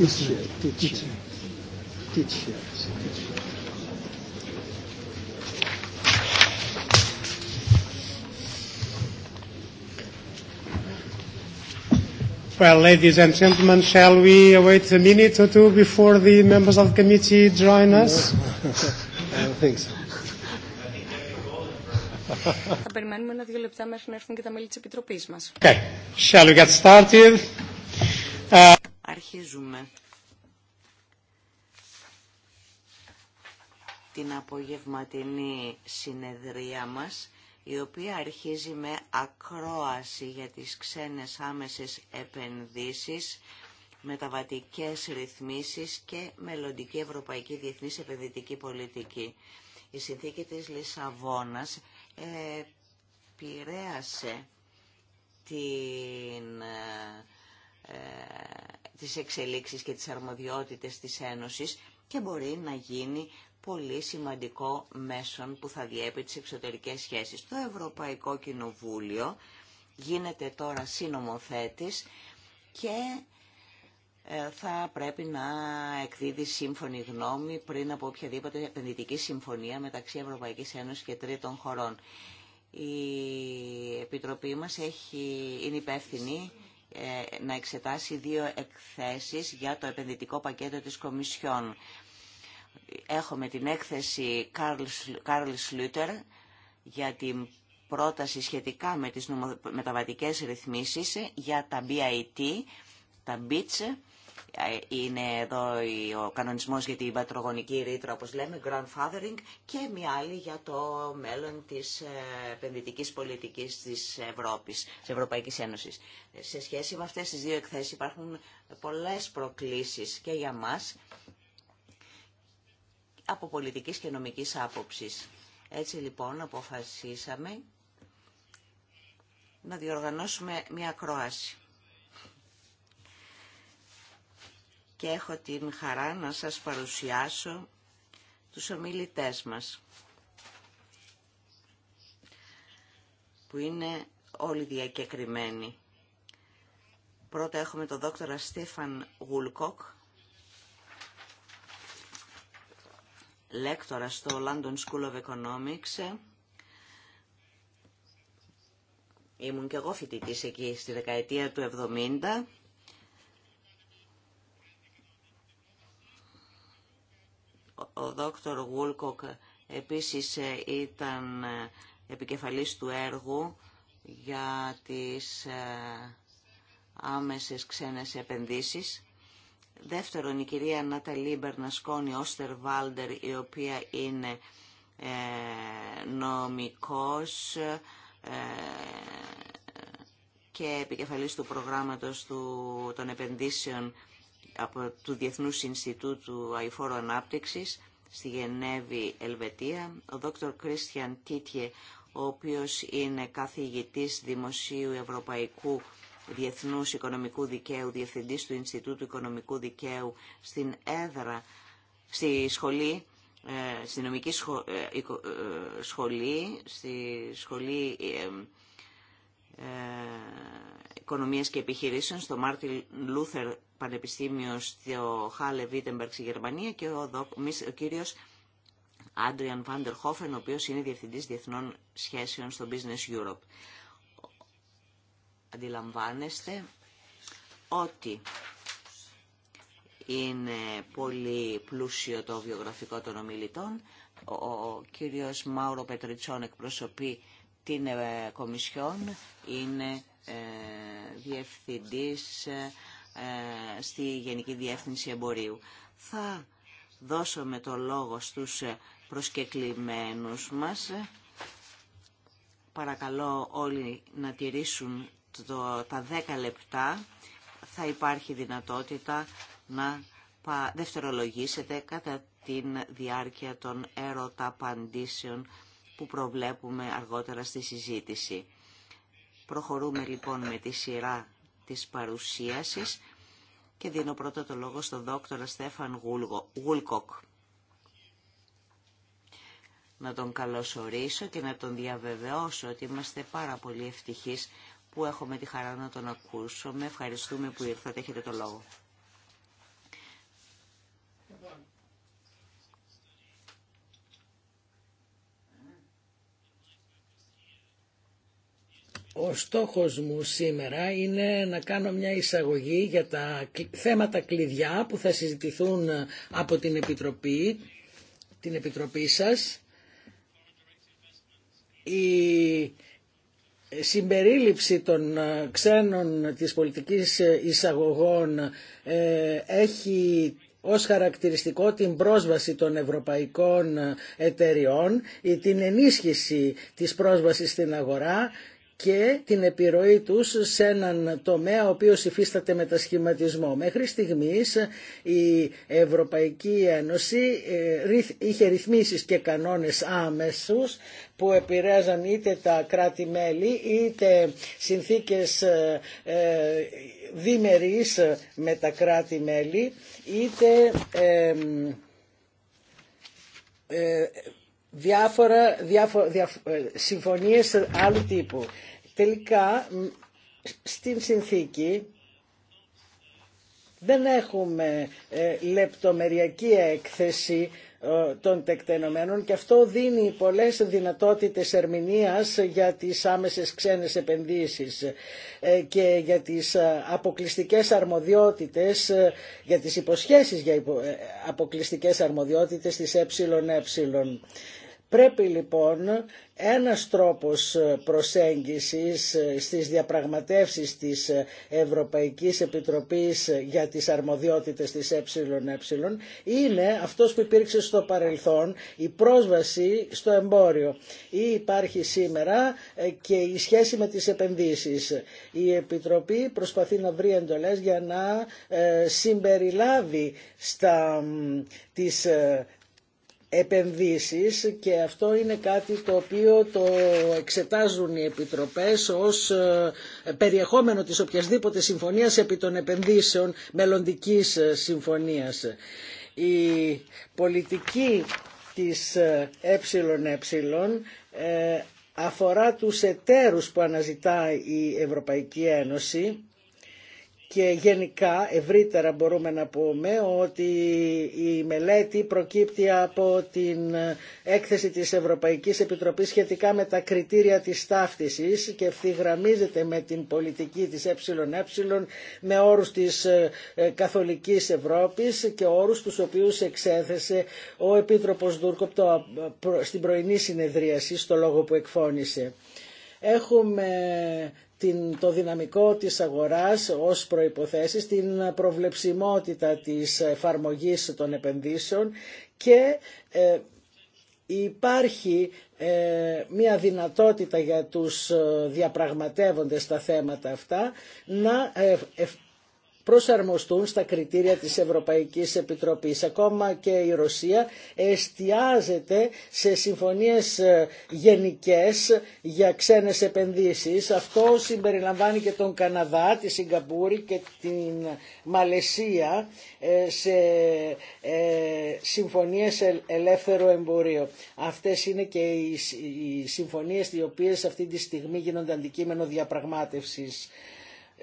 Well, ladies and gentlemen, shall we await a minute or two before the members of the committee join us? I don't think so. Okay. Shall we get started? συνεχίζουμε την απογευματινή συνεδρία μας, η οποία αρχίζει με ακρόαση για τις ξένες άμεσες επενδύσεις, μεταβατικές ρυθμίσεις και μελλοντική ευρωπαϊκή διεθνής επενδυτική πολιτική. Η συνθήκη της Λισαβόνας ε, πηρέασε την... Ε, ε, τις εξελίξεις και τις αρμοδιότητες της Ένωσης και μπορεί να γίνει πολύ σημαντικό μέσον που θα διέπει τις εξωτερικές σχέσεις. Το Ευρωπαϊκό Κοινοβούλιο γίνεται τώρα συνομοθέτης και ε, θα πρέπει να εκδίδει σύμφωνη γνώμη πριν από οποιαδήποτε επενδυτική συμφωνία μεταξύ Ευρωπαϊκής Ένωσης και τρίτων χωρών. Η Επιτροπή μας έχει, είναι υπεύθυνη ε, να εξετάσει δύο εκθέσεις για το επενδυτικό πακέτο της Κομισιόν. Έχουμε την έκθεση Καρλ Σλούτερ για την πρόταση σχετικά με τις μεταβατικές ρυθμίσεις για τα BIT, τα BITS, είναι εδώ ο κανονισμός για την πατρογονική ρήτρα, όπως λέμε, grandfathering, και μια άλλη για το μέλλον της ε, επενδυτική πολιτικής της Ευρώπης, της Ευρωπαϊκής Ένωσης. Σε σχέση με αυτές τις δύο εκθέσεις υπάρχουν πολλές προκλήσεις και για μας, από πολιτικής και νομικής άποψης. Έτσι λοιπόν αποφασίσαμε να διοργανώσουμε μια ακρόαση και έχω την χαρά να σας παρουσιάσω τους ομιλητές μας που είναι όλοι διακεκριμένοι. Πρώτα έχουμε τον δόκτωρα Στέφαν Γουλκοκ, λέκτορα στο London School of Economics. Ήμουν και εγώ φοιτητής εκεί στη δεκαετία του 70 Ο δόκτωρ Γούλκοκ επίσης ε, ήταν ε, επικεφαλής του έργου για τις ε, άμεσες ξένες επενδύσεις. Δεύτερον, η κυρία Ναταλή Μπερνασκόνη Όστερ Βάλτερ, η οποία είναι νομικός και επικεφαλής του προγράμματος του, των επενδύσεων από του Διεθνούς Ινστιτούτου Αϊφόρου Ανάπτυξης στη Γενέβη, Ελβετία, ο δόκτωρ Κρίστιαν Τίτιε, ο οποίος είναι καθηγητής Δημοσίου Ευρωπαϊκού Διεθνούς Οικονομικού Δικαίου, Διευθυντής του Ινστιτούτου Οικονομικού Δικαίου στην έδρα, στη σχολή, ε, στη νομική ε, ε, σχολή, στη σχολή Οικονομίας και Επιχειρήσεων στο Μάρτιν Λούθερ Πανεπιστήμιο στο Χάλε Βίτεμπεργκ στη Γερμανία και ο, δο, ο κύριος Άντριαν Βάντερ Χόφεν, ο οποίος είναι Διευθυντής Διεθνών Σχέσεων στο Business Europe. Αντιλαμβάνεστε ότι είναι πολύ πλούσιο το βιογραφικό των ομιλητών. Ο, κύριος Μάουρο Πετριτσόν εκπροσωπεί την ε, Κομισιόν, είναι ε, διευθυντής ε, ε, στη Γενική Διεύθυνση Εμπορίου. Θα δώσω με το λόγο στους προσκεκλημένους μας. Παρακαλώ όλοι να τηρήσουν το, τα 10 λεπτά. Θα υπάρχει δυνατότητα να δευτερολογήσετε κατά την διάρκεια των έρωτα απαντήσεων που προβλέπουμε αργότερα στη συζήτηση. Προχωρούμε λοιπόν με τη σειρά της παρουσίασης και δίνω πρώτα το λόγο στον δόκτωρα Στέφαν Γουλκοκ. Να τον καλωσορίσω και να τον διαβεβαιώσω ότι είμαστε πάρα πολύ ευτυχείς που έχουμε τη χαρά να τον ακούσουμε. Ευχαριστούμε που ήρθατε, έχετε το λόγο. Ο στόχος μου σήμερα είναι να κάνω μια εισαγωγή για τα θέματα κλειδιά που θα συζητηθούν από την Επιτροπή, την Επιτροπή σας. Η συμπερίληψη των ξένων της πολιτικής εισαγωγών ε, έχει ως χαρακτηριστικό την πρόσβαση των ευρωπαϊκών εταιριών, ή την ενίσχυση της πρόσβασης στην αγορά και την επιρροή τους σε έναν τομέα ο οποίος υφίσταται μετασχηματισμό. Μέχρι στιγμής η Ευρωπαϊκή Ένωση ε, είχε ρυθμίσεις και κανόνες άμεσους που επηρέαζαν είτε τα κράτη-μέλη είτε συνθήκες ε, ε, διμερείς με τα κράτη-μέλη είτε διάφορα, διάφο, συμφωνίες άλλου τύπου. Τελικά, στην συνθήκη δεν έχουμε ε, λεπτομεριακή έκθεση ε, των τεκτενομένων και αυτό δίνει πολλές δυνατότητες ερμηνείας για τις άμεσες ξένες επενδύσεις ε, και για τις αποκλειστικές αρμοδιότητες, για τις υποσχέσεις για αποκλειστικές αρμοδιότητες της ΕΕ. Πρέπει λοιπόν ένας τρόπος προσέγγισης ε, στις διαπραγματεύσεις της ε, Ευρωπαϊκής Επιτροπής για τις αρμοδιότητες της ΕΕ είναι αυτός που υπήρξε στο παρελθόν η πρόσβαση στο εμπόριο ή υπάρχει σήμερα ε, και η σχέση με τις επενδύσεις. Η Επιτροπή προσπαθεί να βρει εντολές για να συμπεριλάβει στα, τις επενδύσεις και αυτό είναι κάτι το οποίο το εξετάζουν οι επιτροπές ως ε, περιεχόμενο της οποιασδήποτε συμφωνίας επί των επενδύσεων μελλοντικής ε, συμφωνίας. Η πολιτική της ε, ΕΕ αφορά τους εταίρους που αναζητά η Ευρωπαϊκή Ένωση και γενικά, ευρύτερα μπορούμε να πούμε ότι η μελέτη προκύπτει από την έκθεση της Ευρωπαϊκής Επιτροπής σχετικά με τα κριτήρια της ταύτισης και ευθυγραμμίζεται με την πολιτική της ΕΕ με όρους της ε, Καθολικής Ευρώπης και όρους τους οποίους εξέθεσε ο Επίτροπος Δούρκοπτο στην πρωινή συνεδρίαση στο λόγο που εκφώνησε. Έχουμε την, το δυναμικό της αγοράς ως προϋποθέσεις, την προβλεψιμότητα της εφαρμογής των επενδύσεων και ε, υπάρχει ε, μια δυνατότητα για τους ε, διαπραγματεύοντες τα θέματα αυτά να ε, προσαρμοστούν στα κριτήρια της Ευρωπαϊκής Επιτροπής. Ακόμα και η Ρωσία εστιάζεται σε συμφωνίες ε, γενικές για ξένες επενδύσεις. Αυτό συμπεριλαμβάνει και τον Καναδά, τη Σιγκαπούρη και την Μαλαισία ε, σε ε, συμφωνίες ελεύθερου εμπορίου. Αυτές είναι και οι συμφωνίες οι οποίες αυτή τη στιγμή γίνονται αντικείμενο διαπραγμάτευσης.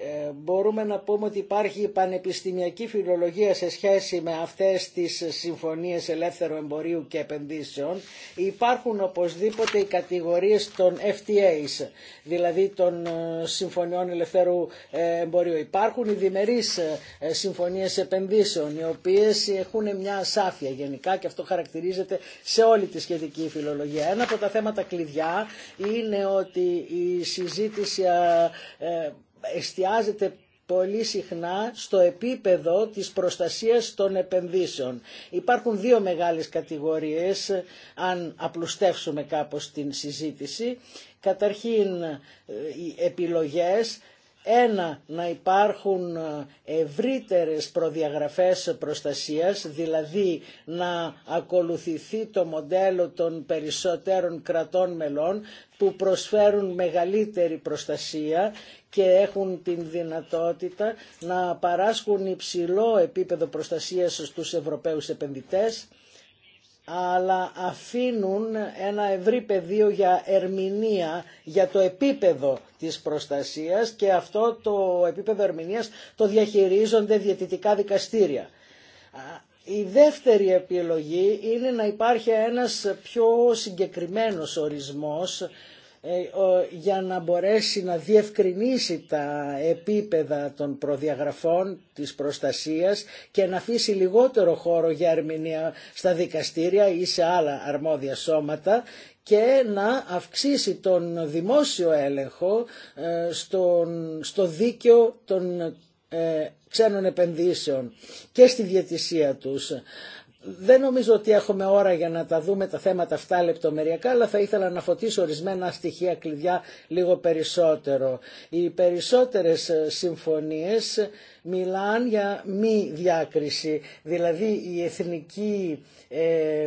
Ε, μπορούμε να πούμε ότι υπάρχει πανεπιστημιακή φιλολογία σε σχέση με αυτές τις συμφωνίες ελεύθερου εμπορίου και επενδύσεων. Υπάρχουν οπωσδήποτε οι κατηγορίες των FTAs, δηλαδή των ε, συμφωνιών ελευθερού ε, εμπορίου. Υπάρχουν οι διμερείς συμφωνίες επενδύσεων, οι οποίες έχουν μια σάφια γενικά και αυτό χαρακτηρίζεται σε όλη τη σχετική φιλολογία. Ένα από τα θέματα κλειδιά είναι ότι η συζήτηση εστιάζεται πολύ συχνά στο επίπεδο της προστασίας των επενδύσεων. Υπάρχουν δύο μεγάλες κατηγορίες, αν απλουστεύσουμε κάπως την συζήτηση. Καταρχήν, ε, οι επιλογές ένα, να υπάρχουν ε, ευρύτερες προδιαγραφές προστασίας, δηλαδή να ακολουθηθεί το μοντέλο των περισσότερων κρατών μελών που προσφέρουν μεγαλύτερη προστασία και έχουν την δυνατότητα να παράσχουν υψηλό επίπεδο προστασίας στους Ευρωπαίους επενδυτές αλλά αφήνουν ένα ευρύ πεδίο για ερμηνεία, για το επίπεδο της προστασίας και αυτό το επίπεδο ερμηνείας το διαχειρίζονται διαιτητικά δικαστήρια. Η δεύτερη επιλογή είναι να υπάρχει ένας πιο συγκεκριμένος ορισμός ε, για να μπορέσει να διευκρινίσει τα επίπεδα των προδιαγραφών της προστασίας και να αφήσει λιγότερο χώρο για ερμηνεία στα δικαστήρια ή σε άλλα αρμόδια σώματα και να αυξήσει τον δημόσιο έλεγχο ε, στον, στο δίκαιο των ε, ξένων επενδύσεων και στη διατησία τους δεν νομίζω ότι έχουμε ώρα για να τα δούμε τα θέματα αυτά λεπτομεριακά, αλλά θα ήθελα να φωτίσω ορισμένα στοιχεία κλειδιά λίγο περισσότερο. Οι περισσότερες ε, συμφωνίες μιλάν για μη διάκριση, δηλαδή η Εθνική ε,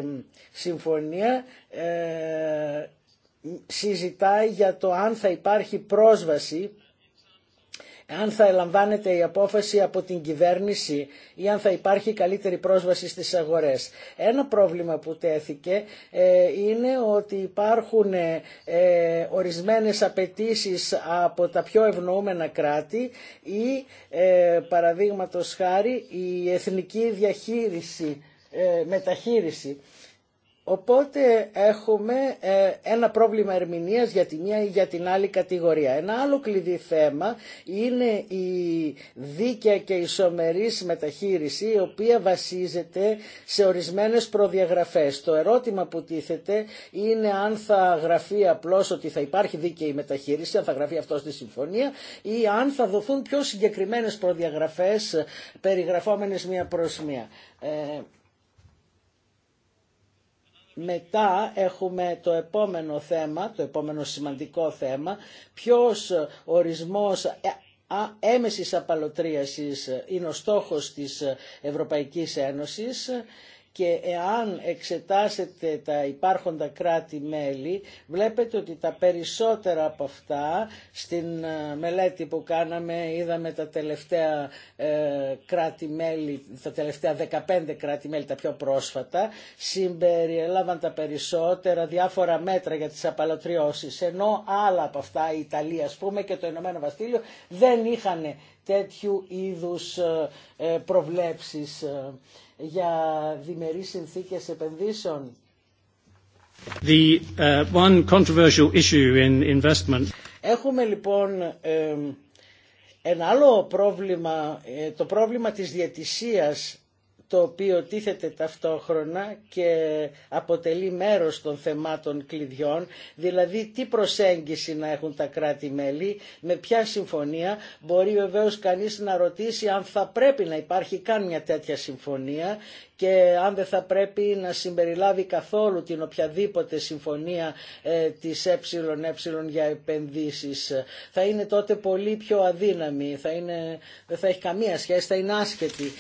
Συμφωνία ε, συζητάει για το αν θα υπάρχει πρόσβαση αν θα ελαμβάνεται η απόφαση από την κυβέρνηση ή αν θα υπάρχει καλύτερη πρόσβαση στις αγορές. Ένα πρόβλημα που τέθηκε ε, είναι ότι υπάρχουν ε, ορισμένες απαιτήσει από τα πιο ευνοούμενα κράτη ή ε, παραδείγματος χάρη η εθνική διαχείριση, μεταχείριση Οπότε έχουμε ε, ένα πρόβλημα ερμηνείας για τη μία ή για την άλλη κατηγορία. Ένα άλλο κλειδί θέμα είναι η δίκαια και ισομερής μεταχείριση η οποία βασίζεται σε ορισμένες προδιαγραφές. Το ερώτημα που τίθεται είναι αν θα γραφεί απλώς ότι θα υπάρχει δίκαιη μεταχείριση, αν θα γραφεί αυτό στη συμφωνία ή αν θα δοθούν πιο συγκεκριμένες προδιαγραφές περιγραφόμενες μία προς μία. Ε, μετά έχουμε το επόμενο θέμα, το επόμενο σημαντικό θέμα, ποιος ορισμός ε, έμεσης απαλωτρίασης είναι ο στόχος της Ευρωπαϊκής Ένωσης και εάν εξετάσετε τα υπάρχοντα κράτη-μέλη βλέπετε ότι τα περισσότερα από αυτά στην ε, μελέτη που κάναμε είδαμε τα τελευταία ε, κράτη-μέλη, τα τελευταία 15 κράτη-μέλη τα πιο πρόσφατα συμπεριέλαβαν τα περισσότερα διάφορα μέτρα για τις απαλωτριώσεις ενώ άλλα από αυτά η Ιταλία ας πούμε και το Ηνωμένο Βασίλειο δεν είχαν τέτοιου είδους ε, προβλέψεις για διμερείς συνθήκες επενδύσεων. The, uh, one controversial issue in investment. Έχουμε λοιπόν ένα άλλο πρόβλημα, ε, το πρόβλημα της διατησίας το οποίο τίθεται ταυτόχρονα και αποτελεί μέρος των θεμάτων κλειδιών, δηλαδή τι προσέγγιση να έχουν τα κράτη-μέλη, με ποια συμφωνία. Μπορεί βεβαίω κανείς να ρωτήσει αν θα πρέπει να υπάρχει καν μια τέτοια συμφωνία και αν δεν θα πρέπει να συμπεριλάβει καθόλου την οποιαδήποτε συμφωνία ε, της ΕΕ για επενδύσεις. Θα είναι τότε πολύ πιο αδύναμη, θα είναι, δεν θα έχει καμία σχέση, θα είναι άσχετη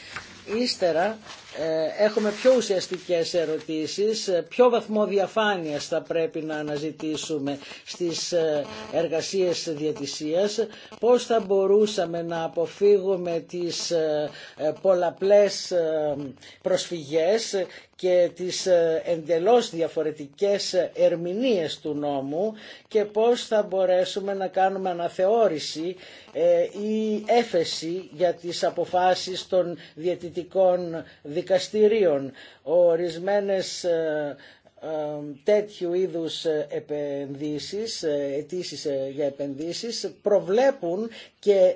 ύστερα ε, έχουμε πιο ουσιαστικές ερωτήσεις, ε, ποιο βαθμό διαφάνειας θα πρέπει να αναζητήσουμε στις ε, εργασίες διατησίας, πώς θα μπορούσαμε να αποφύγουμε τις πολλαπλές προσφυγές και τις εντελώς διαφορετικές ερμηνείες του νόμου και πώς θα μπορέσουμε να κάνουμε αναθεώρηση ή έφεση για τις αποφάσεις των διαιτητικών δικαιωμάτων δικαστηρίων. Ορισμένες ε, ε, τέτοιου είδους ε, επενδύσεις, αιτήσει για επενδύσεις προβλέπουν και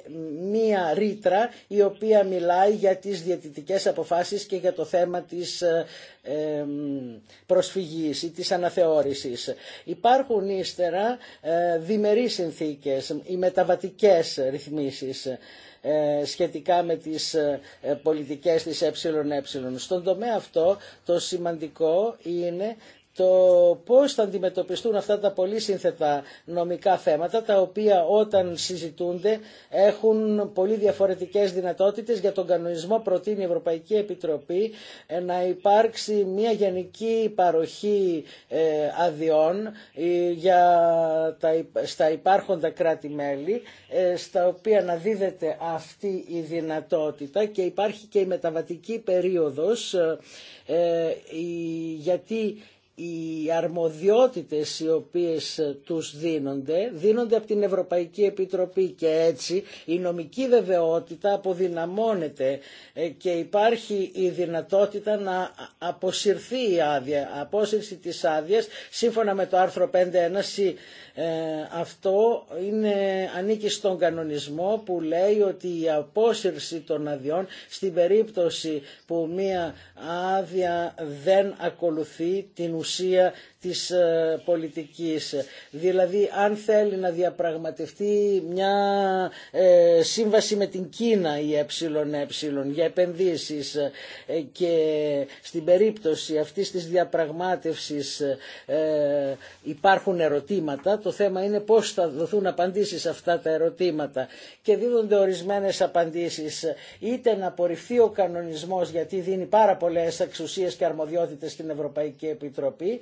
μία ρήτρα η οποία μιλάει για τις διαιτητικές αποφάσεις και για το θέμα της προσφυγής ή της αναθεώρησης. Υπάρχουν ύστερα διμερείς συνθήκες, οι μεταβατικές ρυθμίσεις. Ε, σχετικά με τις ε, ε, πολιτικές της ΕΕ. Στον τομέα αυτό το σημαντικό είναι το πώς θα αντιμετωπιστούν αυτά τα πολύ σύνθετα νομικά θέματα, τα οποία όταν συζητούνται έχουν πολύ διαφορετικές δυνατότητες. Για τον κανονισμό προτείνει η Ευρωπαϊκή Επιτροπή ε, να υπάρξει μια γενική παροχή ε, αδειών ε, για τα, στα υπάρχοντα κράτη-μέλη, στα οποία να δίδεται αυτή η δυνατότητα και υπάρχει και η μεταβατική περίοδος, γιατί οι αρμοδιότητες οι οποίες ε, τους δίνονται, δίνονται από την Ευρωπαϊκή Επιτροπή και έτσι η νομική βεβαιότητα αποδυναμώνεται ε, και υπάρχει η δυνατότητα να αποσυρθεί η άδεια, απόσυρση της άδειας σύμφωνα με το άρθρο 5.1 ε, αυτό είναι, ανήκει στον κανονισμό που λέει ότι η απόσυρση των αδειών στην περίπτωση που μία άδεια δεν ακολουθεί την ουσία της ε, πολιτικής. Δηλαδή αν θέλει να διαπραγματευτεί μια ε, σύμβαση με την Κίνα η ΕΕ για επενδύσεις ε, και στην περίπτωση αυτής της διαπραγμάτευσης υπάρχουν ερωτήματα. Το θέμα είναι πώς θα δοθούν απαντήσεις σε αυτά τα ερωτήματα και δίδονται ορισμένες απαντήσεις είτε να απορριφθεί ο κανονισμός γιατί δίνει πάρα πολλές εξουσίες και αρμοδιότητες στην Ευρωπαϊκή Επιτροπή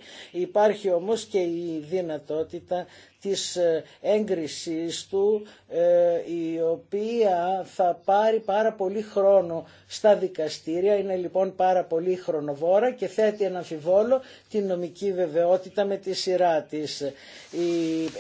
Υπάρχει όμως και η δυνατότητα της ε, έγκρισης του ε, η οποία θα πάρει πάρα πολύ χρόνο στα δικαστήρια. Είναι λοιπόν πάρα πολύ χρονοβόρα και θέτει ένα αμφιβόλο την νομική βεβαιότητα με τη σειρά της.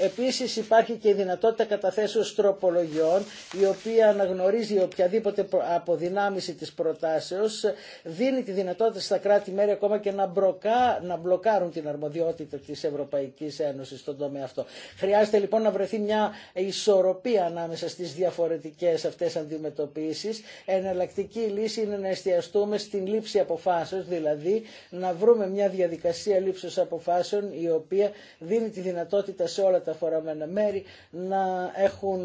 Επίσης υπάρχει και η δυνατότητα καταθέσεως τροπολογιών η οποία αναγνωρίζει οποιαδήποτε αποδυνάμιση της προτάσεως δίνει τη δυνατότητα στα κράτη-μέρη ακόμα και να, μπλοκάρουν την αρμοδιότητα της Ευρωπαϊκής στον τομέα αυτό. Χρειάζεται λοιπόν να βρεθεί μια ισορροπία ανάμεσα στις διαφορετικές αυτές αντιμετωπίσεις. Εναλλακτική λύση είναι να εστιαστούμε στην λήψη αποφάσεων, δηλαδή να βρούμε μια διαδικασία λήψης αποφάσεων η οποία δίνει τη δυνατότητα σε όλα τα φοραμένα μέρη να έχουν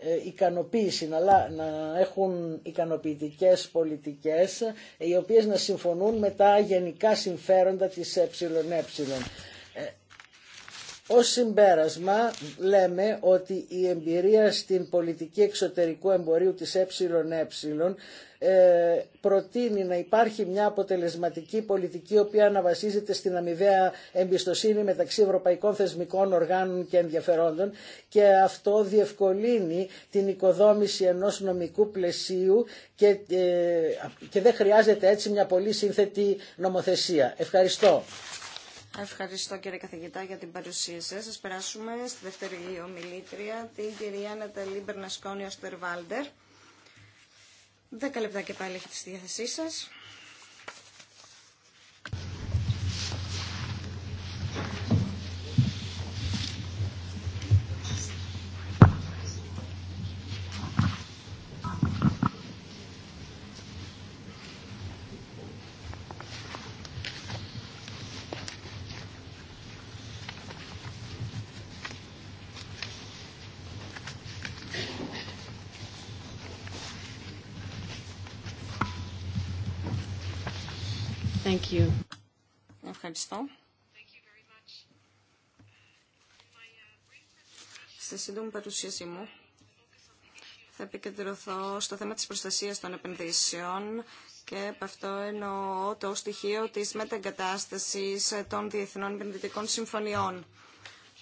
ε, ικανοποίηση, να, να έχουν ικανοποιητικές πολιτικές οι οποίες να συμφωνούν με τα γενικά συμφέροντα της ΕΕ. Ως συμπέρασμα λέμε ότι η εμπειρία στην πολιτική εξωτερικού εμπορίου της ΕΕ ε, προτείνει να υπάρχει μια αποτελεσματική πολιτική η οποία αναβασίζεται στην αμοιβαία εμπιστοσύνη μεταξύ ευρωπαϊκών θεσμικών οργάνων και ενδιαφερόντων και αυτό διευκολύνει την οικοδόμηση ενός νομικού πλαισίου και, ε, και δεν χρειάζεται έτσι μια πολύ σύνθετη νομοθεσία. Ευχαριστώ. Ευχαριστώ κύριε καθηγητά για την παρουσία σας. Σας περάσουμε στη δεύτερη ομιλήτρια, την κυρία Ναταλή Μπερνασκόνη Αστερβάλντερ. Δέκα λεπτά και πάλι έχετε στη διάθεσή σας. Ευχαριστώ. Στη σύντομη παρουσίασή μου θα επικεντρωθώ στο θέμα της προστασίας των επενδύσεων και από αυτό εννοώ το στοιχείο της μεταγκατάστασης των διεθνών επενδυτικών συμφωνιών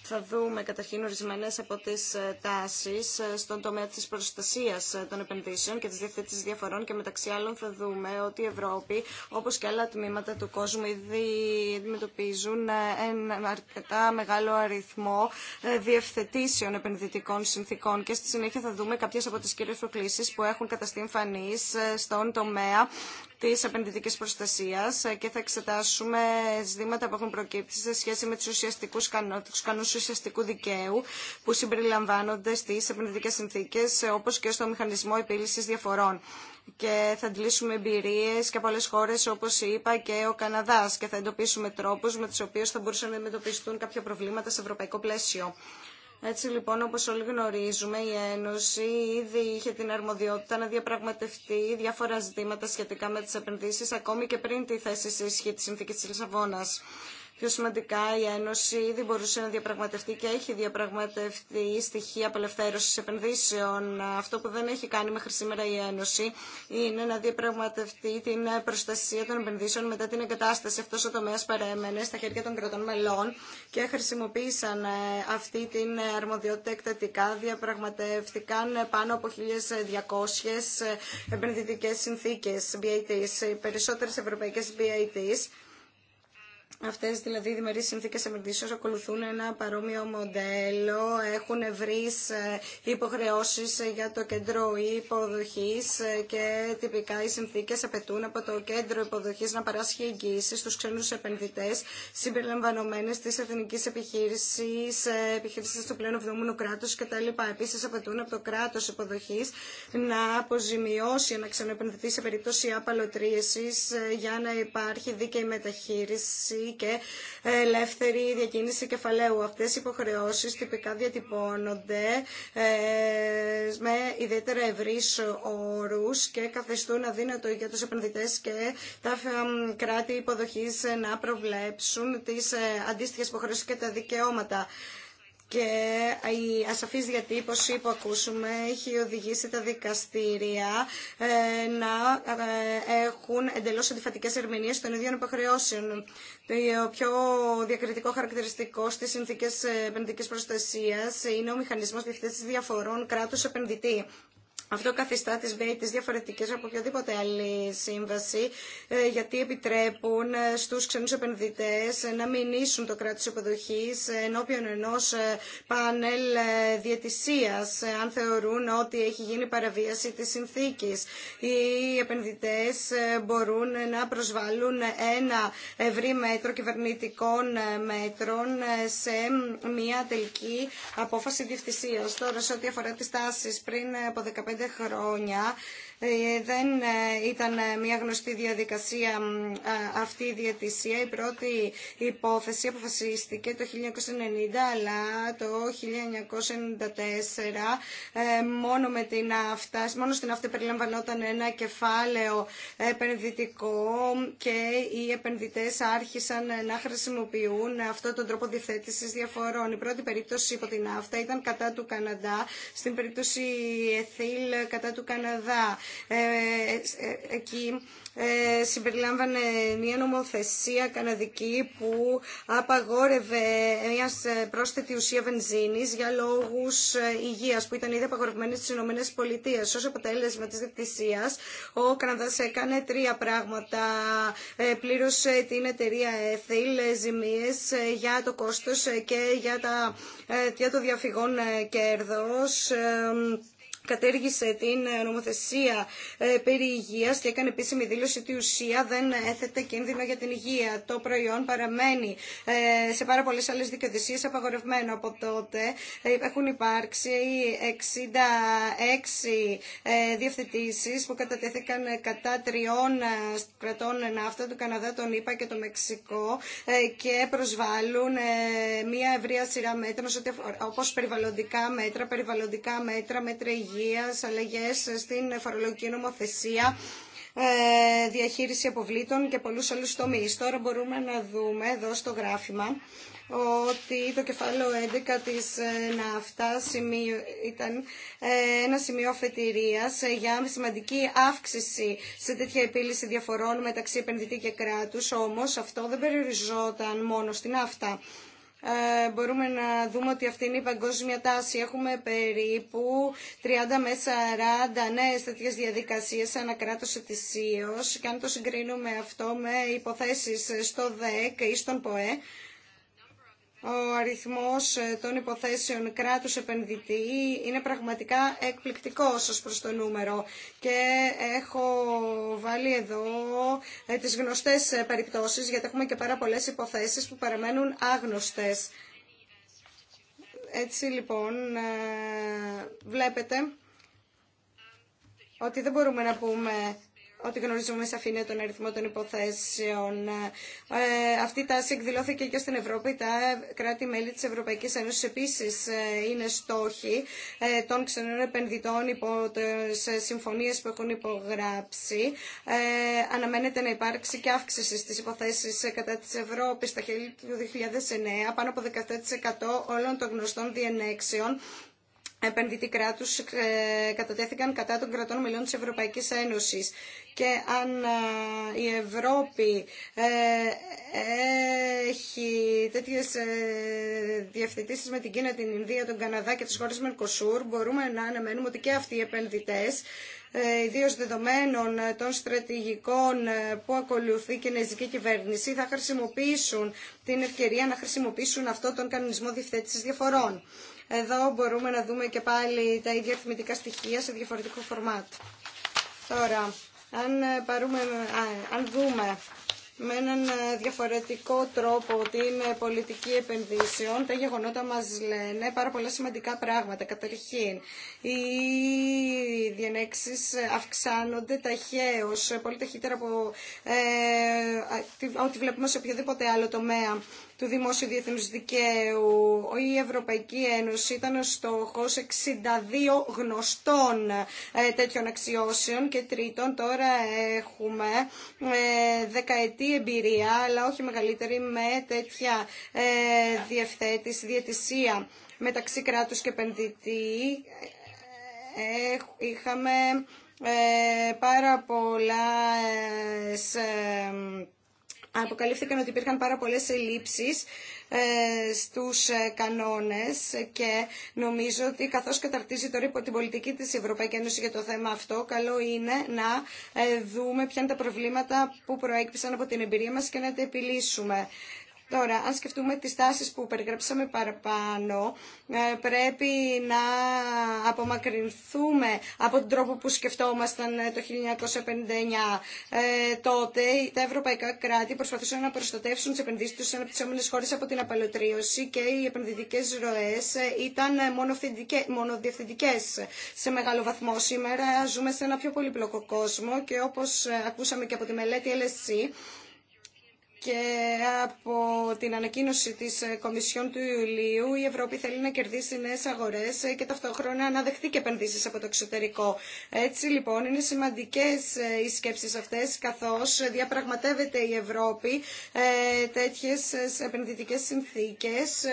θα δούμε καταρχήν ορισμένε από τι ε, τάσει ε, στον τομέα τη προστασία ε, των επενδύσεων και τη διευθέτηση διαφορών και μεταξύ άλλων θα δούμε ότι η Ευρώπη, όπω και άλλα τμήματα του κόσμου, ήδη αντιμετωπίζουν ένα αρκετά μεγάλο αριθμό διευθετήσεων επενδυτικών συνθήκων και στη συνέχεια θα δούμε κάποιε από τι κύριε προκλήσει που έχουν καταστεί εμφανεί στον τομέα τη επενδυτική προστασία ε, και θα εξετάσουμε ζητήματα που έχουν προκύψει σε σχέση με του ουσιαστικού κανό, ουσιαστικού δικαίου που συμπεριλαμβάνονται στι επενδυτικέ συνθήκε, ε, όπω και στο μηχανισμό επίλυση διαφορών και θα αντλήσουμε εμπειρίε και από άλλε χώρε όπω είπα και ο Καναδά και θα εντοπίσουμε τρόπου με του οποίου θα μπορούσαν να αντιμετωπιστούν κάποια προβλήματα σε ευρωπαϊκό πλαίσιο. Έτσι λοιπόν όπως όλοι γνωρίζουμε η Ένωση ήδη είχε την αρμοδιότητα να διαπραγματευτεί διάφορα ζητήματα σχετικά με τις επενδύσεις ακόμη και πριν τη θέση σε ισχύ της Συνθήκης της Λισαβόνας πιο σημαντικά η Ένωση ήδη μπορούσε να διαπραγματευτεί και έχει διαπραγματευτεί στοιχεία απελευθέρωση επενδύσεων. Αυτό που δεν έχει κάνει μέχρι σήμερα η Ένωση είναι να διαπραγματευτεί την προστασία των επενδύσεων μετά την εγκατάσταση. Αυτό ο τομέα παρέμενε στα χέρια των κρατών μελών και χρησιμοποίησαν ε, αυτή την αρμοδιότητα εκτατικά. Διαπραγματεύτηκαν πάνω από 1.200 ε, επενδυτικέ συνθήκε BATs, οι ε, περισσότερε ευρωπαϊκέ BATs Αυτές δηλαδή οι διμερείς συνθήκες επενδύσεω ακολουθούν ένα παρόμοιο μοντέλο, έχουν ευρύς ε, υποχρεώσεις ε, για το κέντρο υποδοχής ε, και τυπικά οι συνθήκες απαιτούν από το κέντρο υποδοχής να παράσχει εγγύηση στους ξένους επενδυτές συμπεριλαμβανομένες της εθνικής επιχείρησης, επιχείρησης του πλέον ευδομούνου κράτους κτλ. Επίσης απαιτούν από το κράτος υποδοχής να αποζημιώσει ένα ξένο επενδυτή σε περίπτωση απαλωτρίεση για να υπάρχει δίκαιη μεταχείριση και ελεύθερη διακίνηση κεφαλαίου. Αυτές οι υποχρεώσεις τυπικά διατυπώνονται ε, με ιδιαίτερα ευρύ όρου και καθιστούν αδύνατο για τους επενδυτές και τα κράτη υποδοχής να προβλέψουν τις ε, αντίστοιχες υποχρεώσεις και τα δικαιώματα και η ασαφής διατύπωση που ακούσουμε έχει οδηγήσει τα δικαστήρια ε, να ε, έχουν εντελώς αντιφατικές ερμηνείες των ίδιων υποχρεώσεων. Το πιο διακριτικό χαρακτηριστικό στις συνθήκες ε, επενδυτικής προστασίας είναι ο μηχανισμός διευθυνσης διαφορών κράτους επενδυτή. Αυτό καθιστά τις ΜΕΙ διαφορετικές από οποιαδήποτε άλλη σύμβαση, ε, γιατί επιτρέπουν ε, στους ξενούς επενδυτές ε, να μηνύσουν το κράτος υποδοχής ενώπιον ενός πάνελ διαιτησίας, αν θεωρούν ότι έχει γίνει παραβίαση της συνθήκης. Οι επενδυτές μπορούν να προσβάλλουν ένα ευρύ μέτρο κυβερνητικών μέτρων σε μια τελική απόφαση διευθυνσίας. Τώρα, σε ό,τι αφορά τις τάσεις πριν από 15 χρόνια ε, δεν ε, ήταν ε, μια γνωστή διαδικασία αυτή η διατησία. Η πρώτη υπόθεση αποφασίστηκε το 1990, αλλά το 1994 μόνο, με την αυτά, μόνο στην αυτή περιλαμβανόταν ένα κεφάλαιο επενδυτικό και οι επενδυτές άρχισαν να χρησιμοποιούν αυτόν τον τρόπο διευθέτησης διαφορών. Η πρώτη περίπτωση υπό την αυτά ήταν κατά του Καναδά, στην περίπτωση Εθήλ κατά του Καναδά. Ε, ε, ε, εκεί συμπεριλάμβανε μια νομοθεσία καναδική που απαγόρευε μια πρόσθετη ουσία βενζίνης για λόγους υγείας που ήταν ήδη απαγορευμένη στις Ηνωμένες Πολιτείες. Ως αποτέλεσμα της διεκτησία, ο Καναδάς έκανε τρία πράγματα. Πλήρωσε την εταιρεία Ethel ζημίες για το κόστος και για, τα, για το διαφυγόν κέρδος κατέργησε την ε, νομοθεσία ε, περί υγείας και έκανε επίσημη δήλωση ότι η ουσία δεν έθετε κίνδυνο για την υγεία. Το προϊόν παραμένει ε, σε πάρα πολλέ άλλε δικαιοδοσίε απαγορευμένο από τότε. Έχουν υπάρξει 66 διευθετήσεις που κατατέθηκαν κατά τριών κρατών ναύτα, του Καναδά, τον ΗΠΑ και το Μεξικό και προσβάλλουν μια ευρεία σειρά μέτρων όπως περιβαλλοντικά μέτρα, περιβαλλοντικά μέτρα, μέτρα υγεία. Για αλλαγές στην φορολογική νομοθεσία, ε, διαχείριση αποβλήτων και πολλούς άλλους τομείς. Τώρα μπορούμε να δούμε εδώ στο γράφημα ότι το κεφάλαιο 11 της ε, ΝΑΦΤΑ ήταν ε, ένα σημείο αφετηρίας για σημαντική αύξηση σε τέτοια επίλυση διαφορών μεταξύ επενδυτή και κράτους, όμως αυτό δεν περιοριζόταν μόνο στην ΝΑΦΤΑ. Ε, μπορούμε να δούμε ότι αυτή είναι η παγκόσμια τάση. Έχουμε περίπου 30 με 40 νέες τέτοιες διαδικασίες της ετησίως και αν το συγκρίνουμε αυτό με υποθέσεις στο ΔΕΚ ή στον ΠΟΕ, ο αριθμός ε, των υποθέσεων κράτους επενδυτή είναι πραγματικά εκπληκτικός ως προς το νούμερο και έχω βάλει εδώ ε, τις γνωστές ε, περιπτώσεις γιατί έχουμε και πάρα πολλές υποθέσεις που παραμένουν άγνωστες. Έτσι λοιπόν βλέπετε ότι δεν μπορούμε να πούμε ότι γνωρίζουμε σαφήνεια τον αριθμό των υποθέσεων. Ε, αυτή η τάση εκδηλώθηκε και στην Ευρώπη. Τα κράτη-μέλη της Ευρωπαϊκής Ένωσης επίσης ε, είναι στόχοι ε, των ξενών επενδυτών υπό τις ε, συμφωνίες που έχουν υπογράψει. αναμένεται να υπάρξει και αύξηση στις υποθέσεις κατά της Ευρώπης στα χέρια του 2009, πάνω από 17% όλων των γνωστών διενέξεων επενδυτή κράτους ε, κατατέθηκαν κατά των κρατών μελών της Ευρωπαϊκής Ένωσης και αν ε, η Ευρώπη ε, έχει τέτοιες διευθυντήσεις με την Κίνα, την Ινδία, τον Καναδά και τις χώρες Μερκοσούρ μπορούμε να αναμένουμε ότι και αυτοί οι επενδυτές ιδίως δεδομένων των στρατηγικών που ακολουθεί η κινέζικη κυβέρνηση θα χρησιμοποιήσουν την ευκαιρία να χρησιμοποιήσουν αυτό τον κανονισμό διευθέτησης διαφορών. Εδώ μπορούμε να δούμε και πάλι τα ίδια αριθμητικά στοιχεία σε διαφορετικό φορμάτ. Τώρα, αν, παρούμε, α, αν δούμε με έναν διαφορετικό τρόπο την πολιτική επενδύσεων, τα γεγονότα μας λένε πάρα πολλά σημαντικά πράγματα. Καταρχήν, οι διενέξεις αυξάνονται ταχαίως, πολύ ταχύτερα από ε, ό,τι βλέπουμε σε οποιοδήποτε άλλο τομέα του Δημόσιου Διεθνούς Δικαίου. Η Ευρωπαϊκή Ένωση ήταν ο στόχος 62 γνωστών ε, τέτοιων αξιώσεων και τρίτον τώρα έχουμε ε, δεκαετή εμπειρία αλλά όχι μεγαλύτερη με τέτοια ε, διευθέτηση, διαιτησία μεταξύ κράτους και επενδυτή. Είχαμε πάρα πολλά αποκαλύφθηκαν ότι υπήρχαν πάρα πολλές ελλείψεις ε, στους ε, κανόνες και νομίζω ότι καθώς καταρτίζει τώρα υπό την πολιτική της Ευρωπαϊκή Ένωση για το θέμα αυτό, καλό είναι να ε, δούμε ποια είναι τα προβλήματα που προέκυψαν από την εμπειρία μας και να τα επιλύσουμε. Τώρα, αν σκεφτούμε τις τάσεις που περιγράψαμε παραπάνω, ε, πρέπει να απομακρυνθούμε από τον τρόπο που σκεφτόμασταν ε, το 1959. Ε, τότε τα ευρωπαϊκά κράτη προσπαθούσαν να προστατεύσουν τις επενδύσεις τους σε αναπτυσσόμενες χώρες από την απαλωτρίωση και οι επενδυτικές ροές ήταν μονοδιευθυντικές σε μεγάλο βαθμό. Σήμερα ζούμε σε ένα πιο πολύπλοκο κόσμο και όπως ακούσαμε και από τη μελέτη LSC, e, και από την ανακοίνωση της ε, Κομισιόν του Ιουλίου η Ευρώπη θέλει να κερδίσει νέες αγορές ε, και ταυτόχρονα να δεχτεί και επενδύσεις από το εξωτερικό. Έτσι λοιπόν είναι σημαντικές ε, οι σκέψεις αυτές καθώς διαπραγματεύεται η Ευρώπη τέτοιες επενδυτικές συνθήκες.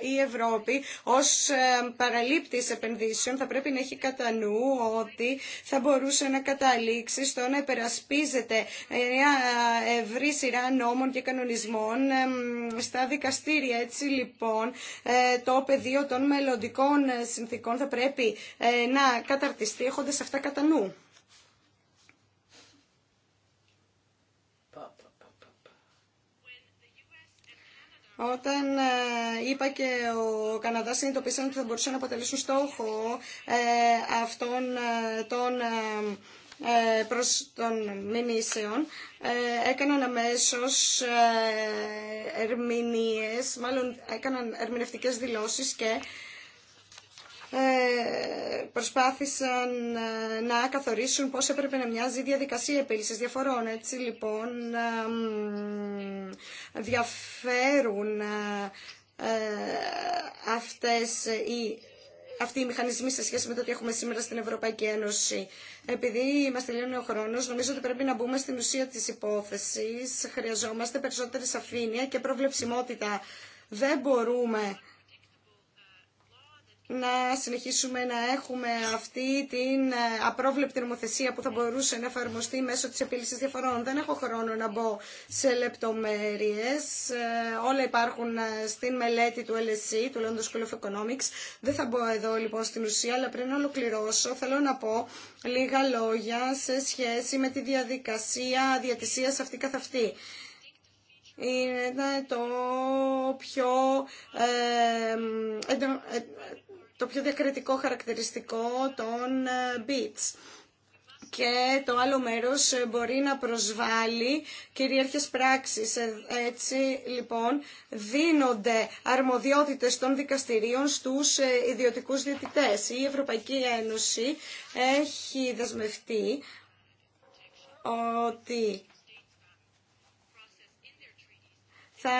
Η Ευρώπη ως παραλήπτης επενδύσεων θα πρέπει να έχει κατά νου ότι θα μπορούσε να καταλήξει στο να υπερασπίζεται μια ευρύ σειρά νόμων νόμων και κανονισμών στα δικαστήρια. Έτσι λοιπόν ε, το πεδίο των μελλοντικών ε, συνθήκων θα πρέπει ε, να καταρτιστεί έχοντας αυτά κατά νου. Όταν είπα και ο Καναδά συνειδητοποίησαν ότι θα μπορούσαν να αποτελέσουν στόχο αυτών των ε, προς των μηνύσεων ε, έκαναν αμέσως ε, ερμηνείες, μάλλον έκαναν ερμηνευτικές δηλώσεις και προσπάθησαν να καθορίσουν πώς έπρεπε να μοιάζει η διαδικασία επίλυσης διαφορών. Έτσι λοιπόν διαφέρουν αυτές οι αυτοί οι μηχανισμοί σε σχέση με το τι έχουμε σήμερα στην Ευρωπαϊκή Ένωση. Επειδή μα τελειώνει ο χρόνο, νομίζω ότι πρέπει να μπούμε στην ουσία τη υπόθεση. Χρειαζόμαστε περισσότερη σαφήνεια και προβλεψιμότητα. Δεν μπορούμε να συνεχίσουμε να έχουμε αυτή την ε, απρόβλεπτη νομοθεσία που θα μπορούσε να εφαρμοστεί μέσω της επίλυσης διαφορών. Δεν έχω χρόνο να μπω σε λεπτομέρειες. Ε, όλα υπάρχουν ε, στην μελέτη του LSE, του London School of Economics. Δεν θα μπω εδώ λοιπόν στην ουσία, αλλά πριν να ολοκληρώσω θέλω να πω λίγα λόγια σε σχέση με τη διαδικασία διατησίας αυτή καθ' αυτή είναι το πιο ε, το πιο διακριτικό χαρακτηριστικό των ε, beats και το άλλο μέρος ε, μπορεί να προσβάλλει κυρίαρχες πράξεις. Ε, έτσι λοιπόν δίνονται αρμοδιότητες των δικαστηρίων στους ιδιωτικούς διαιτητές. Η Ευρωπαϊκή Ένωση έχει δεσμευτεί ότι θα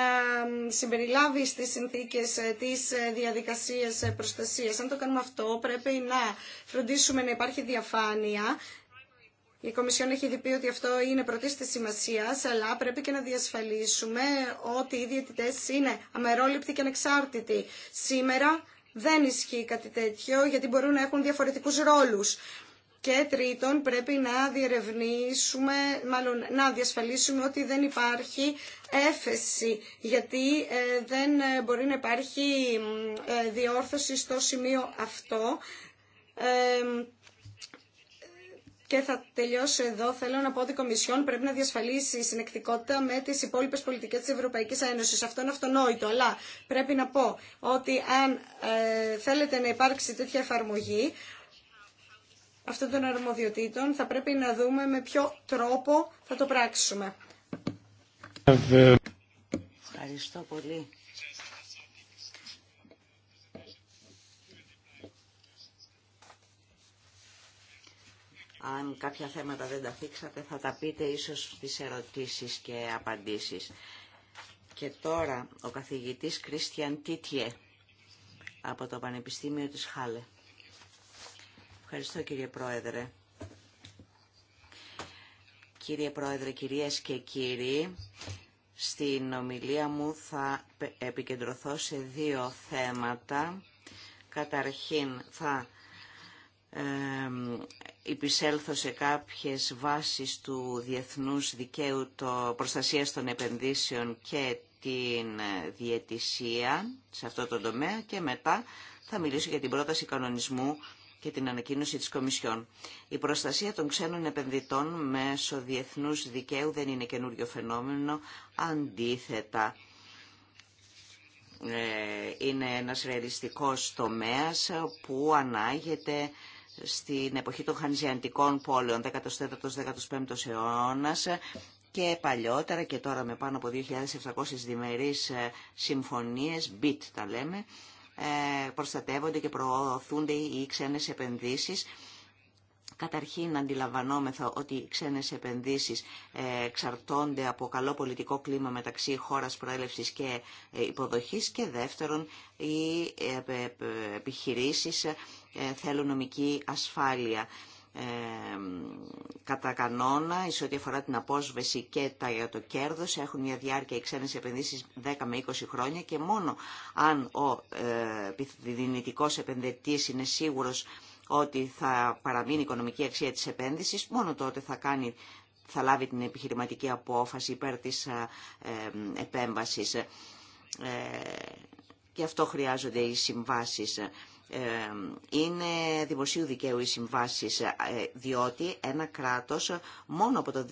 συμπεριλάβει στις συνθήκες ε, της ε, διαδικασίας ε, προστασίας. Αν το κάνουμε αυτό, πρέπει να φροντίσουμε να υπάρχει διαφάνεια. Η Κομισιόν έχει δει ότι αυτό είναι πρώτη τη σημασία αλλά πρέπει και να διασφαλίσουμε ότι οι διαιτητές είναι αμερόληπτοι και ανεξάρτητοι. Σήμερα δεν ισχύει κάτι τέτοιο, γιατί μπορούν να έχουν διαφορετικού ρόλους. Και τρίτον, πρέπει να διερευνήσουμε, μάλλον να διασφαλίσουμε ότι δεν υπάρχει έφεση, γιατί ε, δεν ε, μπορεί να υπάρχει ε, διόρθωση στο σημείο αυτό. και θα τελειώσω εδώ. Θέλω να πω ότι η Κομισιόν πρέπει να διασφαλίσει συνεκτικότητα με τι υπόλοιπε πολιτικέ τη Ευρωπαϊκή Ένωση. Αυτό είναι αυτονόητο. Αλλά πρέπει να πω ότι αν ε, θέλετε να υπάρξει τέτοια εφαρμογή, αυτών των αρμοδιοτήτων θα πρέπει να δούμε με ποιο τρόπο θα το πράξουμε. Ευχαριστώ πολύ. Αν κάποια θέματα δεν τα φίξατε, θα τα πείτε ίσως στις ερωτήσεις και απαντήσεις. Και τώρα ο καθηγητής Κρίστιαν Τίτιε από το Πανεπιστήμιο της Χάλε. Ευχαριστώ κύριε Πρόεδρε. Κύριε Πρόεδρε, κυρίες και κύριοι, στην ομιλία μου θα επικεντρωθώ σε δύο θέματα. Καταρχήν θα υπησέλθω σε κάποιες βάσεις του Διεθνούς Δικαίου το Προστασίας των Επενδύσεων και την ε, Διετησία σε αυτό το τομέα και μετά θα μιλήσω για την πρόταση κανονισμού και την ανακοίνωση της Κομισιόν. Η προστασία των ξένων επενδυτών μέσω διεθνούς δικαίου δεν είναι καινούριο φαινόμενο, αντίθετα ε, είναι ένας ρεαλιστικός τομέας που ανάγεται στην εποχή των χανζιαντικών 14 14ος-15ος αιώνας και παλιότερα και τώρα με πάνω από 2.700 διμερείς ε, συμφωνίες, BIT τα λέμε, ε, προστατεύονται και προωθούνται οι ξένες επενδύσεις. Καταρχήν αντιλαμβανόμεθα ότι οι ξένες επενδύσεις ε, εξαρτώνται από καλό πολιτικό κλίμα μεταξύ χώρας προέλευσης και ε, υποδοχής και δεύτερον οι επιχειρήσεις θέλουν νομική ασφάλεια Κατά κανόνα, σε ό,τι αφορά την απόσβεση και το κέρδος, έχουν μια διάρκεια οι ξένες επενδύσεις 10 με 20 χρόνια και μόνο αν ο ε, δυνητικός επενδυτής είναι σίγουρος ότι θα παραμείνει η οικονομική αξία της επένδυσης, μόνο τότε θα κάνει θα λάβει την επιχειρηματική απόφαση υπέρ της ε, ε, επέμβασης. Και αυτό χρειάζονται οι συμβάσεις. Ε, είναι δημοσίου δικαίου οι συμβάσεις ε, διότι ένα κράτος μόνο από το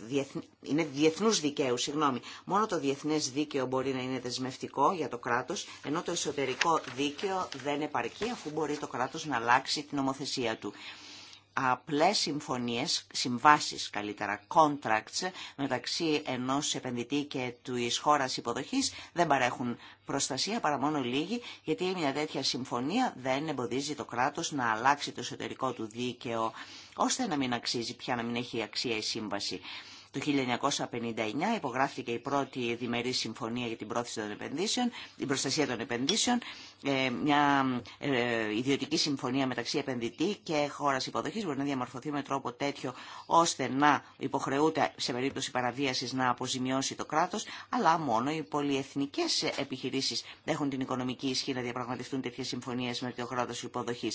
είναι διεθνούς δικαίου, συγγνώμη, μόνο το διεθνές δίκαιο μπορεί να είναι δεσμευτικό για το κράτος ενώ το εσωτερικό δίκαιο δεν επαρκεί αφού μπορεί το κράτος να αλλάξει την νομοθεσία του απλές συμφωνίες, συμβάσεις καλύτερα, contracts μεταξύ ενός επενδυτή και του εις χώρας υποδοχής δεν παρέχουν προστασία παρά μόνο λίγοι γιατί μια τέτοια συμφωνία δεν εμποδίζει το κράτος να αλλάξει το εσωτερικό του δίκαιο ώστε να μην αξίζει πια να μην έχει αξία η σύμβαση. Το 1959 υπογράφηκε η πρώτη διμερή συμφωνία για την, πρόθεση των επενδύσεων, την προστασία των επενδύσεων, ε, μια ε, ιδιωτική συμφωνία μεταξύ επενδυτή και χώρα υποδοχή μπορεί να διαμορφωθεί με τρόπο τέτοιο ώστε να υποχρεούται σε περίπτωση παραβίαση να αποζημιώσει το κράτο, αλλά μόνο οι πολυεθνικέ επιχειρήσει έχουν την οικονομική ισχύ να διαπραγματευτούν τέτοιε συμφωνίε με το κράτο υποδοχή.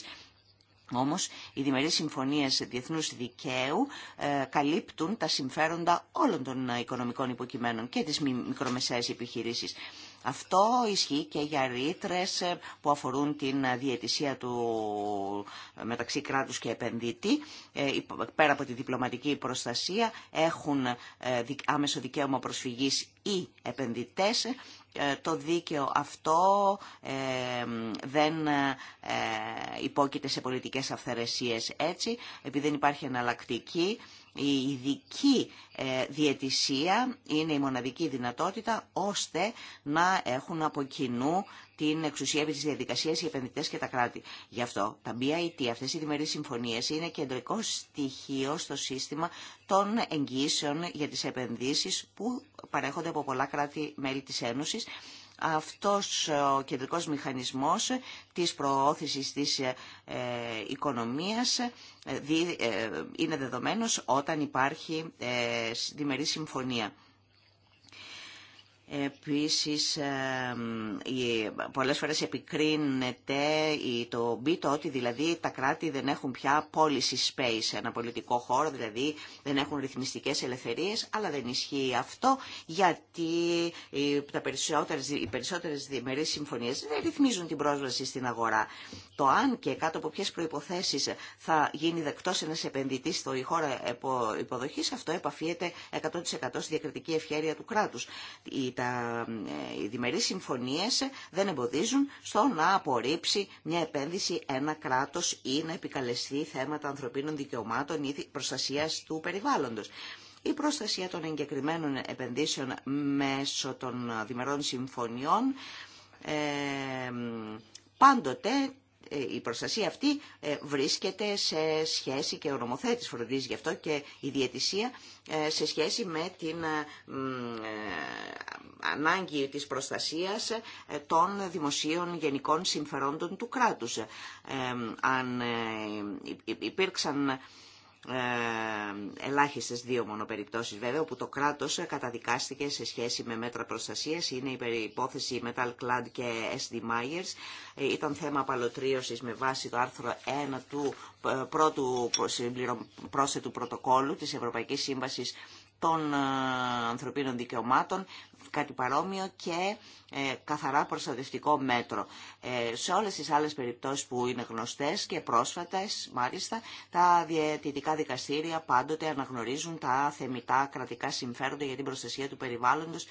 Όμως, οι διμερείς συμφωνίες διεθνούς δικαίου ε, καλύπτουν τα συμφέροντα όλων των οικονομικών υποκειμένων και τις μικρομεσαίες επιχειρήσει. Αυτό ισχύει και για ρήτρε ε, που αφορούν την διαιτησία του ε, μεταξύ κράτους και επενδυτή. Πέρα από τη διπλωματική προστασία έχουν άμεσο δικαίωμα προσφυγής οι επενδυτές ε, το δίκαιο αυτό ε, δεν ε, υπόκειται σε πολιτικές αυθαιρεσίες έτσι, επειδή δεν υπάρχει εναλλακτική. Η ειδική διαιτησία είναι η μοναδική δυνατότητα ώστε να έχουν από κοινού την επί τη διαδικασία, οι επενδυτέ και τα κράτη. Γι' αυτό τα BIT, αυτές οι διμερείς συμφωνίες, είναι κεντρικό στοιχείο στο σύστημα των εγγύσεων για τις επενδύσεις που παρέχονται από πολλά κράτη-μέλη της Ένωσης αυτός ο κεντρικός μηχανισμός της προώθησης της ε, οικονομίας ε, ε, είναι δεδομένος όταν υπάρχει διμερή συμφωνία. Επίσης, πολλές φορές επικρίνεται το μπίτο ότι δηλαδή τα κράτη δεν έχουν πια policy space, ένα πολιτικό χώρο, δηλαδή δεν έχουν ρυθμιστικές ελευθερίες, αλλά δεν ισχύει αυτό γιατί οι περισσότερες διμερείς συμφωνίες δεν ρυθμίζουν την πρόσβαση στην αγορά. Το αν και κάτω από ποιες προϋποθέσεις θα γίνει δεκτός ένας επενδυτής στο η χώρα υποδοχής, αυτό επαφίεται 100% στη διακριτική ευχέρεια του κράτους τα, ε, οι διμερείς συμφωνίες δεν εμποδίζουν στο να απορρίψει μια επένδυση ένα κράτος ή να επικαλεστεί θέματα ανθρωπίνων δικαιωμάτων ή προστασίας του περιβάλλοντος. Η προστασία των εγκεκριμένων επενδύσεων μέσω των διμερών συμφωνιών ε, πάντοτε ε, η προστασία αυτή ε, βρίσκεται σε σχέση και ο νομοθέτης φροντίζει γι' αυτό και η διαιτησία ε, σε σχέση με την ανάγκη της προστασίας των δημοσίων γενικών συμφερόντων του κράτους. Αν υπήρξαν ε, ελάχιστες δύο μόνο βέβαια, όπου το κράτος καταδικάστηκε σε σχέση με μέτρα προστασίας. Είναι η υπόθεση Metal Clad και SD Myers. Ε, ήταν θέμα απαλωτρίωσης με βάση το άρθρο 1 του ε, πρώτου πρόσθετου πρωτοκόλου της Ευρωπαϊκής Σύμβασης των ανθρωπίνων δικαιωμάτων κάτι παρόμοιο και ε, καθαρά προστατευτικό μέτρο. Ε, σε όλες τις άλλες περιπτώσεις που είναι γνωστές και πρόσφατες μάλιστα, τα διαιτητικά δικαστήρια πάντοτε αναγνωρίζουν τα θεμητά κρατικά συμφέροντα για την προστασία του περιβάλλοντος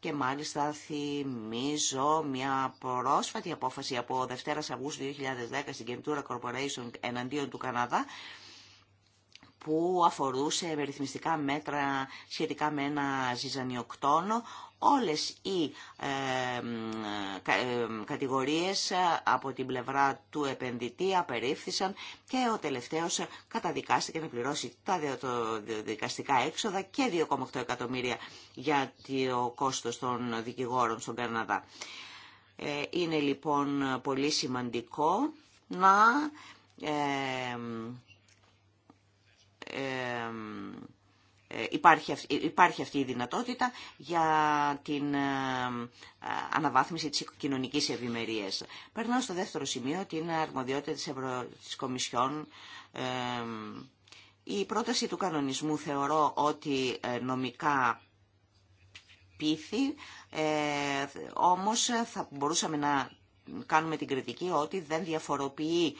και μάλιστα θυμίζω μια πρόσφατη απόφαση από Δευτέρα Αυγούστου 2010 στην Κεντούρα Corporation εναντίον του Καναδά που αφορούσε ρυθμιστικά μέτρα σχετικά με ένα ζυζανιοκτόνο όλες οι ε, ε, κατηγορίες ε, από την πλευρά του επενδυτή απερίφθησαν και ο τελευταίος καταδικάστηκε να πληρώσει τα δικαστικά έξοδα και 2,8 εκατομμύρια για το κόστος των δικηγόρων στον Καναδά. Είναι λοιπόν πολύ σημαντικό να... Ε, υπάρχει, ε, υπάρχει αυτή η δυνατότητα για την ε, αναβάθμιση της κοινωνικής ευημερία. Περνάω στο δεύτερο σημείο, την αρμοδιότητα της, Ευρω... της Κομισιόν. Η πρόταση του κανονισμού θεωρώ ότι νομικά πείθει, όμως θα μπορούσαμε να κάνουμε την κριτική ότι δεν διαφοροποιεί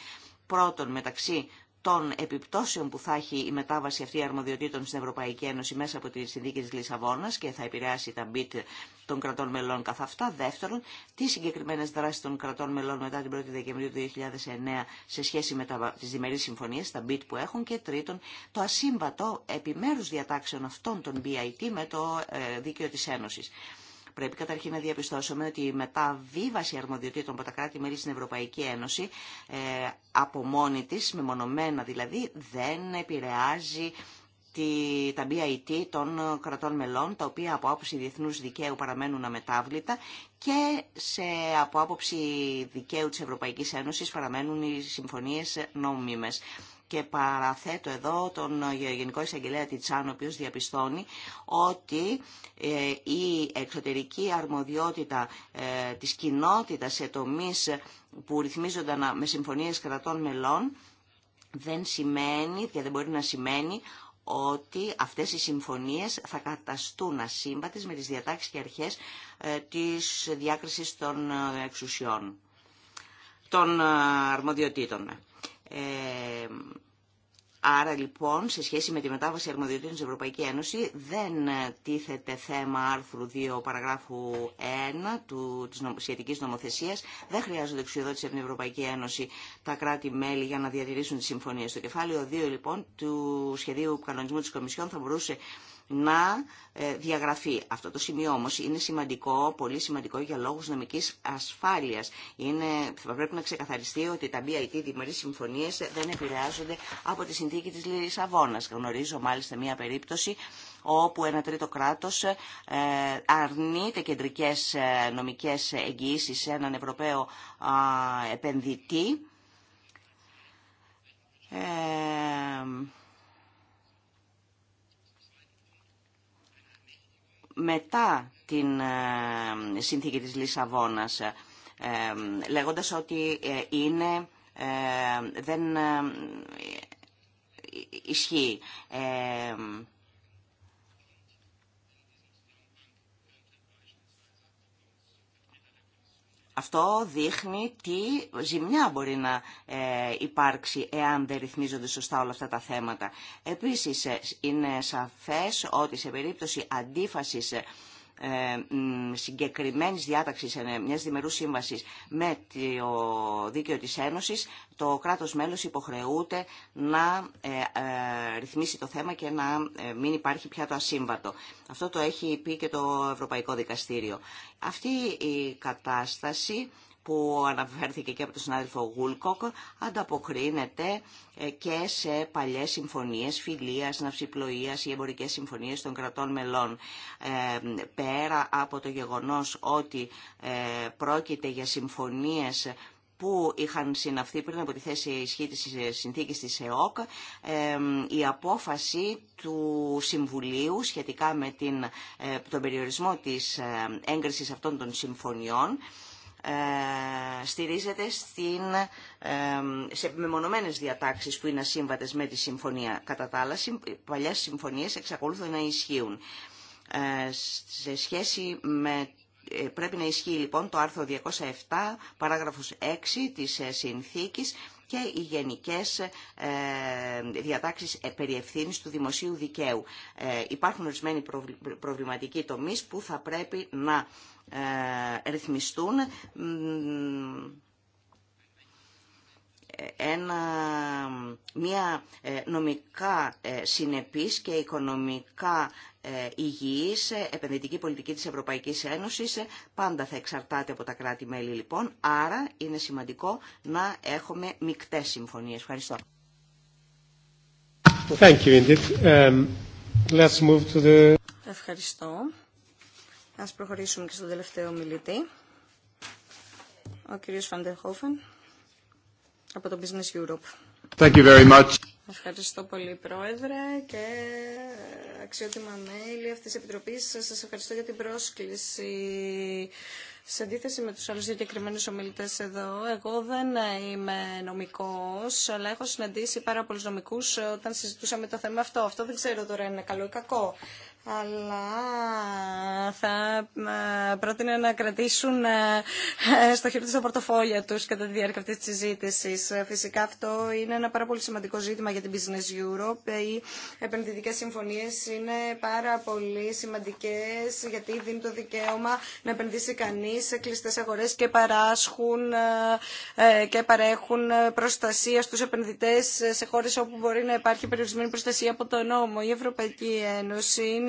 πρώτον μεταξύ των επιπτώσεων που θα έχει η μετάβαση αυτή αρμοδιοτήτων στην Ευρωπαϊκή Ένωση μέσα από τη συνδίκη της Λισαβόνας και θα επηρεάσει τα μπιτ των κρατών μελών καθ' αυτά. Δεύτερον, τι συγκεκριμένες δράσει των κρατών μελών μετά την 1η Δεκεμβρίου 2009 σε σχέση με τι τις συμφωνίε, συμφωνίες, τα BIT που έχουν και τρίτον, το ασύμβατο επιμέρου διατάξεων αυτών των BIT με το ε, δίκαιο τη Ένωση. Πρέπει καταρχήν να διαπιστώσουμε ότι η μεταβίβαση αρμοδιοτήτων από τα κράτη-μέλη στην Ευρωπαϊκή Ένωση ε, από μόνη της, μεμονωμένα δηλαδή, δεν επηρεάζει τα BIT των κρατών μελών, τα οποία από άποψη διεθνού δικαίου παραμένουν αμετάβλητα και σε, από άποψη δικαίου της Ευρωπαϊκής Ένωσης παραμένουν οι συμφωνίες νόμιμες και παραθέτω εδώ τον ε, Γενικό Εισαγγελέα Τιτσάν, ο οποίος διαπιστώνει ότι ε, η εξωτερική αρμοδιότητα ε, της κοινότητας σε τομείς που ρυθμίζονταν με συμφωνίες κρατών μελών δεν σημαίνει και δεν μπορεί να σημαίνει ότι αυτές οι συμφωνίες θα καταστούν ασύμβατες με τις διατάξεις και αρχές της διάκρισης των εξουσιών, των αρμοδιοτήτων. Ε, άρα λοιπόν, σε σχέση με τη μετάβαση αρμοδιοτήτων στην Ευρωπαϊκή Ένωση, δεν ε, τίθεται θέμα άρθρου 2 παραγράφου 1 του, της νομο, σχετικής νομοθεσίας. Δεν χρειάζονται εξουδότηση από την Ευρωπαϊκή Ένωση τα κράτη-μέλη για να διατηρήσουν τις συμφωνίες. στο κεφάλαιο 2 λοιπόν του σχεδίου κανονισμού της Κομισιόν θα μπορούσε να ε, διαγραφεί. Αυτό το σημείο όμως είναι σημαντικό, πολύ σημαντικό για λόγους νομική ασφάλειας. θα πρέπει να ξεκαθαριστεί ότι τα BIT διμερεί συμφωνίε δεν επηρεάζονται από τη συνθήκη της Λισαβόνας. Γνωρίζω μάλιστα μία περίπτωση όπου ένα τρίτο κράτος ε, αρνείται κεντρικές ε, νομικέ εγγυήσει σε έναν Ευρωπαίο επενδυτή. μετά την ε, συνθήκη της Λισαβόνας, ε, λέγοντας ότι ε, είναι, δεν ισχύει. Αυτό δείχνει τι ζημιά μπορεί να ε, υπάρξει εάν δεν ρυθμίζονται σωστά όλα αυτά τα θέματα. Επίσης, ε, είναι σαφές ότι σε περίπτωση αντίφασης ε, ε, συγκεκριμένης διάταξης ε, μιας διμερούς σύμβασης με το δίκαιο της Ένωσης, το κράτος μέλος υποχρεούται να ε, ρυθμίσει το θέμα και να μην υπάρχει πια το ασύμβατο. Αυτό το έχει πει και το Ευρωπαϊκό Δικαστήριο. Αυτή η κατάσταση που αναφέρθηκε και από τον συνάδελφο Γούλκοκ, ανταποκρίνεται ε, και σε παλιές συμφωνίες φιλίας, ναυσιπλοείας ή εμπορικές συμφωνίες των κρατών μελών. Ε, πέρα από το γεγονός ότι ε, πρόκειται για συμφωνίες που είχαν συναυθεί πριν από τη θέση ισχύ της συνθήκης της ΕΟΚ, η απόφαση του Συμβουλίου σχετικά με την, τον περιορισμό της έγκρισης αυτών των συμφωνιών ε, στηρίζεται στην, ε, σε μεμονωμένες διατάξεις που είναι ασύμβατες με τη συμφωνία. Κατά τα άλλα, οι παλιές συμφωνίες εξακολουθούν να ισχύουν. Ε, σε σχέση με Πρέπει να ισχύει λοιπόν το άρθρο 207 παράγραφος 6 της συνθήκης και οι γενικές διατάξεις περί του δημοσίου δικαίου. Υπάρχουν ορισμένοι προβληματικοί τομείς που θα πρέπει να ε, ρυθμιστούν μια ε, ε, νομικά συνεπής και οικονομικά υγιής επενδυτική πολιτική της Ευρωπαϊκής Ένωσης πάντα θα εξαρτάται από τα κράτη-μέλη λοιπόν, άρα είναι σημαντικό να έχουμε μικτές συμφωνίες. Ευχαριστώ. Thank you, um, let's move to the... Ευχαριστώ. Ας προχωρήσουμε και στον τελευταίο μιλητή, ο κύριος Φαντεχόφεν από το Business Europe. Thank you very much. Ευχαριστώ πολύ Πρόεδρε και αξιότιμα μέλη αυτής της Επιτροπής. Σας ευχαριστώ για την πρόσκληση. Σε αντίθεση με τους άλλους συγκεκριμένου ομιλητές εδώ, εγώ δεν είμαι νομικός, αλλά έχω συναντήσει πάρα πολλούς νομικούς όταν συζητούσαμε το θέμα αυτό. Αυτό δεν ξέρω τώρα είναι καλό ή κακό αλλά θα ε, πρότεινα να κρατήσουν ε, ε, στο χέρι τους τα πορτοφόλια τους κατά τη διάρκεια αυτής της συζήτησης. Φυσικά αυτό είναι ένα πάρα πολύ σημαντικό ζήτημα για την Business Europe. Οι επενδυτικές συμφωνίες είναι πάρα πολύ σημαντικές γιατί δίνουν το δικαίωμα να επενδύσει κανείς σε κλειστές αγορές και παράσχουν και παρέχουν προστασία στους επενδυτές σε χώρες όπου μπορεί να υπάρχει περιορισμένη προστασία από το νόμο. Η Ευρωπαϊκή Ένωση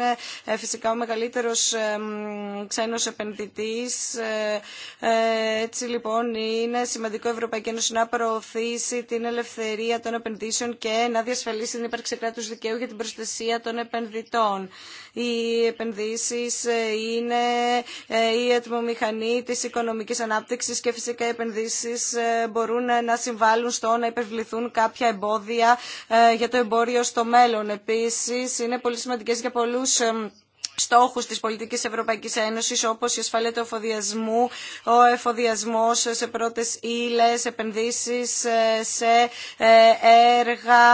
ε, φυσικά ο μεγαλύτερος ξένος επενδυτής. Ε, ε, έτσι λοιπόν είναι σημαντικό η Ευρωπαϊκή Ένωση να προωθήσει την ελευθερία των επενδύσεων και να διασφαλίσει την ύπαρξη κράτου δικαίου για την προστασία των επενδυτών. Οι επενδύσεις είναι η ατμομηχανή της οικονομικής ανάπτυξης και φυσικά οι επενδύσεις μπορούν να συμβάλλουν στο να υπερβληθούν κάποια εμπόδια για το εμπόριο στο μέλλον. Επίση είναι πολύ σημαντικέ για πολλούς τους στόχους της πολιτικής Ευρωπαϊκής Ένωσης όπως η ασφάλεια του εφοδιασμού, ο εφοδιασμός σε πρώτες ύλες, επενδύσεις ε, σε ε, έργα,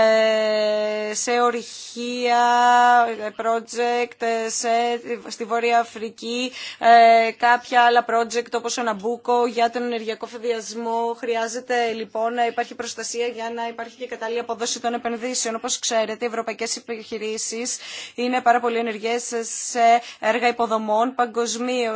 ε, σε ορυχεία, project σε, στη Βόρεια Αφρική, κάποια άλλα project όπως ο Ναμπούκο για τον ενεργειακό εφοδιασμό. Χρειάζεται λοιπόν να υπάρχει προστασία για να υπάρχει και κατάλληλη αποδόση των επενδύσεων. Όπως ξέρετε, οι ευρωπαϊκές επιχειρήσεις είναι πάρα πολύ ενεργές σε έργα υποδομών παγκοσμίω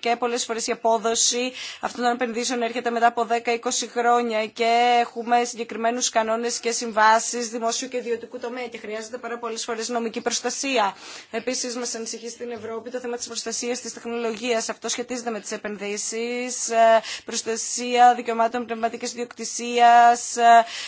και πολλέ φορέ η απόδοση αυτών των επενδύσεων έρχεται μετά από 10-20 χρόνια και έχουμε συγκεκριμένου κανόνε και συμβάσει δημόσιου και ιδιωτικού τομέα και χρειάζεται πάρα πολλέ φορέ νομική προστασία. Επίση, μα ανησυχεί στην Ευρώπη το θέμα τη προστασία τη τεχνολογία. Αυτό σχετίζεται με τι επενδύσει, ε, προστασία δικαιωμάτων πνευματική διοκτησία.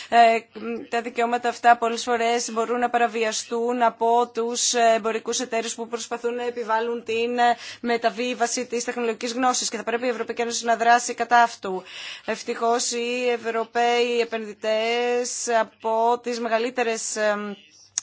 Ε, ε, τα δικαιώματα αυτά πολλέ φορέ μπορούν να παραβιαστούν από του εμπορικού εταίρου που που προσπαθούν να επιβάλλουν την ε, μεταβίβαση τη τεχνολογική γνώση και θα πρέπει η Ευρωπαϊκή Ένωση να δράσει κατά αυτού. Ευτυχώ οι Ευρωπαίοι επενδυτέ από τι μεγαλύτερε ε,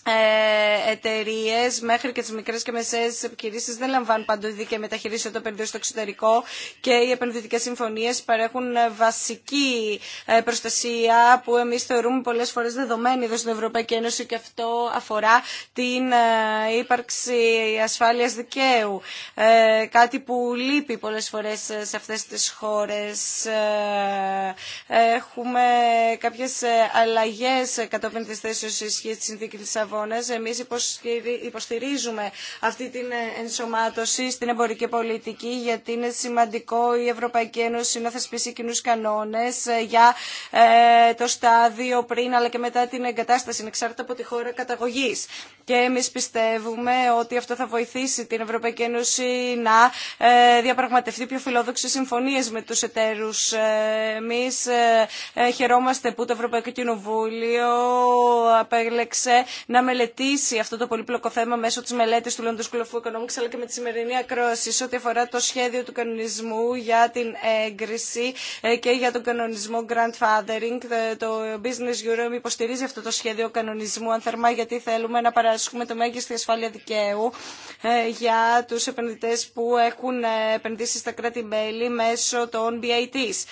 ε, εταιρείε μέχρι και τι μικρέ και μεσαίε επιχειρήσει δεν λαμβάνουν παντού δίκαια μεταχειρήση όταν επενδύουν στο εξωτερικό και οι επενδυτικέ συμφωνίε παρέχουν ε, βασική ε, προστασία που εμεί θεωρούμε πολλέ φορέ δεδομένη εδώ στην Ευρωπαϊκή Ένωση και αυτό αφορά την ύπαρξη ασφάλεια δικαίου. Κάτι που λείπει πολλέ φορέ σε αυτέ τι χώρε. Έχουμε κάποιε αλλαγέ κατόπιν τη θέσεω ισχύ τη συνθήκη τη Εμεί Εμείς υποστηρίζουμε αυτή την ενσωμάτωση στην εμπορική πολιτική γιατί είναι σημαντικό η Ευρωπαϊκή Ένωση να θεσπίσει κοινού κανόνε ε, για ε, το στάδιο πριν αλλά και μετά την εγκατάσταση εξάρτητα από τη χώρα καταγωγής. Και εμεί πιστεύουμε ότι αυτό θα βοηθήσει την Ευρωπαϊκή Ένωση να ε, διαπραγματευτεί πιο φιλόδοξε συμφωνίε με τους εταίρους. Εμείς χαιρόμαστε που το Ευρωπαϊκό Κοινοβούλιο απέλεξε να μελετήσει αυτό το πολύπλοκο θέμα μέσω τη μελέτη του London School of Economics αλλά και με τη σημερινή ακρόαση σε ό,τι αφορά το σχέδιο του κανονισμού για την έγκριση ε, και για τον κανονισμό grandfathering. Ε, το Business Europe υποστηρίζει αυτό το σχέδιο κανονισμού αν θερμά γιατί θέλουμε να παράσχουμε το μέγιστη ασφάλεια δικαίου ε, για του επενδυτέ που έχουν επενδύσει στα κράτη-μέλη μέσω των BITs.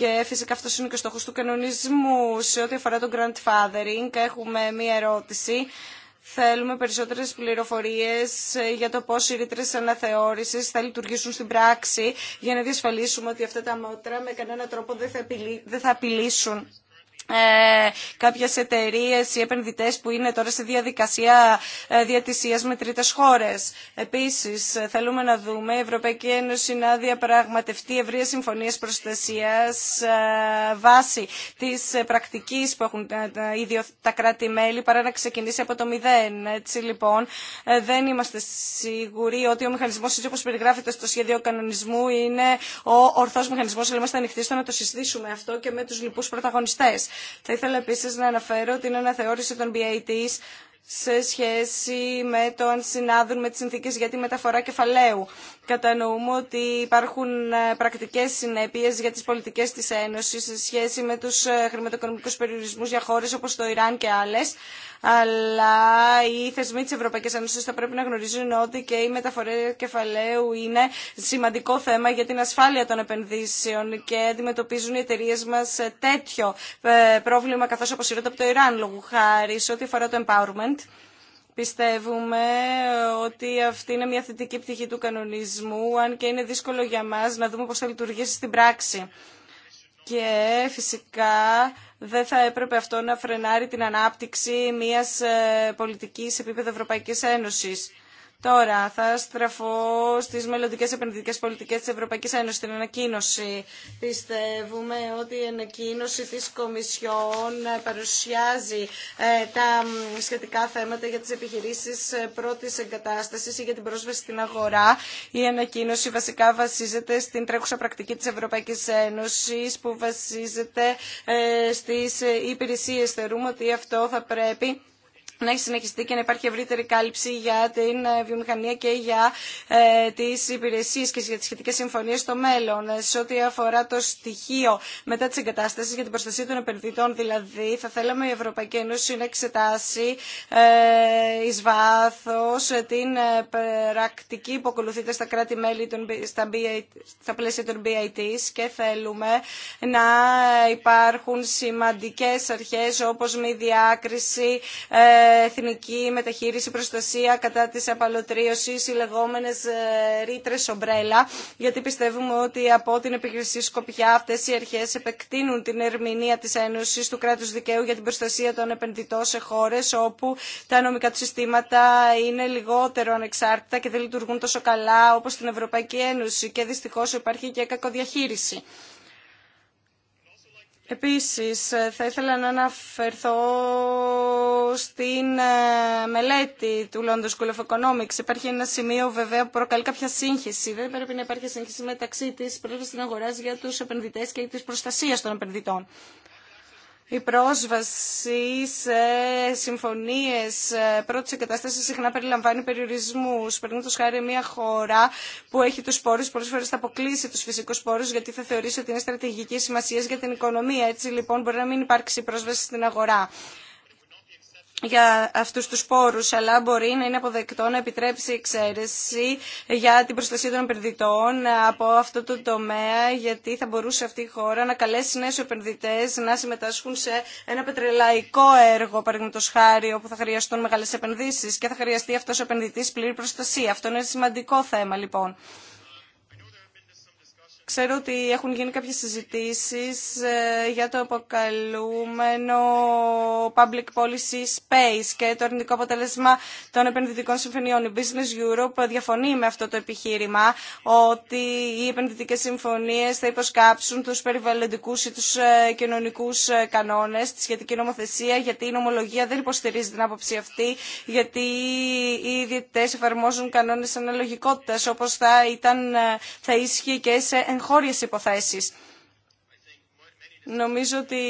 Και φυσικά αυτό είναι και ο στόχος του κανονισμού. Σε ό,τι αφορά το grandfathering έχουμε μία ερώτηση. Θέλουμε περισσότερες πληροφορίες για το πώς οι ρήτρε αναθεώρηση θα λειτουργήσουν στην πράξη για να διασφαλίσουμε ότι αυτά τα μότρα με κανένα τρόπο δεν θα απειλήσουν ε, κάποιες εταιρείες ή επενδυτές που είναι τώρα σε διαδικασία ε, διατησίας με τρίτες χώρες. Επίσης, ε, θέλουμε να δούμε η Ευρωπαϊκή Ένωση να διαπραγματευτεί ευρεία συμφωνίες προστασίας ε, βάση της ε, πρακτικής που έχουν τα, ίδια τα κράτη-μέλη παρά να δουμε η ευρωπαικη ενωση να διαπραγματευτει ευρεια συμφωνιες προστασιας ε βασει της πρακτικης που εχουν τα κρατη μελη παρα να ξεκινησει απο το μηδέν. Έτσι λοιπόν, ε, δεν είμαστε σίγουροι ότι ο μηχανισμός όπως περιγράφεται στο σχέδιο κανονισμού είναι ο ορθός μηχανισμός, αλλά είμαστε ανοιχτοί στο να το συζητήσουμε αυτό και με τους λοιπούς πρωταγωνιστές. Θα ήθελα επίσης να αναφέρω την αναθεώρηση των BATs σε σχέση με το αν συνάδουν με τις συνθήκες για τη μεταφορά κεφαλαίου. Κατανοούμε ότι υπάρχουν ε, πρακτικές συνέπειες για τις πολιτικές της Ένωσης σε σχέση με τους ε, χρηματοοικονομικούς περιορισμούς για χώρες όπως το Ιράν και άλλες, αλλά οι θεσμοί τη Ευρωπαϊκή Ένωση θα πρέπει να γνωρίζουν ότι και η μεταφορά κεφαλαίου είναι σημαντικό θέμα για την ασφάλεια των επενδύσεων και αντιμετωπίζουν οι εταιρείε μας τέτοιο ε, πρόβλημα καθώς αποσύρονται από το Ιράν λόγου χάρη σε ό,τι αφορά το empowerment. Πιστεύουμε ότι αυτή είναι μια θετική πτυχή του κανονισμού, αν και είναι δύσκολο για μας να δούμε πώς θα λειτουργήσει στην πράξη. Και φυσικά δεν θα έπρεπε αυτό να φρενάρει την ανάπτυξη μιας ε, πολιτικής επίπεδο Ευρωπαϊκής Ένωσης. Τώρα θα στραφώ στις μελλοντικέ επενδυτικέ πολιτικές της Ευρωπαϊκής Ένωσης, την ανακοίνωση. Πιστεύουμε ότι η ανακοίνωση της Κομισιόν παρουσιάζει ε, τα σχετικά θέματα για τις επιχειρήσεις ε, πρώτη εγκατάσταση ή για την πρόσβαση στην αγορά. Η ανακοίνωση βασικά βασίζεται στην τρέχουσα πρακτική τη Ευρωπαϊκή Ένωση, που βασίζεται ε, στι υπηρεσίε Θεωρούμε ότι αυτό θα πρέπει να έχει συνεχιστεί και να υπάρχει ευρύτερη κάλυψη για την ε, βιομηχανία και για ε, τις υπηρεσίες και για τι σχετικέ συμφωνίε στο μέλλον. Ε, σε ό,τι αφορά το στοιχείο μετά τις εγκατάστασεις για την προστασία των επενδυτών, δηλαδή θα θέλαμε η Ευρωπαϊκή Ένωση να εξετάσει ε, εις ε, την πρακτική που ακολουθείται στα κράτη-μέλη στα, πλαίσια των BIT και θέλουμε να υπάρχουν σημαντικέ αρχέ όπω μη διάκριση, ε, εθνική μεταχείριση προστασία κατά της απαλωτρίωσης, οι λεγόμενες ε, ρήτρε ομπρέλα, γιατί πιστεύουμε ότι από την επιχειρησή σκοπιά αυτές οι αρχές επεκτείνουν την ερμηνεία της Ένωσης του κράτους δικαίου για την προστασία των επενδυτών σε χώρες όπου τα νομικά του συστήματα είναι λιγότερο ανεξάρτητα και δεν λειτουργούν τόσο καλά όπως στην Ευρωπαϊκή Ένωση και δυστυχώς υπάρχει και κακοδιαχείριση. Επίσης, ε, θα ήθελα να αναφερθώ στην ε, μελέτη του London School of Economics. Υπάρχει ένα σημείο βέβαια που προκαλεί κάποια σύγχυση. Δεν πρέπει να υπάρχει σύγχυση μεταξύ της πρόσβασης στην αγορά για τους επενδυτές και της προστασίας των επενδυτών η πρόσβαση σε συμφωνίε ε, πρώτη εγκατάσταση συχνά περιλαμβάνει περιορισμού. Παραδείγματο χάρη, μια χώρα που έχει του πόρου πολλέ φορέ θα αποκλείσει του φυσικού πόρου γιατί θα θεωρήσει ότι είναι στρατηγική σημασία για την οικονομία. Έτσι λοιπόν μπορεί να μην υπάρξει πρόσβαση στην αγορά για αυτού του πόρους, αλλά μπορεί να είναι αποδεκτό να επιτρέψει εξαίρεση για την προστασία των επενδυτών από αυτό το τομέα, γιατί θα μπορούσε αυτή η χώρα να καλέσει νέου επενδυτέ, να συμμετάσχουν σε ένα πετρελαϊκό έργο, παραδείγματο χάρη, όπου θα χρειαστούν μεγάλε επενδύσει και θα χρειαστεί αυτό ο επενδυτή πλήρη προστασία. Αυτό είναι σημαντικό θέμα λοιπόν. Ξέρω ότι έχουν γίνει κάποιες συζητήσεις ε, για το αποκαλούμενο public policy space και το αρνητικό αποτέλεσμα των επενδυτικών συμφωνιών. Η Business Europe διαφωνεί με αυτό το επιχείρημα ότι οι επενδυτικές συμφωνίες θα υποσκάψουν τους περιβαλλοντικούς ή τους ε, κοινωνικούς ε, κανόνες, τη σχετική νομοθεσία, γιατί η νομολογία δεν υποστηρίζει την άποψη αυτή, γιατί οι διαιτητές εφαρμόζουν κανόνες αναλογικότητας, όπως θα, ήταν, θα ίσχυε και σε εγχώριες υποθέσεις Νομίζω ότι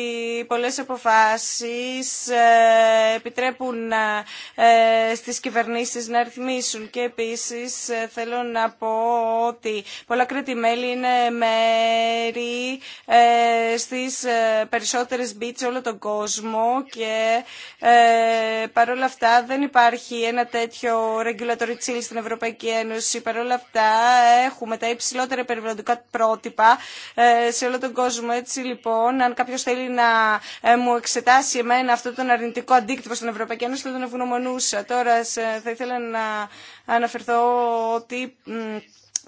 πολλές αποφάσεις ε, επιτρέπουν ε, στις κυβερνήσεις να ρυθμίσουν και επίσης ε, θέλω να πω ότι κρατημέλη είναι μέρη στις περισσότερες σε όλο τον κόσμο και παρόλα αυτά δεν υπάρχει ένα τέτοιο regulatory chill στην Ευρωπαϊκή Ένωση. Παρόλα αυτά έχουμε τα υψηλότερα περιβαλλοντικά πρότυπα σε όλο τον κόσμο. Έτσι λοιπόν λοιπόν, αν κάποιο θέλει να ε, μου εξετάσει εμένα αυτό τον αρνητικό αντίκτυπο στην Ευρωπαϊκή Ένωση, θα τον ευγνωμονούσα. Τώρα θα ήθελα να αναφερθώ ότι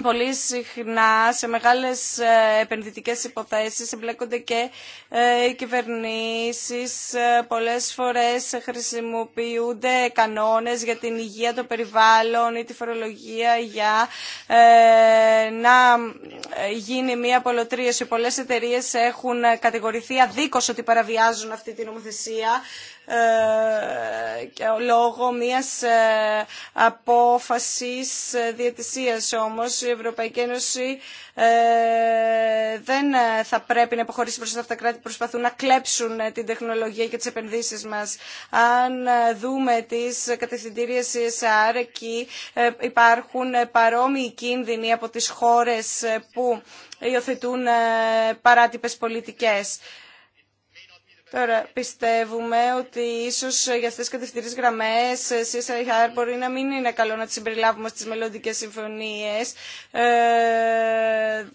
πολύ συχνά σε μεγάλες ε, επενδυτικές υποθέσεις εμπλέκονται και ε, οι κυβερνήσεις. Ε, πολλές φορές χρησιμοποιούνται κανόνες για την υγεία των περιβάλλων ή τη φορολογία για να γίνει μια απολωτρίωση. Πολλές εταιρείες έχουν κατηγορηθεί αδίκως ότι παραβιάζουν αυτή την νομοθεσία λόγω μιας ε, απόφασης ε, διαιτησίας όμως η Ευρωπαϊκή Ένωση ε, δεν θα πρέπει να υποχωρήσει προς αυτά τα κράτη που προσπαθούν να κλέψουν την τεχνολογία και τις επενδύσεις μας. Αν δούμε τις κατευθυντήριες CSR εκεί υπάρχουν παρόμοιοι κίνδυνοι από τις χώρες που υιοθετούν παράτυπες πολιτικές. Τώρα, πιστεύουμε ότι ίσω για αυτέ τι κατευθυντήριε γραμμέ, ε, CSIR μπορεί να μην είναι καλό να τι συμπεριλάβουμε στι μελλοντικέ συμφωνίε. Ε,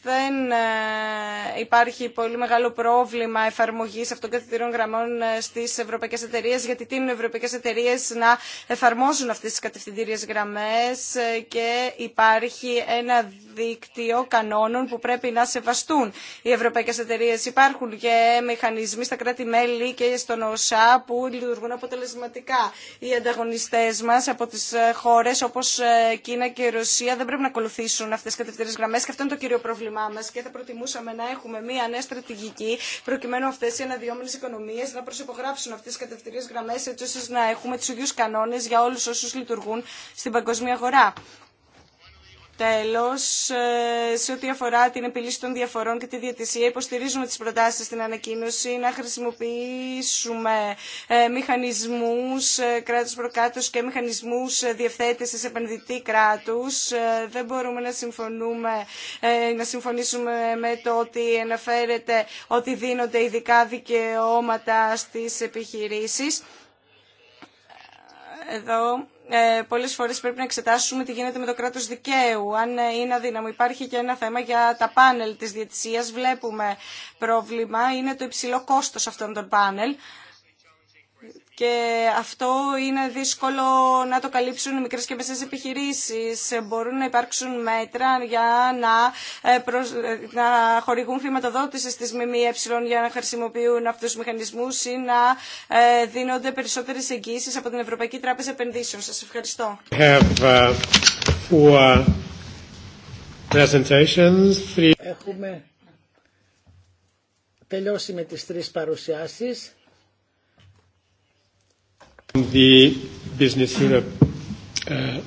δεν ε, υπάρχει πολύ μεγάλο πρόβλημα εφαρμογή αυτών των κατευθυντήριων γραμμών ε, στι ευρωπαϊκέ εταιρείε, γιατί τίνουν οι ευρωπαϊκέ εταιρείε να εφαρμόζουν αυτέ τι κατευθυντήριε γραμμέ και υπάρχει ένα δίκτυο κανόνων που πρέπει να σεβαστούν οι ευρωπαϊκέ εταιρείε. Υπάρχουν και μηχανισμοί στα κρατη μελη και στον ΩΣΑ που λειτουργούν αποτελεσματικά. Οι ανταγωνιστέ μα από τι ε, χώρε όπω ε, Κίνα και Ρωσία δεν πρέπει να ακολουθήσουν αυτέ τι κατευθυντήρες γραμμέ, και αυτό είναι το κύριο πρόβλημά μα, και θα προτιμούσαμε να έχουμε μια νέα στρατηγική προκειμένου αυτέ οι αναδυόμενε οικονομίε να προσυπογράψουν αυτέ τι κατευθυντήρες γραμμέ, έτσι ώστε να έχουμε του ίδιου κανόνε για όλου όσου λειτουργούν στην παγκοσμία αγορά. Τέλος, ε, σε ό,τι αφορά την επιλύση των διαφορών και τη διατησία, υποστηρίζουμε τις προτάσεις στην ανακοίνωση να χρησιμοποιήσουμε ε, μηχανισμούς ε, κράτους προκάτους και μηχανισμούς διευθέτησης επενδυτή κράτους. Δεν μπορούμε να, συμφωνούμε, να συμφωνήσουμε με το ότι αναφέρεται ότι δίνονται ειδικά δικαιώματα στις επιχειρήσεις. Εδώ ε, πολλές φορές πρέπει να εξετάσουμε τι γίνεται με το κράτος δικαίου, αν είναι αδύναμο. Υπάρχει και ένα θέμα για τα πάνελ της διαιτησίας βλέπουμε πρόβλημα, είναι το υψηλό κόστος αυτών των πάνελ και αυτό είναι δύσκολο να το καλύψουν οι μικρές και μεσές επιχειρήσεις. Μπορούν να υπάρξουν μέτρα για να, ε, να χορηγούν χρηματοδότηση στις ΜΜΕ για να χρησιμοποιούν αυτούς τους μηχανισμούς ή να ε, δίνονται περισσότερες εγγύσεις από την Ευρωπαϊκή Τράπεζα Επενδύσεων. Σας ευχαριστώ. Uh, Έχουμε τελειώσει με τις τρεις παρουσιάσεις. The Business uh,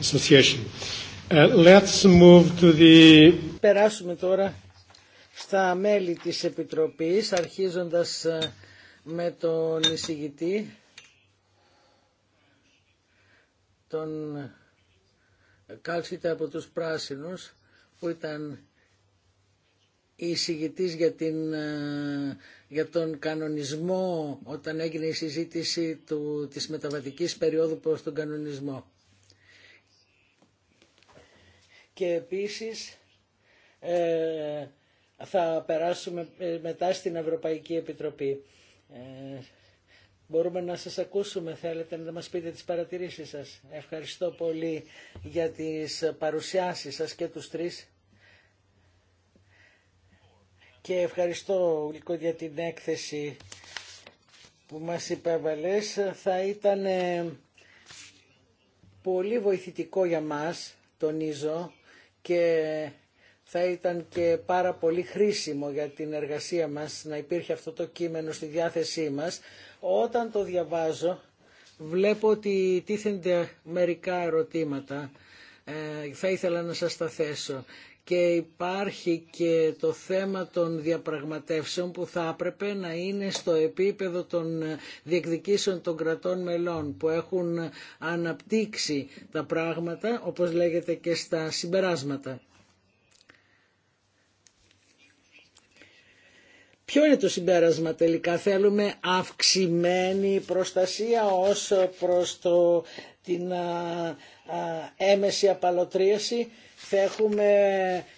Association. Uh, let's move to the... Περάσουμε τώρα στα μέλη της Επιτροπής, αρχίζοντας ε, με τον εισηγητή, τον Κάλσιτα από τους Πράσινους, που ήταν εισηγητής για την ε, για τον κανονισμό όταν έγινε η συζήτηση του, της μεταβατικής περίοδου προς τον κανονισμό. Και επίσης ε, θα περάσουμε ε, μετά στην Ευρωπαϊκή Επιτροπή. Ε, μπορούμε να σας ακούσουμε, θέλετε να μας πείτε τις παρατηρήσεις σας. Ευχαριστώ πολύ για τις παρουσιάσεις σας και τους τρεις και ευχαριστώ Γλυκό για την έκθεση που μας υπέβαλες. Θα ήταν ε, πολύ βοηθητικό για μας, τονίζω, και θα ήταν και πάρα πολύ χρήσιμο για την εργασία μας να υπήρχε αυτό το κείμενο στη διάθεσή μας. Όταν το διαβάζω βλέπω ότι τίθενται μερικά ερωτήματα. Ε, θα ήθελα να σας τα θέσω και υπάρχει και το θέμα των διαπραγματεύσεων που θα έπρεπε να είναι στο επίπεδο των διεκδικήσεων των κρατών μελών που έχουν αναπτύξει τα πράγματα όπως λέγεται και στα συμπεράσματα. Ποιο είναι το συμπέρασμα τελικά, θέλουμε αυξημένη προστασία ως προς το, την έμεση απαλωτρίαση θα έχουμε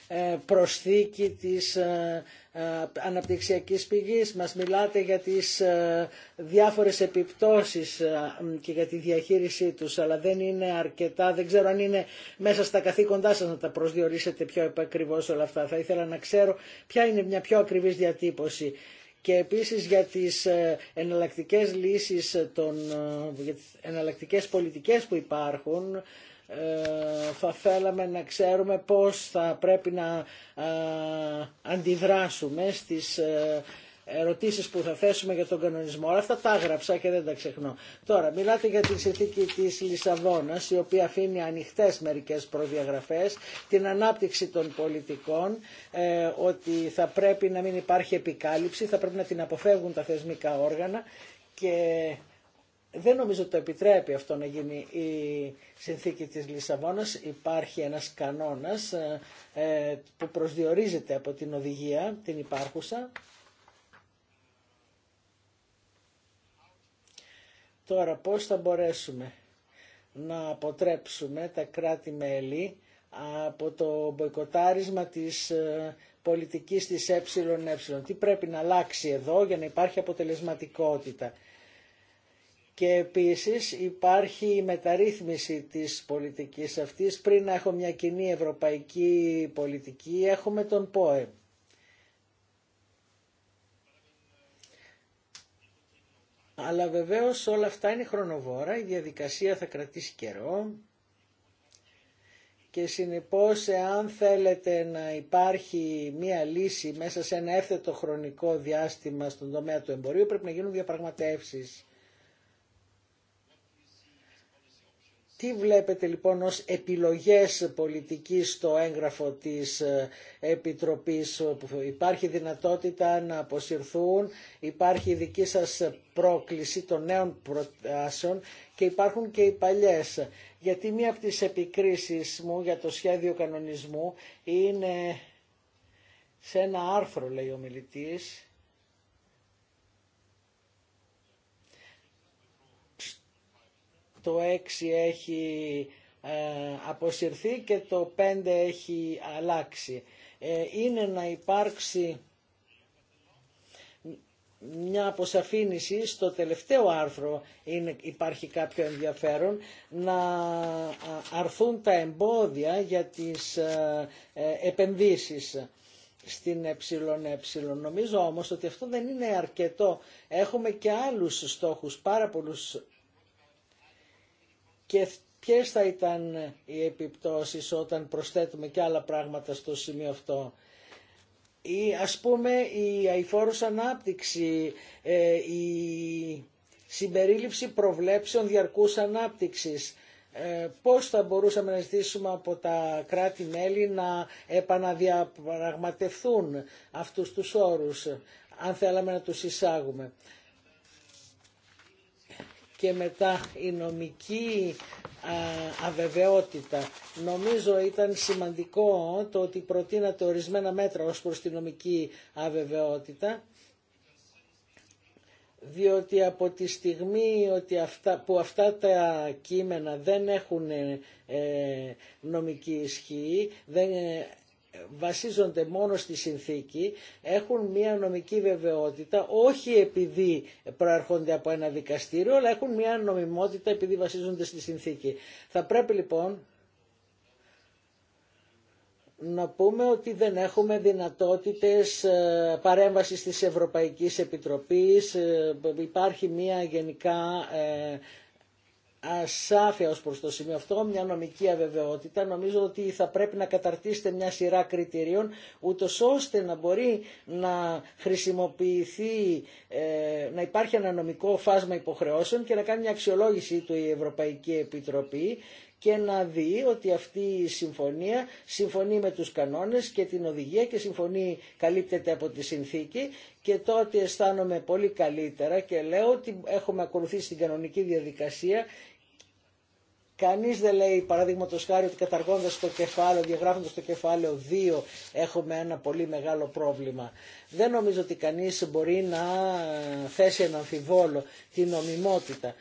ε, προσθήκη της ε, ε, αναπτυξιακής πηγής. Μας μιλάτε για τις διάφορες επιπτώσεις και για τη διαχείρισή τους, αλλά δεν είναι αρκετά. Δεν ξέρω αν είναι μέσα στα καθήκοντά σας να τα προσδιορίσετε πιο ακριβώς όλα αυτά. Θα ήθελα να ξέρω ποια είναι μια πιο ακριβής διατύπωση και επίσης για τις εναλλακτικές λύσεις, των, για τις εναλλακτικές πολιτικές που υπάρχουν, ε, θα θέλαμε να ξέρουμε πώς θα πρέπει να αντιδράσουμε στις ε, ερωτήσεις που θα θέσουμε για τον κανονισμό. αυτά τα έγραψα και δεν τα ξεχνώ. Τώρα, μιλάτε για την συνθήκη της Λισαβόνας, η οποία αφήνει ανοιχτές μερικές προδιαγραφές, την ανάπτυξη των πολιτικών, ε, ότι θα πρέπει να μην υπάρχει επικάλυψη, θα πρέπει να την αποφεύγουν τα θεσμικά όργανα και δεν νομίζω ότι το επιτρέπει αυτό να γίνει η συνθήκη της Λισαβόνας. Υπάρχει ένας κανόνας ε, ε, που προσδιορίζεται από την οδηγία, την υπάρχουσα. Τώρα πώς θα μπορέσουμε να αποτρέψουμε τα κράτη-μέλη από το μποϊκοτάρισμα της ε, πολιτικής της ΕΕ. Τι πρέπει να αλλάξει εδώ για να υπάρχει αποτελεσματικότητα. Και επίσης υπάρχει η μεταρρύθμιση της πολιτικής αυτής. Πριν να έχω μια κοινή ευρωπαϊκή πολιτική έχουμε τον ΠΟΕ. Αλλά βεβαίως όλα αυτά είναι χρονοβόρα, η διαδικασία θα κρατήσει καιρό και συνεπώς εάν θέλετε να υπάρχει μία λύση μέσα σε ένα έφθετο χρονικό διάστημα στον τομέα του εμπορίου πρέπει να γίνουν διαπραγματεύσεις. Τι βλέπετε λοιπόν ως επιλογές πολιτικής στο έγγραφο της ε, Επιτροπής που υπάρχει δυνατότητα να αποσυρθούν, υπάρχει η δική σας πρόκληση των νέων προτάσεων και υπάρχουν και οι παλιές. Γιατί μία από τις επικρίσεις μου για το σχέδιο κανονισμού είναι σε ένα άρθρο λέει ο μιλητής το 6 έχει ε, αποσυρθεί και το 5 έχει αλλάξει. Ε, είναι να υπάρξει μια αποσαφήνιση στο τελευταίο άρθρο είναι, υπάρχει κάποιο ενδιαφέρον να αρθούν τα εμπόδια για τις ε, ε επενδύσεις στην ΕΕ. Νομίζω όμως ότι αυτό δεν είναι αρκετό. Έχουμε και άλλους στόχους, πάρα πολλούς και ποιε θα ήταν οι επιπτώσεις όταν προσθέτουμε και άλλα πράγματα στο σημείο αυτό. Ή ας πούμε η αηφόρος ανάπτυξη, ε, η συμπερίληψη προβλέψεων διαρκούς ανάπτυξης, ε, πώς θα μπορούσαμε να ζητήσουμε από τα κράτη-μέλη να επαναδιαπραγματευτούν αυτούς τους όρους, αν θέλαμε να τους εισάγουμε και μετά η νομική αβεβαιότητα. Νομίζω ήταν σημαντικό ε, το ότι προτείνατε ορισμένα μέτρα ως προς τη νομική αβεβαιότητα διότι από τη στιγμή ότι αυτά, που αυτά τα κείμενα δεν έχουν ε, ε, νομική ισχύ, δεν βασίζονται μόνο στη συνθήκη έχουν μια νομική βεβαιότητα όχι επειδή προέρχονται από ένα δικαστήριο αλλά έχουν μια νομιμότητα επειδή βασίζονται στη συνθήκη. Θα πρέπει λοιπόν να πούμε ότι δεν έχουμε δυνατότητες ε, παρέμβασης της Ευρωπαϊκής Επιτροπής. Ε, υπάρχει μια γενικά ε, ασάφεια ως προς το σημείο αυτό, μια νομική αβεβαιότητα. Νομίζω ότι θα πρέπει να καταρτήσετε μια σειρά κριτηρίων, ούτω ώστε να μπορεί να χρησιμοποιηθεί, ε, να υπάρχει ένα νομικό φάσμα υποχρεώσεων και να κάνει μια αξιολόγηση του η Ευρωπαϊκή Επιτροπή και να δει ότι αυτή η συμφωνία συμφωνεί με τους κανόνες και την οδηγία και συμφωνεί, καλύπτεται από τη συνθήκη και τότε αισθάνομαι πολύ καλύτερα και λέω ότι έχουμε ακολουθήσει την κανονική διαδικασία Κανεί δεν λέει παραδείγματο χάρη ότι καταργώντα το κεφάλαιο, διαγράφοντας το κεφάλαιο 2 έχουμε ένα πολύ μεγάλο πρόβλημα. Δεν νομίζω ότι κανεί μπορεί να θέσει ένα αμφιβόλο την νομιμότητα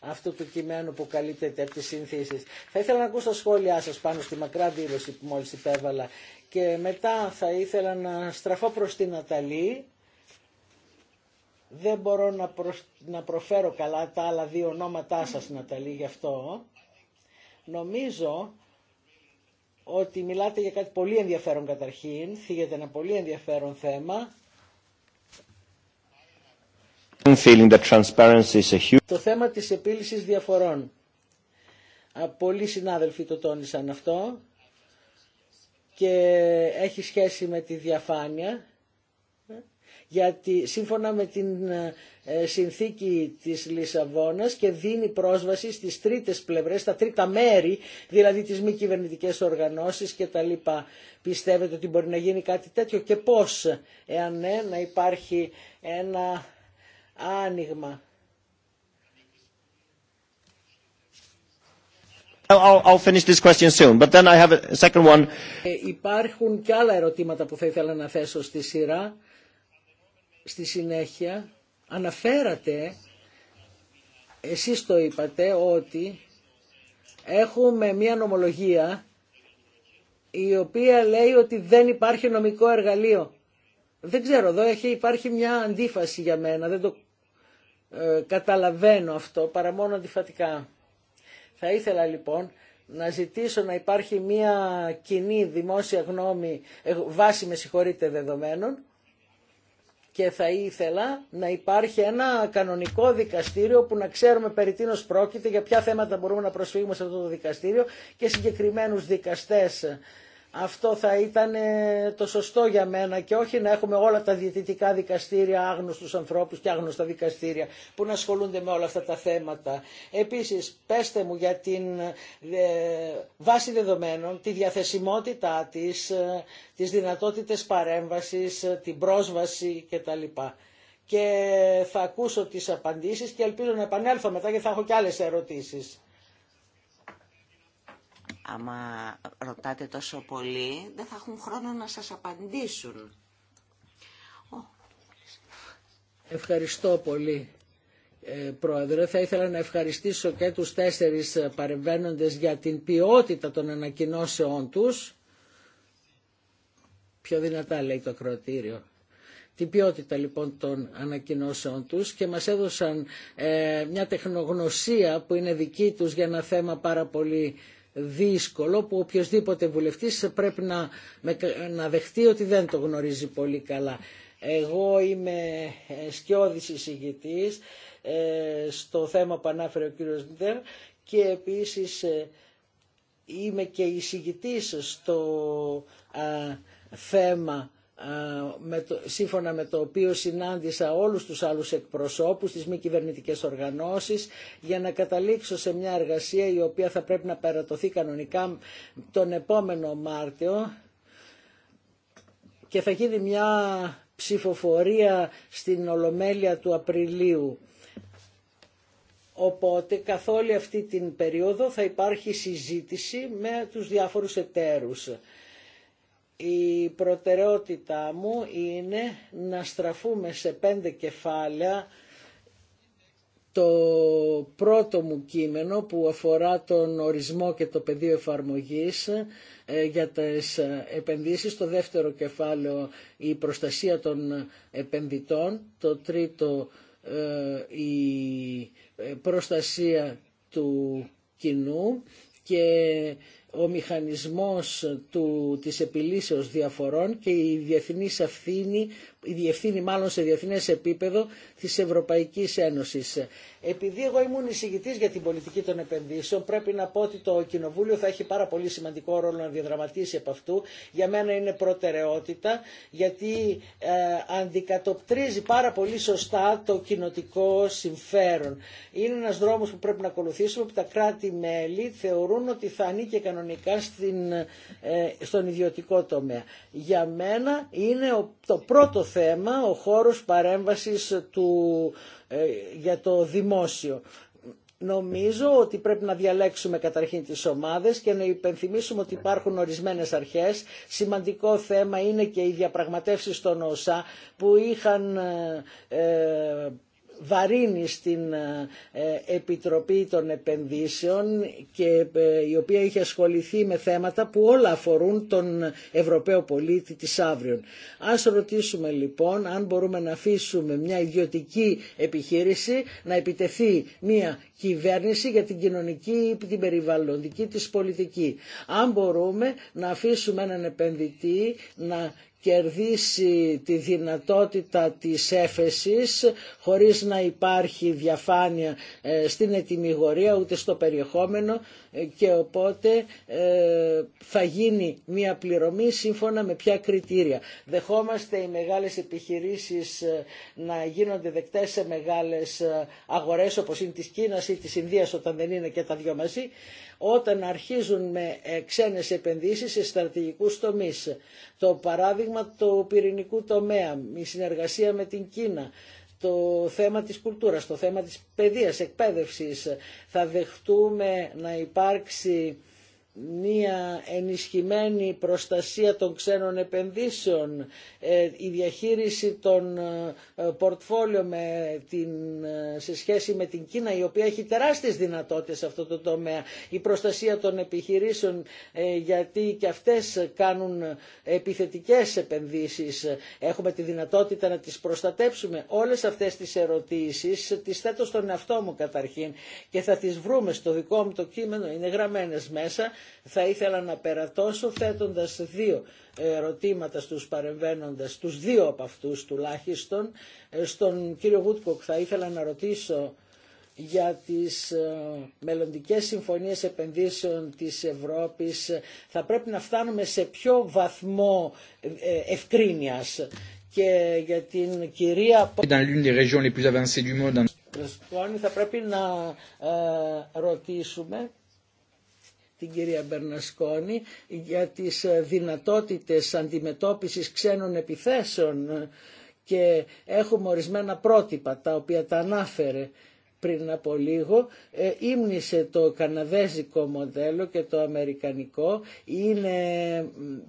αυτού του κειμένου που καλύπτεται από τι συνθήσει. Θα ήθελα να ακούσω τα σχόλιά σας πάνω στη μακρά δήλωση που μόλι υπέβαλα και μετά θα ήθελα να στραφώ προ την Αταλή δεν μπορώ να, να προφέρω καλά τα άλλα δύο ονόματά σας, Ναταλή, γι' αυτό. Νομίζω ότι μιλάτε για κάτι πολύ ενδιαφέρον καταρχήν, θίγεται ένα πολύ ενδιαφέρον θέμα. Το θέμα της επίλυσης διαφορών. Πολλοί συνάδελφοι το τόνισαν αυτό και έχει σχέση με τη διαφάνεια γιατί σύμφωνα με την ε, συνθήκη της Λισαβόνας και δίνει πρόσβαση στις τρίτες πλευρές, στα τρίτα μέρη, δηλαδή τις μη κυβερνητικέ οργανώσεις και τα λοιπά. Πιστεύετε ότι μπορεί να γίνει κάτι τέτοιο και πώς, εάν ναι, να υπάρχει ένα άνοιγμα. I'll finish this question soon, but ε, Υπάρχουν και άλλα ερωτήματα που θα ήθελα να θέσω στη σειρά στη συνέχεια αναφέρατε, εσείς το είπατε, ότι έχουμε μία νομολογία η οποία λέει ότι δεν υπάρχει νομικό εργαλείο. Δεν ξέρω, εδώ έχει υπάρχει μια αντίφαση για μένα, δεν το ε, καταλαβαίνω αυτό παρά μόνο αντιφατικά. Θα ήθελα λοιπόν να ζητήσω να υπάρχει μια κοινή δημόσια γνώμη, ε, βάση με συγχωρείτε δεδομένων, και θα ήθελα να υπάρχει ένα κανονικό δικαστήριο που να ξέρουμε περί τίνος πρόκειται, για ποια θέματα μπορούμε να προσφύγουμε σε αυτό το δικαστήριο και συγκεκριμένους δικαστές αυτό θα ήταν ε, το σωστό για μένα και όχι να έχουμε όλα τα διαιτητικά δικαστήρια, άγνωστους ανθρώπους και άγνωστα δικαστήρια που να ασχολούνται με όλα αυτά τα θέματα. Επίσης, πέστε μου για την ε, βάση δεδομένων, τη διαθεσιμότητά της, ε, τις δυνατότητες παρέμβασης, την πρόσβαση κτλ και θα ακούσω τις απαντήσεις και ελπίζω να επανέλθω μετά γιατί θα έχω και άλλες ερωτήσεις άμα ρωτάτε τόσο πολύ, δεν θα έχουν χρόνο να σας απαντήσουν. Ευχαριστώ πολύ, ε, Πρόεδρε. Θα ήθελα να ευχαριστήσω και τους τέσσερις ε, παρεμβαίνοντες για την ποιότητα των ανακοινώσεών τους. Πιο δυνατά λέει το ακροατήριο την ποιότητα λοιπόν των ανακοινώσεων τους και μας έδωσαν ε, μια τεχνογνωσία που είναι δική τους για ένα θέμα πάρα πολύ δύσκολο που οποιοδήποτε βουλευτής πρέπει να, να δεχτεί ότι δεν το γνωρίζει πολύ καλά. Εγώ είμαι σκιώδης εισηγητής ε, στο θέμα που ανάφερε ο κύριος Ντερ και επίσης ε, είμαι και εισηγητής στο θέμα ε, με το, σύμφωνα με το οποίο συνάντησα όλους τους άλλους εκπροσώπους, της μη κυβερνητικέ οργανώσεις, για να καταλήξω σε μια εργασία η οποία θα πρέπει να περατωθεί κανονικά τον επόμενο Μάρτιο και θα γίνει μια ψηφοφορία στην Ολομέλεια του Απριλίου. Οπότε καθ' όλη αυτή την περίοδο θα υπάρχει συζήτηση με τους διάφορους εταίρους. Η προτεραιότητά μου είναι να στραφούμε σε πέντε κεφάλαια το πρώτο μου κείμενο που αφορά τον ορισμό και το πεδίο εφαρμογής ε, για τις ε, επενδύσεις, το δεύτερο κεφάλαιο η προστασία των επενδυτών, το τρίτο ε, η προστασία του κοινού και ο μηχανισμός του, της επιλύσεως διαφορών και η διεθνής ευθύνη η διευθύνη μάλλον σε διεθνές επίπεδο της Ευρωπαϊκής Ένωσης. Επειδή εγώ ήμουν εισηγητής για την πολιτική των επενδύσεων, πρέπει να πω ότι το Κοινοβούλιο θα έχει πάρα πολύ σημαντικό ρόλο να διαδραματίσει από αυτού. Για μένα είναι προτεραιότητα, γιατί ε, αντικατοπτρίζει πάρα πολύ σωστά το κοινοτικό συμφέρον. Είναι ένας δρόμος που πρέπει να ακολουθήσουμε, που τα κράτη-μέλη θεωρούν ότι θα ανήκει κανονικά στην, ε, στον ιδιωτικό τομέα. Για μένα είναι το πρώτο θέμα, ο χώρος παρέμβασης του, ε, για το δημόσιο. Νομίζω ότι πρέπει να διαλέξουμε καταρχήν τις ομάδες και να υπενθυμίσουμε ότι υπάρχουν ορισμένες αρχές. Σημαντικό θέμα είναι και οι διαπραγματεύσεις των ΩΣΑ που είχαν ε, ε, βαρύνει στην ε, ε, Επιτροπή των Επενδύσεων και ε, η οποία είχε ασχοληθεί με θέματα που όλα αφορούν τον Ευρωπαίο πολίτη της αύριο. Ας ρωτήσουμε λοιπόν αν μπορούμε να αφήσουμε μια ιδιωτική επιχείρηση να επιτεθεί μια κυβέρνηση για την κοινωνική ή την περιβαλλοντική της πολιτική. Αν μπορούμε να αφήσουμε έναν επενδυτή να κερδίσει τη δυνατότητα της έφεσης χωρίς να υπάρχει διαφάνεια ε, στην ετοιμιγορία ούτε στο περιεχόμενο ε, και οπότε ε, θα γίνει μια πληρωμή σύμφωνα με ποια κριτήρια. Δεχόμαστε οι μεγάλες επιχειρήσεις να γίνονται δεκτές σε μεγάλες αγορές όπως είναι της Κίνας ή της Ινδίας όταν δεν είναι και τα δυο μαζί όταν αρχίζουν με ε, ξένες επενδύσεις σε στρατηγικούς τομείς. Το παράδειγμα του πυρηνικού τομέα, η συνεργασία με την Κίνα, το θέμα της κουλτούρας, το θέμα της παιδείας, εκπαίδευσης. Θα δεχτούμε να υπάρξει μια ενισχυμένη προστασία των ξένων επενδύσεων, ε, η διαχείριση των ε, πορτφόλιων την, ε, σε σχέση με την Κίνα η οποία έχει τεράστιες δυνατότητες σε αυτό το τομέα, η προστασία των επιχειρήσεων γιατί και αυτές κάνουν επιθετικές επενδύσεις, έχουμε τη δυνατότητα να τις προστατέψουμε. Όλες αυτές τις ερωτήσεις τις θέτω στον εαυτό μου καταρχήν και θα τις βρούμε στο δικό μου το κείμενο, είναι γραμμένες μέσα θα ήθελα να περατώσω θέτοντας δύο ερωτήματα στους παρεμβαίνοντας, τους δύο από αυτούς τουλάχιστον. Ε, στον κύριο Γουτκοκ θα ήθελα να ρωτήσω για τις ε, μελλοντικές συμφωνίες επενδύσεων της Ευρώπης θα πρέπει να φτάνουμε σε ποιο βαθμό ε, ευκρίνειας και για την κυρία Ρεσπόνη θα πρέπει να ρωτήσουμε την κυρία Μπερνασκόνη για τις ε, δυνατότητες αντιμετώπισης ξένων επιθέσεων ε, και έχουμε ορισμένα πρότυπα τα οποία τα ανάφερε πριν από λίγο ε, το καναδέζικο μοντέλο και το αμερικανικό είναι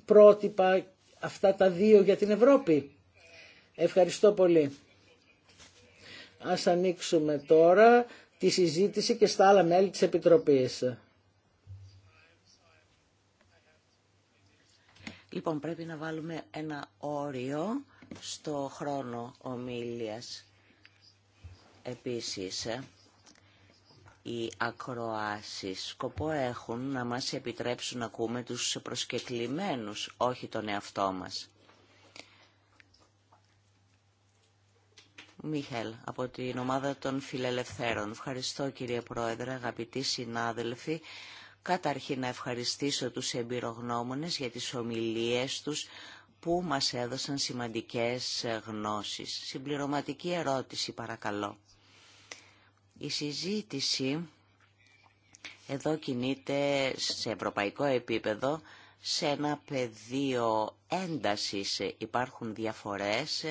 πρότυπα αυτά τα δύο για την Ευρώπη. Ευχαριστώ πολύ. Ας ανοίξουμε τώρα τη συζήτηση και στα άλλα μέλη της Επιτροπής. Λοιπόν, πρέπει να βάλουμε ένα όριο στο χρόνο ομίλιας. Επίσης, ε, οι ακροάσεις σκοπό έχουν να μας επιτρέψουν να ακούμε τους προσκεκλημένους, όχι τον εαυτό μας. Μίχελ, από την ομάδα των φιλελευθέρων. Ευχαριστώ κύριε Πρόεδρε, αγαπητοί συνάδελφοι. Καταρχήν να ευχαριστήσω τους εμπειρογνώμονες για τις ομιλίες τους που μας έδωσαν σημαντικές ε, γνώσεις. Συμπληρωματική ερώτηση παρακαλώ. Η συζήτηση εδώ κινείται σε ευρωπαϊκό επίπεδο σε ένα πεδίο έντασης υπάρχουν διαφορές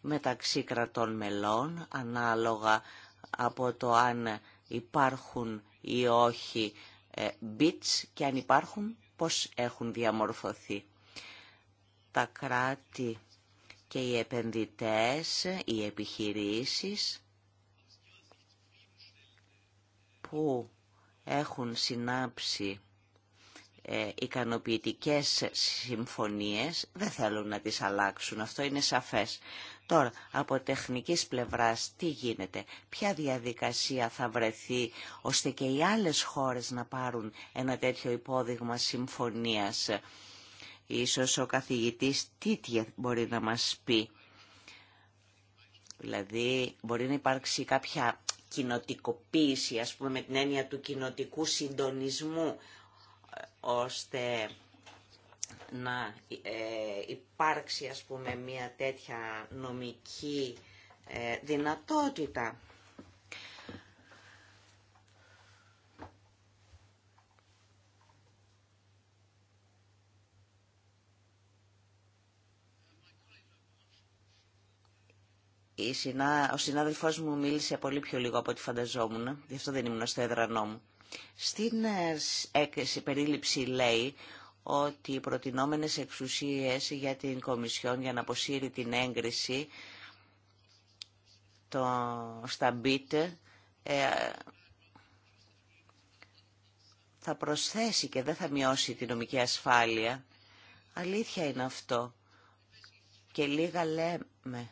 μεταξύ κρατών μελών ανάλογα από το αν υπάρχουν ή όχι ε, και αν υπάρχουν πώς έχουν διαμορφωθεί. Τα κράτη και οι επενδυτές, οι επιχειρήσεις που έχουν συνάψει ε, ικανοποιητικές συμφωνίες δεν θέλουν να τις αλλάξουν. Αυτό είναι σαφές. Τώρα, από τεχνικής πλευράς, τι γίνεται, ποια διαδικασία θα βρεθεί, ώστε και οι άλλες χώρες να πάρουν ένα τέτοιο υπόδειγμα συμφωνίας. Ίσως ο καθηγητής Τίτια μπορεί να μας πει. Δηλαδή, μπορεί να υπάρξει κάποια κοινοτικοποίηση, ας πούμε, με την έννοια του κοινοτικού συντονισμού, ώστε να ε, υπάρξει ας πούμε μια τέτοια νομική ε, δυνατότητα. Ο συνάδελφός μου μίλησε πολύ πιο λίγο από ό,τι φανταζόμουν, γι' αυτό δεν ήμουν στο έδρανό μου. Στην ε, έκθεση περίληψη λέει ότι οι προτινόμενες εξουσίες για την Κομισιόν για να αποσύρει την έγκριση το, στα ε, θα προσθέσει και δεν θα μειώσει την νομική ασφάλεια. Αλήθεια είναι αυτό. Και λίγα λέμε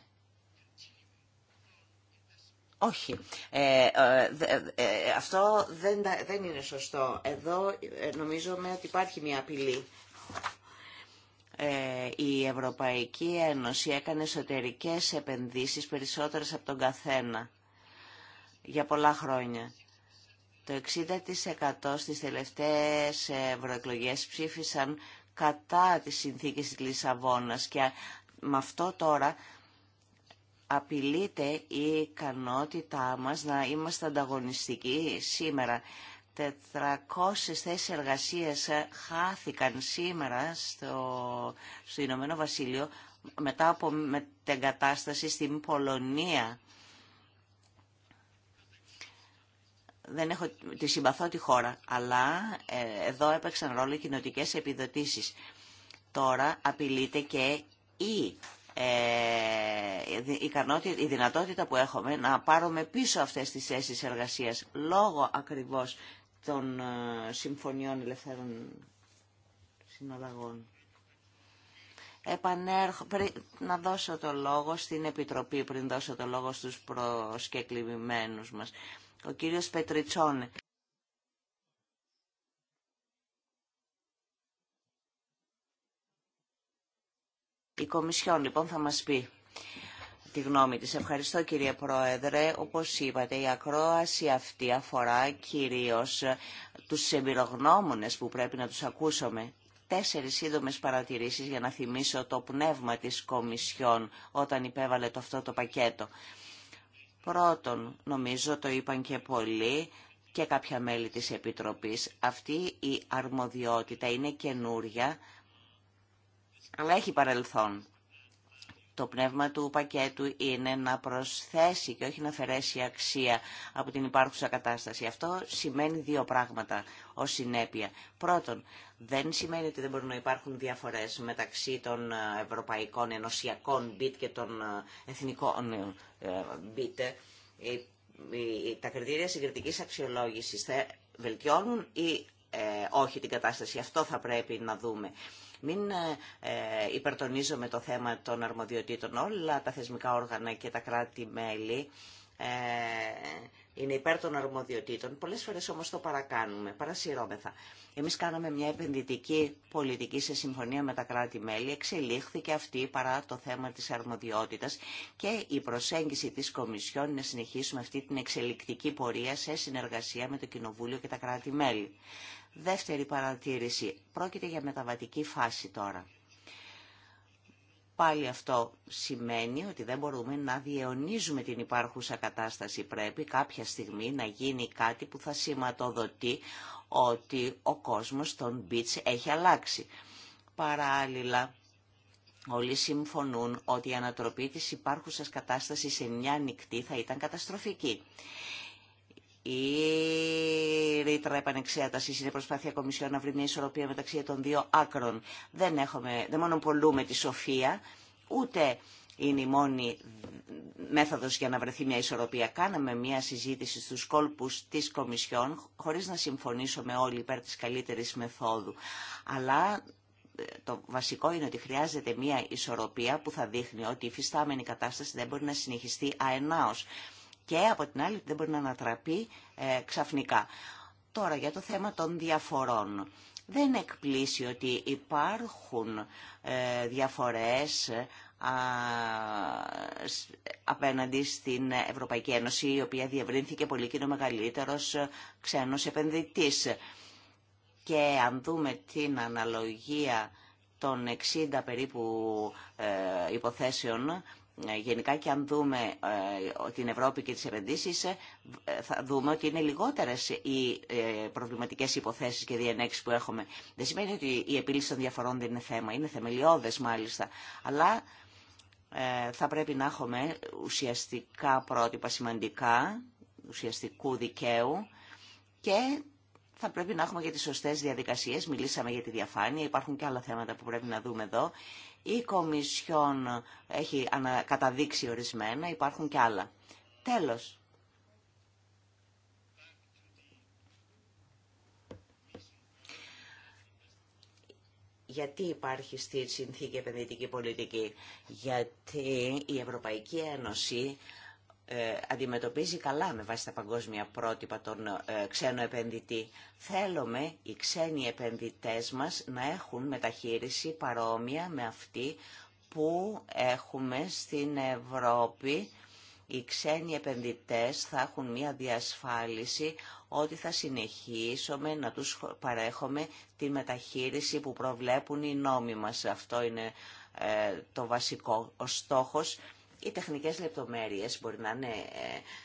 όχι. Ε, ε, ε, αυτό δεν, δεν είναι σωστό. Εδώ νομίζω ότι υπάρχει μια απειλή. Η Ευρωπαϊκή Ένωση έκανε εσωτερικές επενδύσεις περισσότερες από τον καθένα για πολλά χρόνια. Το 60% στις τελευταίες ευρωεκλογές ψήφισαν κατά τις συνθήκες της Λισαβόνας και με αυτό τώρα απειλείται η ικανότητά μας να είμαστε ανταγωνιστικοί σήμερα. 400 θέσεις εργασίας χάθηκαν σήμερα στο, στο Ηνωμένο Βασίλειο μετά από με την κατάσταση στην Πολωνία. Δεν έχω, τη συμπαθώ τη χώρα, αλλά ε, εδώ έπαιξαν ρόλο οι επιδοτήσεις. Τώρα απειλείται και η ε, η δυνατότητα που έχουμε να πάρουμε πίσω αυτές τις θέσει εργασίας λόγω ακριβώς των ε, συμφωνιών ελευθέρων συναλλαγών. Επανέρχω, πριν να δώσω το λόγο στην Επιτροπή, πριν δώσω το λόγο στους προσκεκλημένους μας. Ο κύριος Πετριτσόνε. Η Κομισιόν λοιπόν θα μας πει τη γνώμη της. Ευχαριστώ κύριε Πρόεδρε. Όπως είπατε η ακρόαση αυτή αφορά κυρίως τους εμπειρογνώμονες που πρέπει να τους ακούσουμε. Τέσσερις σύντομε παρατηρήσεις για να θυμίσω το πνεύμα της Κομισιόν όταν υπέβαλε το αυτό το πακέτο. Πρώτον, νομίζω το είπαν και πολλοί, και κάποια μέλη της Επιτροπής. Αυτή η αρμοδιότητα είναι καινούρια, αλλά έχει παρελθόν. Το πνεύμα του πακέτου είναι να προσθέσει και όχι να αφαιρέσει αξία από την υπάρχουσα κατάσταση. Αυτό σημαίνει δύο πράγματα ως συνέπεια. Πρώτον, δεν σημαίνει ότι δεν μπορούν να υπάρχουν διαφορές μεταξύ των ε, ευρωπαϊκών ενωσιακών μπιτ και των ε, εθνικών μπιτ. Ε, τα κριτήρια συγκριτικής αξιολόγησης θα βελτιώνουν ή όχι την κατάσταση. Αυτό θα πρέπει να δούμε. Μην ε, ε, υπερτονίζομαι το θέμα των αρμοδιοτήτων. Όλα τα θεσμικά όργανα και τα κράτη-μέλη ε, είναι υπέρ των αρμοδιοτήτων. Πολλές φορές όμως το παρακάνουμε, παρασυρώμεθα. Εμείς κάναμε μια επενδυτική πολιτική σε συμφωνία με τα κράτη-μέλη, εξελίχθηκε αυτή παρά το θέμα της αρμοδιότητας και η προσέγγιση της Κομισιόν να συνεχίσουμε αυτή την εξελικτική πορεία σε συνεργασία με το Κοινοβούλιο και τα κράτη-μέλη. Δεύτερη παρατήρηση. Πρόκειται για μεταβατική φάση τώρα. Πάλι αυτό σημαίνει ότι δεν μπορούμε να διαιωνίζουμε την υπάρχουσα κατάσταση. Πρέπει κάποια στιγμή να γίνει κάτι που θα σηματοδοτεί ότι ο κόσμος των beach έχει αλλάξει. Παράλληλα, όλοι συμφωνούν ότι η ανατροπή της υπάρχουσας κατάστασης σε μια νυχτή θα ήταν καταστροφική. Η ρήτρα επανεξέταση είναι προσπάθεια Κομισιόν να βρει μια ισορροπία μεταξύ των δύο άκρων. Δεν, έχουμε, δεν μονοπολούμε τη σοφία, ούτε είναι η μόνη μέθοδος για να βρεθεί μια ισορροπία. Κάναμε μια συζήτηση στους κόλπους της Κομισιόν, χωρίς να συμφωνήσουμε όλοι υπέρ της καλύτερης μεθόδου. Αλλά ε, το βασικό είναι ότι χρειάζεται μια ισορροπία που θα δείχνει ότι η φυστάμενη κατάσταση δεν μπορεί να συνεχιστεί αενάως και από την άλλη δεν μπορεί να ανατραπεί ε, ξαφνικά. Τώρα για το θέμα των διαφορών. Δεν εκπλήσει ότι υπάρχουν ε, διαφορές α, ε, απέναντι στην Ευρωπαϊκή Ένωση η οποία διευρύνθηκε πολύ και είναι ο μεγαλύτερος ξένος επενδυτής. Και αν δούμε την αναλογία των 60 περίπου υποθέσεων ε, γενικά και αν δούμε ε, την Ευρώπη και τις επενδύσεις ε, θα δούμε ότι είναι λιγότερες οι προβληματικές υποθέσεις και διενέξεις που έχουμε. Δεν σημαίνει ότι η επίλυση των διαφορών δεν είναι θέμα, είναι θεμελιώδες μάλιστα, αλλά θα πρέπει να έχουμε ουσιαστικά πρότυπα σημαντικά, ουσιαστικού δικαίου και θα πρέπει να έχουμε και τις σωστές διαδικασίες. Μιλήσαμε για τη διαφάνεια, υπάρχουν και άλλα θέματα που πρέπει να δούμε εδώ η Κομισιόν έχει καταδείξει ορισμένα, υπάρχουν και άλλα. Τέλος. Γιατί υπάρχει στη συνθήκη επενδυτική πολιτική. Γιατί η Ευρωπαϊκή Ένωση ε, αντιμετωπίζει καλά με βάση τα παγκόσμια πρότυπα τον ε, ξένο επενδυτή. Θέλουμε οι ξένοι επενδυτές μας να έχουν μεταχείριση παρόμοια με αυτή που έχουμε στην Ευρώπη. Οι ξένοι επενδυτές θα έχουν μια διασφάλιση ότι θα συνεχίσουμε να τους παρέχουμε τη μεταχείριση που προβλέπουν οι νόμοι μας. Αυτό είναι ε, το βασικό. Ο στόχος οι τεχνικές λεπτομέρειες μπορεί να είναι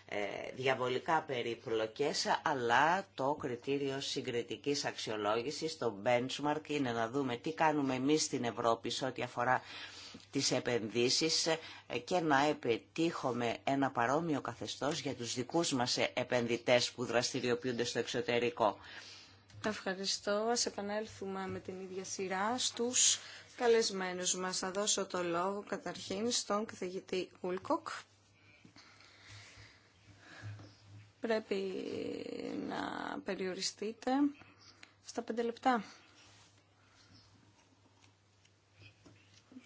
ε, ε, διαβολικά περίπλοκες, αλλά το κριτήριο συγκριτικής αξιολόγησης, το benchmark, είναι να δούμε τι κάνουμε εμείς στην Ευρώπη σε ό,τι αφορά τις επενδύσεις και να επιτύχουμε ένα παρόμοιο καθεστώς για τους δικούς μας επενδυτές που δραστηριοποιούνται στο εξωτερικό. Ευχαριστώ. Ας επανέλθουμε με την ίδια σειρά στους καλεσμένους μας. Θα δώσω το λόγο καταρχήν στον καθηγητή Ούλκοκ. Πρέπει να περιοριστείτε στα πέντε λεπτά.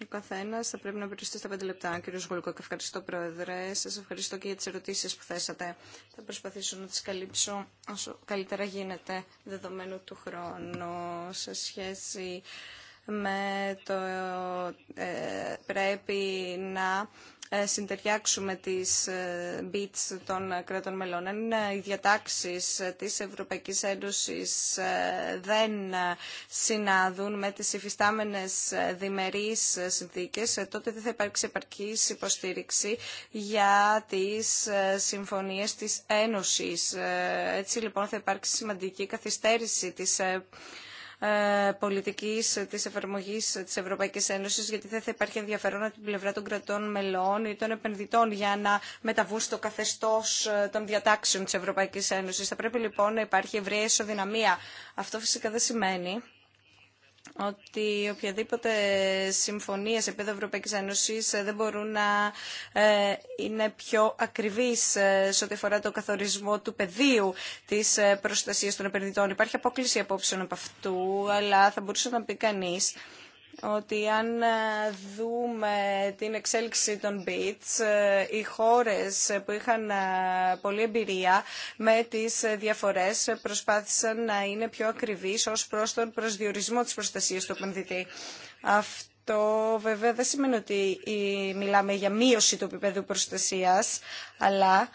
Ο καθένα θα πρέπει να περιοριστεί στα πέντε λεπτά. Κύριο Γουλκοκ, ευχαριστώ, Πρόεδρε. Σα ευχαριστώ και για τι ερωτήσει που θέσατε. Θα προσπαθήσω να τι καλύψω όσο καλύτερα γίνεται δεδομένου του χρόνου σε σχέση με το ε, πρέπει να ε, συντεριάξουμε τις ε, beats των κρατών μελών. Αν οι διατάξεις της Ευρωπαϊκής Ένωσης δεν συνάδουν με τις υφιστάμενες διμερείς συνθήκες, τότε δεν θα υπάρξει επαρκής υποστήριξη για τις συμφωνίες της Ένωσης. Έτσι λοιπόν θα υπάρξει σημαντική καθυστέρηση της ε, πολιτικής της εφαρμογής της Ευρωπαϊκής Ένωσης, γιατί δεν θα υπάρχει ενδιαφέρον από την πλευρά των κρατών μελών ή των επενδυτών για να μεταβούν στο καθεστώς ε, των διατάξεων της Ευρωπαϊκής Ένωση. Θα πρέπει λοιπόν να υπάρχει ευρεία ισοδυναμία. Αυτό φυσικά δεν σημαίνει ότι οποιαδήποτε συμφωνία σε επίπεδο Ευρωπαϊκή Ένωση ε, δεν μπορούν να ε, είναι πιο ακριβεί ε, σε ό,τι αφορά το καθορισμό του πεδίου τη προστασία των επενδυτών. Υπάρχει απόκληση απόψεων από αυτού, αλλά θα μπορούσε να πει κανεί ότι αν ε, δούμε την εξέλιξη των BITS, ε, οι χώρες που είχαν ε, πολλή εμπειρία με τις διαφορές προσπάθησαν να είναι πιο ακριβείς ως προς τον προσδιορισμό της προστασίας του επενδυτή. Αυτό βέβαια δεν σημαίνει ότι μιλάμε για μείωση του επίπεδου προστασίας, αλλά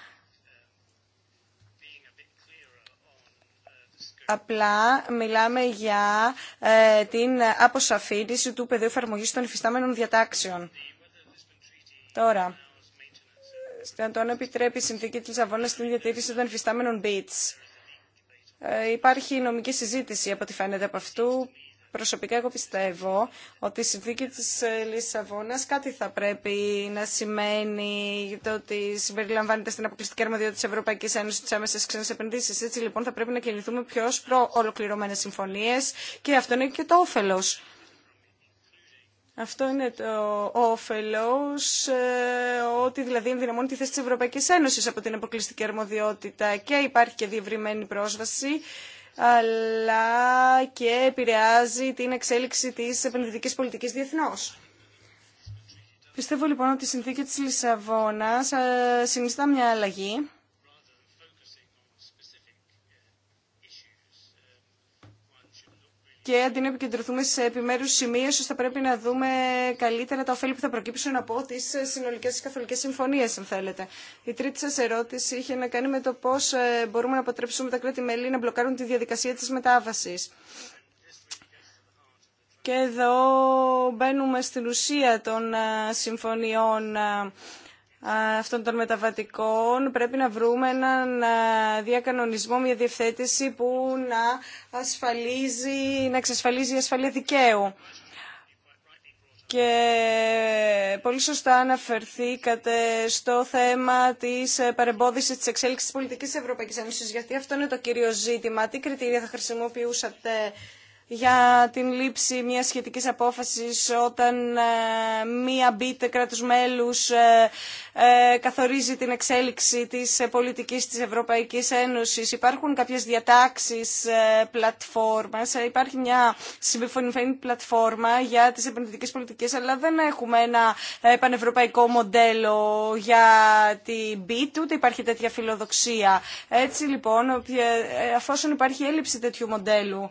Απλά μιλάμε για ε, την αποσαφήνιση του πεδίου εφαρμογή των υφιστάμενων διατάξεων. Τώρα, αν επιτρέπει η συνθήκη της Λισαβόνα στην διατήρηση των υφιστάμενων beats. Ε, υπάρχει νομική συζήτηση από ό,τι φαίνεται από αυτού. Προσωπικά εγώ πιστεύω ότι η συνθήκη της ε, Λισαβόνας κάτι θα πρέπει να σημαίνει το ότι συμπεριλαμβάνεται στην αποκλειστική αρμοδιότητα της Ευρωπαϊκής Ένωσης τις άμεσες ξένες επενδύσεις. Έτσι λοιπόν θα πρέπει να κινηθούμε πιο προ ολοκληρωμένες συμφωνίες και αυτό είναι και το όφελος. Αυτό είναι το όφελος, ε, ότι δηλαδή ενδυναμώνει τη θέση τη Ευρωπαϊκή Ένωση από την αποκλειστική αρμοδιότητα και υπάρχει και διευρυμένη πρόσβαση αλλά και επηρεάζει την εξέλιξη της επενδυτικής πολιτικής διεθνώς. Πιστεύω λοιπόν ότι η συνθήκη της Λισαβόνας ε, συνιστά μια αλλαγή και αντί να επικεντρωθούμε σε επιμέρους σημεία, ίσω θα πρέπει να δούμε καλύτερα τα ωφέλη που θα προκύψουν από τις συνολικές και καθολικές συμφωνίες, αν θέλετε. Η τρίτη σα ερώτηση είχε να κάνει με το πώς ε, μπορούμε να αποτρέψουμε τα κράτη-μέλη να μπλοκάρουν τη διαδικασία της μετάβασης. Και εδώ μπαίνουμε στην ουσία των ε, συμφωνιών ε, αυτών των μεταβατικών πρέπει να βρούμε έναν διακανονισμό, μια διευθέτηση που να, ασφαλίζει, να εξασφαλίζει η ασφαλεία δικαίου. Και πολύ σωστά αναφερθήκατε στο θέμα της παρεμπόδισης της εξέλιξης της πολιτικής Ευρωπαϊκής Ένωσης, γιατί αυτό είναι το κύριο ζήτημα. Τι κριτήρια θα χρησιμοποιούσατε για την λήψη μια σχετικής απόφασης όταν ε, μία μπίτ κράτους μέλους ε, ε, καθορίζει την εξέλιξη της πολιτικής της Ευρωπαϊκής Ένωσης. Υπάρχουν κάποιες διατάξεις πλατφόρμας, υπάρχει μια μπιτ κρατου μελους καθοριζει την εξελιξη της πολιτικη της ευρωπαικης ενωση υπαρχουν καποιες διαταξεις πλατφορμας υπαρχει μια συμπεφωνημενη πλατφορμα για τι επενδυτικέ πολιτικέ, αλλά δεν έχουμε ένα πανευρωπαϊκό μοντέλο για την BIT, ούτε υπάρχει τέτοια φιλοδοξία. Έτσι λοιπόν, αφόσον υπάρχει έλλειψη τέτοιου μοντέλου,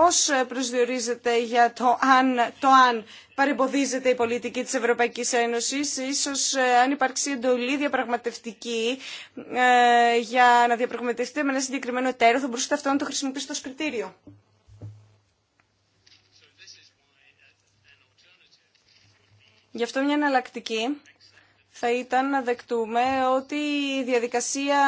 πώς ε, προσδιορίζεται για το αν, το αν παρεμποδίζεται η πολιτική της Ευρωπαϊκής Ένωσης, ίσως ε, αν υπάρξει εντολή διαπραγματευτική ε, για να διαπραγματευτείτε με ένα συγκεκριμένο εταίρο, θα μπορούσε αυτό να το χρησιμοποιήσετε ως κριτήριο. Γι' αυτό μια εναλλακτική θα ήταν να δεκτούμε ότι η διαδικασία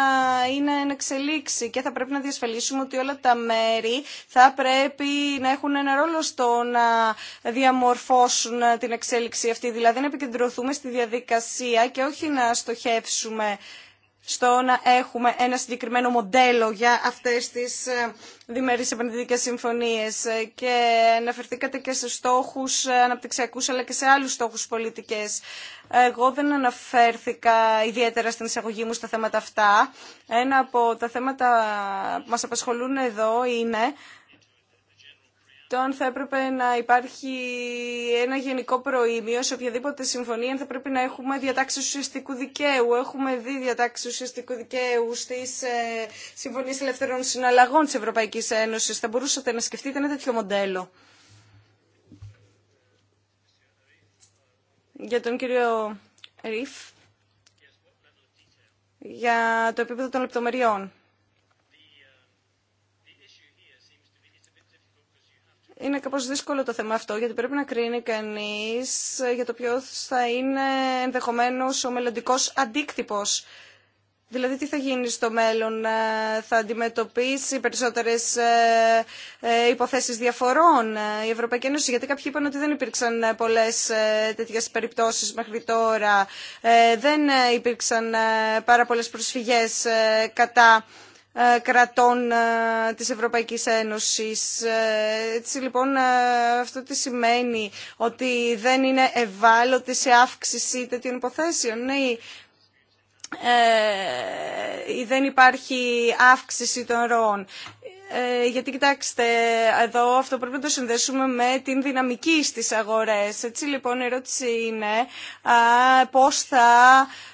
είναι εν εξελίξη και θα πρέπει να διασφαλίσουμε ότι όλα τα μέρη θα πρέπει να έχουν ένα ρόλο στο να διαμορφώσουν την εξέλιξη αυτή. Δηλαδή να επικεντρωθούμε στη διαδικασία και όχι να στοχεύσουμε στο να έχουμε ένα συγκεκριμένο μοντέλο για αυτές τις ε, διμερείς επενδυτικές συμφωνίες ε, και αναφερθήκατε και σε στόχους ε, αναπτυξιακούς αλλά και σε άλλους στόχους πολιτικές. Εγώ δεν αναφέρθηκα ιδιαίτερα στην εισαγωγή μου στα θέματα αυτά. Ένα από τα θέματα που μας απασχολούν εδώ είναι τον θα έπρεπε να υπάρχει ένα γενικό προήμιο σε οποιαδήποτε συμφωνία θα πρέπει να έχουμε διατάξει ουσιαστικού δικαίου. Έχουμε δει διατάξει ουσιαστικού δικαίου στις ε, συμφωνίες ελευθερών συναλλαγών τη ευρωπαϊκή Ένωση. Θα μπορούσατε να σκεφτείτε ένα τέτοιο μοντέλο. Για τον κύριο Ρίφ, για το επίπεδο των λεπτομεριών. είναι κάπως δύσκολο το θέμα αυτό, γιατί πρέπει να κρίνει κανείς για το ποιο θα είναι ενδεχομένως ο μελλοντικό αντίκτυπος. Δηλαδή τι θα γίνει στο μέλλον, ε, θα αντιμετωπίσει περισσότερες ε, ε, υποθέσεις διαφορών η Ευρωπαϊκή Ένωση, γιατί κάποιοι είπαν ότι δεν υπήρξαν πολλές τέτοιες περιπτώσεις μέχρι τώρα, δεν υπήρξαν πάρα πολλές προσφυγές κατά ε, κρατών ε, της Ευρωπαϊκής Ένωσης. Ε, έτσι λοιπόν αυτό τι σημαίνει ότι δεν είναι ευάλωτη σε αύξηση τέτοιων υποθέσεων. ή ναι, ε, δεν υπάρχει αύξηση των ροών. Ε, γιατί κοιτάξτε, εδώ αυτό πρέπει να το συνδέσουμε με την δυναμική στις αγορές. Έτσι λοιπόν η ερώτηση είναι πώς θα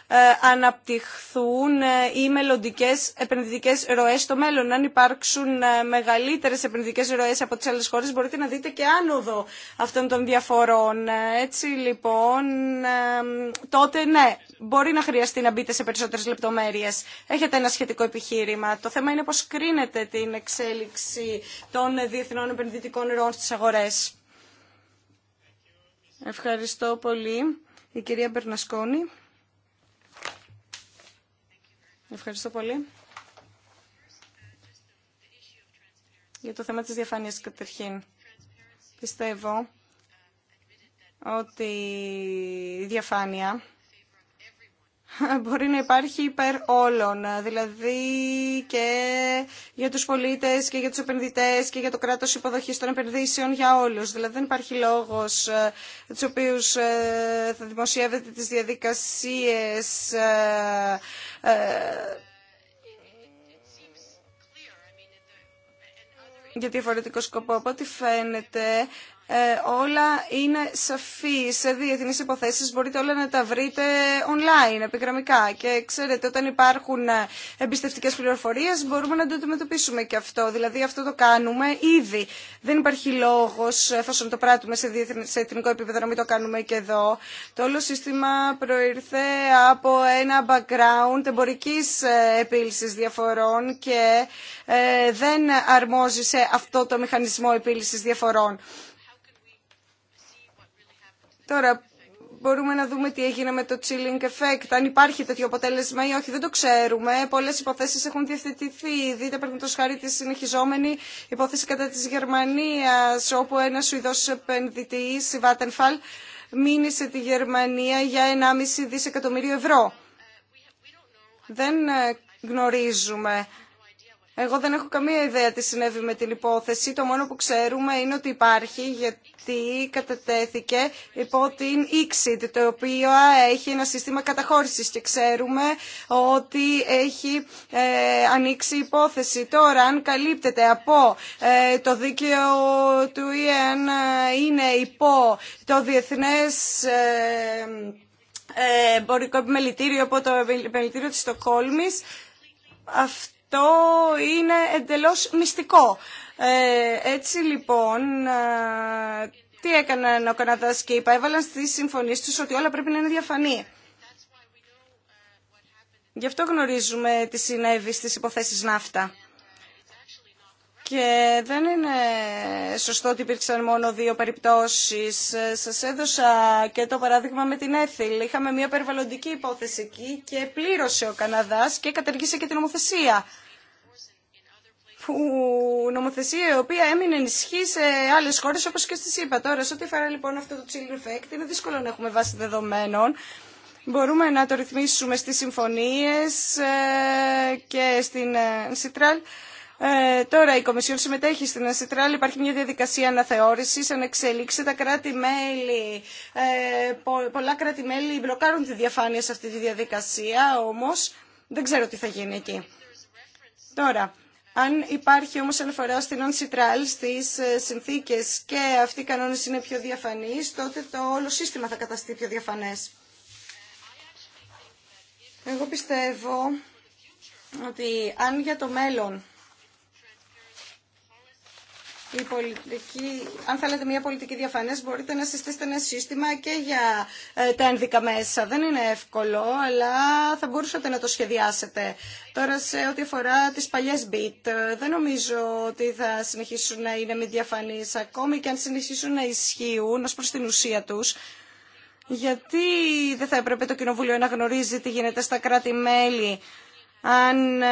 ε, αναπτυχθούν ε, οι μελλοντικέ επενδυτικές ροές στο μέλλον. Αν υπάρξουν μεγαλύτερες επενδυτικές ροές από τις άλλες χώρες μπορείτε να δείτε και άνοδο αυτών των διαφορών. Έτσι λοιπόν τότε ναι, μπορεί να χρειαστεί να μπείτε σε περισσότερες λεπτομέρειες. Έχετε ένα σχετικό επιχείρημα. Το θέμα είναι πώς κρίνετε την εξέλιξη των διεθνών επενδυτικών ροών στις αγορέ. Ευχαριστώ πολύ. Η κυρία Μπερνασκόνη. Ευχαριστώ πολύ. Για το θέμα της διαφάνειας καταρχήν. Πιστεύω ότι η διαφάνεια μπορεί να υπάρχει υπέρ όλων, δηλαδή και για τους πολίτες και για τους επενδυτές και για το κράτος υποδοχής των επενδύσεων για όλους. Δηλαδή δεν υπάρχει λόγος ε, του οποίους ε, θα δημοσιεύεται τις διαδικασίες ε, για διαφορετικό σκοπό. Από ό,τι φαίνεται, ε, όλα είναι σαφή. Σε διεθνείς υποθέσεις μπορείτε όλα να τα βρείτε online, επιγραμμικά. Και ξέρετε, όταν υπάρχουν ε, εμπιστευτικές πληροφορίες μπορούμε να το αντιμετωπίσουμε και αυτό. Δηλαδή αυτό το κάνουμε ήδη. Δεν υπάρχει λόγος, εφόσον το πράττουμε σε, εθνικό επίπεδο, να μην το κάνουμε και εδώ. Το όλο σύστημα προήρθε από ένα background εμπορική ε, επίλυσης διαφορών και δεν αρμόζει σε αυτό το μηχανισμό επίλυσης διαφορών. Τώρα, μπορούμε να δούμε τι έγινε με το chilling effect, αν υπάρχει τέτοιο αποτέλεσμα ή όχι, δεν το ξέρουμε. Πολλέ υποθέσει έχουν διευθετηθεί. Δείτε, παραδείγματο χάρη, τη συνεχιζόμενη υπόθεση κατά τη Γερμανία, όπου ένα Σουηδό επενδυτή, η Vattenfall, μείνησε τη Γερμανία για 1,5 δισεκατομμύριο ευρώ. Δεν ε, γνωρίζουμε εγώ δεν έχω καμία ιδέα τι συνέβη με την υπόθεση. Το μόνο που ξέρουμε είναι ότι υπάρχει γιατί κατατέθηκε υπό την EXIT, το οποίο έχει ένα σύστημα καταχώρησης και ξέρουμε ότι έχει ε, ανοίξει υπόθεση. Τώρα, αν καλύπτεται από ε, το δίκαιο του ΙΕΝ, ε, είναι υπό το διεθνές... Ε, ε επιμελητήριο από το επιμελητήριο της Στοκόλμης αυτό το είναι εντελώς μυστικό. Ε, έτσι λοιπόν, ε, τι έκαναν ο Καναδάς και είπα, έβαλαν στις συμφωνίες τους ότι όλα πρέπει να είναι διαφανή. Γι' αυτό γνωρίζουμε τι συνέβη στις υποθέσεις ναύτα. Και δεν είναι σωστό ότι υπήρξαν μόνο δύο περιπτώσεις. Σας έδωσα και το παράδειγμα με την Έθιλ. Είχαμε μια περιβαλλοντική υπόθεση εκεί και πλήρωσε ο Καναδάς και κατεργήσε και την νομοθεσία που νομοθεσία η οποία έμεινε ενισχύ σε άλλε χώρε όπω και στη ΣΥΠΑ. Τώρα, σε ό,τι αφορά λοιπόν αυτό το chill effect, είναι δύσκολο να έχουμε βάση δεδομένων. Μπορούμε να το ρυθμίσουμε στις συμφωνίες ε, και στην ΣΥΤΡΑΛ. Ε, ε, τώρα η Κομισιόν συμμετέχει στην Ασιτράλ, υπάρχει μια διαδικασία αναθεώρησης, ανεξελίξη, τα κράτη-μέλη, ε, πολλά κράτη-μέλη μπλοκάρουν τη διαφάνεια σε αυτή τη διαδικασία, όμως δεν ξέρω τι θα γίνει εκεί. Τώρα, αν υπάρχει όμως αναφορά στην on τράλ στις ε, συνθήκες και αυτοί οι κανόνες είναι πιο διαφανείς, τότε το όλο σύστημα θα καταστεί πιο διαφανές. Εγώ πιστεύω ότι αν για το μέλλον η πολιτική, αν θέλετε μια πολιτική διαφανές μπορείτε να συστήσετε ένα σύστημα και για ε, τα ένδικα μέσα. Δεν είναι εύκολο, αλλά θα μπορούσατε να το σχεδιάσετε. Τώρα σε ό,τι αφορά τις παλιές bit, ε, δεν νομίζω ότι θα συνεχίσουν να είναι μη διαφανείς, ακόμη και αν συνεχίσουν να ισχύουν ως προς την ουσία τους. Γιατί δεν θα έπρεπε το Κοινοβούλιο να γνωρίζει τι γίνεται στα κράτη-μέλη αν ε,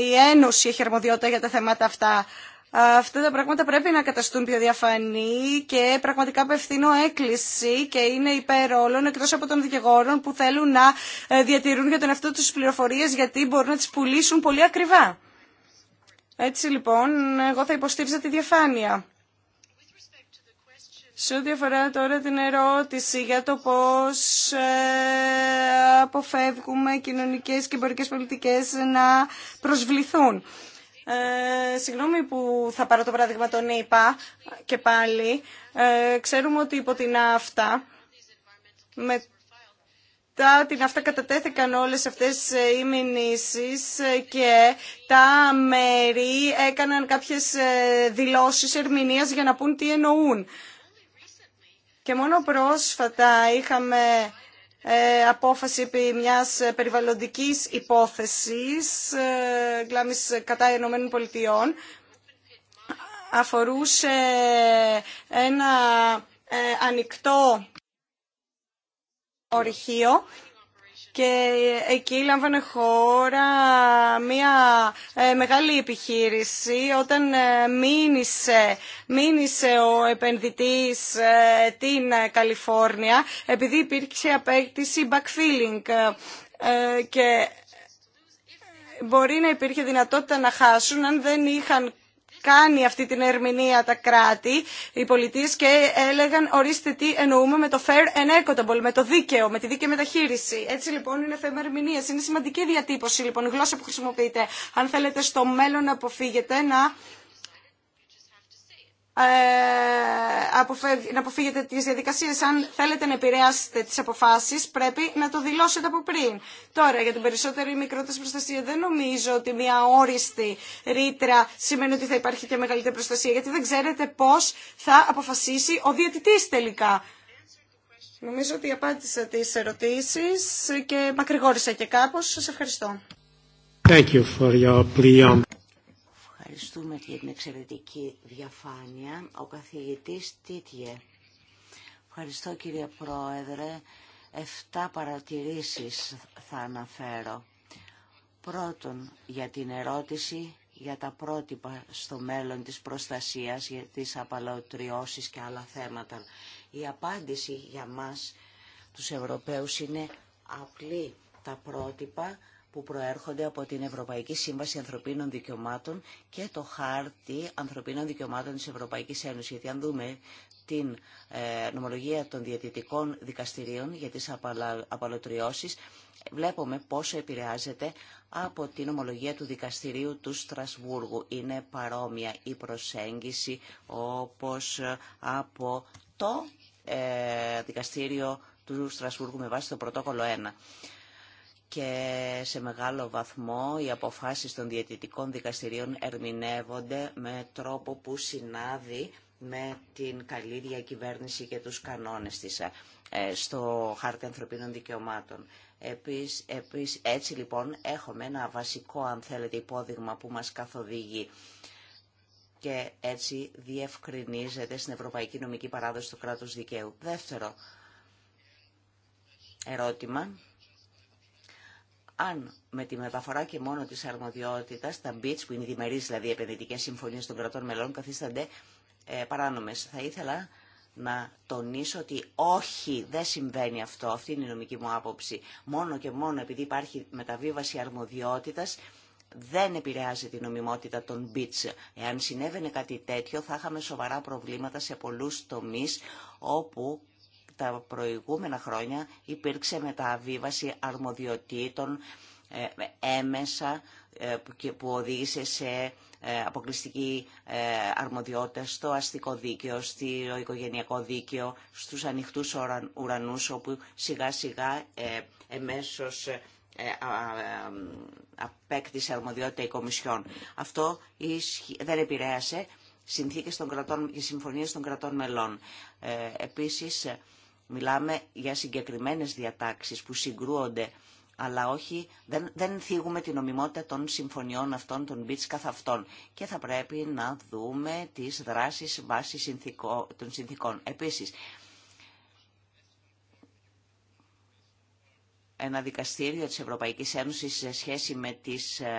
η Ένωση έχει αρμοδιότητα για τα θέματα αυτά. Αυτά τα πράγματα πρέπει να καταστούν πιο διαφανή και πραγματικά απευθύνω έκκληση και είναι υπέρ όλων εκτός από των δικηγόρων που θέλουν να ε, διατηρούν για τον εαυτό τους πληροφορίες γιατί μπορούν να τις πουλήσουν πολύ ακριβά. Έτσι λοιπόν, εγώ θα υποστήριζα τη διαφάνεια. Σε ό,τι αφορά τώρα την ερώτηση για το πώς ε, αποφεύγουμε κοινωνικές και εμπορικές πολιτικές να προσβληθούν. Ε, συγγνώμη που θα πάρω το παράδειγμα τον είπα και πάλι. Ε, ξέρουμε ότι υπό την ΑΦΤΑ, μετά την ΑΦΤΑ κατατέθηκαν όλες αυτές ε, οι μηνύσεις ε, και τα μέρη έκαναν κάποιες ε, δηλώσεις ερμηνείας για να πούν τι εννοούν. Και μόνο πρόσφατα είχαμε ε, απόφαση επί μιας περιβαλλοντικής υπόθεσης ε, γκλάμις κατά Ηνωμένων Πολιτειών αφορούσε ένα ε, ανοιχτό ορυχείο και εκεί λάμβανε χώρα μια ε, μεγάλη επιχείρηση όταν ε, μήνυσε, μήνυσε ο επενδυτής ε, την Καλιφόρνια επειδή υπήρξε απέκτηση backfilling και μπορεί να υπήρχε δυνατότητα να χάσουν αν δεν είχαν κάνει αυτή την ερμηνεία τα κράτη, οι πολιτείε και έλεγαν ορίστε τι εννοούμε με το fair and equitable, με το δίκαιο, με τη δίκαιη μεταχείριση. Έτσι λοιπόν είναι θέμα ερμηνεία. Είναι σημαντική διατύπωση λοιπόν η γλώσσα που χρησιμοποιείτε. Αν θέλετε στο μέλλον να αποφύγετε να ε, να αποφύγετε τις διαδικασίες. Αν θέλετε να επηρεάσετε τις αποφάσεις, πρέπει να το δηλώσετε από πριν. Τώρα, για την περισσότερη μικρότερη προστασία, δεν νομίζω ότι μια όριστη ρήτρα σημαίνει ότι θα υπάρχει και μεγαλύτερη προστασία, γιατί δεν ξέρετε πώς θα αποφασίσει ο διαιτητής τελικά. Νομίζω ότι απάντησα τις ερωτήσεις και μακρηγόρησα και κάπως. Σας ευχαριστώ. Thank you for your Ευχαριστούμε για την εξαιρετική διαφάνεια. Ο καθηγητής Τίτιε. Ευχαριστώ κύριε Πρόεδρε. Εφτά παρατηρήσεις θα αναφέρω. Πρώτον, για την ερώτηση για τα πρότυπα στο μέλλον της προστασίας, για τις απαλωτριώσεις και άλλα θέματα. Η απάντηση για μας, τους Ευρωπαίους, είναι απλή. Τα πρότυπα που προέρχονται από την Ευρωπαϊκή Σύμβαση Ανθρωπίνων Δικαιωμάτων και το Χάρτη Ανθρωπίνων Δικαιωμάτων της Ευρωπαϊκής Ένωσης. Γιατί αν δούμε την ε, νομολογία των διαιτητικών δικαστηρίων για τις απαλωτριώσεις, βλέπουμε πόσο επηρεάζεται από την ομολογία του δικαστηρίου του Στρασβούργου. Είναι παρόμοια η προσέγγιση όπως ε, από το ε, δικαστήριο του Στρασβούργου με βάση το πρωτόκολλο 1 και σε μεγάλο βαθμό οι αποφάσεις των διαιτητικών δικαστηρίων ερμηνεύονται με τρόπο που συνάδει με την καλή διακυβέρνηση και τους κανόνες της ε, στο χάρτη ανθρωπίνων δικαιωμάτων. Επίσης, επίσης, έτσι λοιπόν έχουμε ένα βασικό αν θέλετε υπόδειγμα που μας καθοδηγεί και έτσι διευκρινίζεται στην Ευρωπαϊκή Νομική Παράδοση του κράτους δικαίου. Δεύτερο ερώτημα αν με τη μεταφορά και μόνο της αρμοδιότητας, τα Μπιτς, που είναι διμερείς δηλαδή επενδυτικές συμφωνίες των κρατών μελών, καθίστανται ε, παράνομες. Θα ήθελα να τονίσω ότι όχι, δεν συμβαίνει αυτό, αυτή είναι η νομική μου άποψη. Μόνο και μόνο επειδή υπάρχει μεταβίβαση αρμοδιότητας, δεν επηρεάζει την νομιμότητα των BITS. Εάν συνέβαινε κάτι τέτοιο, θα είχαμε σοβαρά προβλήματα σε πολλούς τομείς, όπου τα προηγούμενα χρόνια υπήρξε μεταβίβαση αρμοδιοτήτων ε, έμεσα ε, που οδήγησε σε ε, αποκλειστική αρμοδιότητα στο αστικό δίκαιο, στο οικογενειακό δίκαιο, στους ανοιχτούς ουρανούς όπου σιγά σιγά εμέσως απέκτησε αρμοδιότητα η Κομισιόν. Αυτό δεν επηρέασε συνθήκες και συμφωνίες των κρατών μελών. Επίσης, Μιλάμε για συγκεκριμένες διατάξεις που συγκρούονται, αλλά όχι, δεν, δεν θίγουμε την ομιμότητα των συμφωνιών αυτών, των BITS καθ' αυτών. Και θα πρέπει να δούμε τις δράσεις βάσει των συνθήκων. Επίσης, ένα δικαστήριο της Ευρωπαϊκής Ένωσης σε σχέση με τις, ε,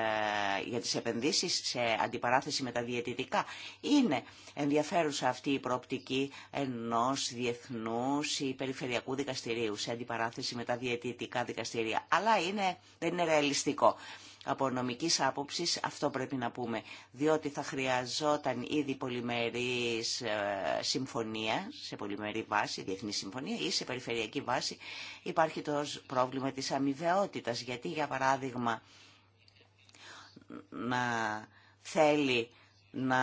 για τις επενδύσεις σε αντιπαράθεση με τα διαιτητικά. Είναι ενδιαφέρουσα αυτή η προοπτική ενός διεθνούς ή περιφερειακού δικαστηρίου σε αντιπαράθεση με τα διαιτητικά δικαστηρία. Αλλά είναι, δεν είναι ρεαλιστικό. Από νομικής αυτό πρέπει να πούμε, διότι θα χρειαζόταν ήδη πολυμερή ε, συμφωνία, σε πολυμερή βάση, διεθνή συμφωνία ή σε περιφερειακή βάση. Υπάρχει το πρόβλημα της αμοιβαιότητας, γιατί για παράδειγμα να θέλει να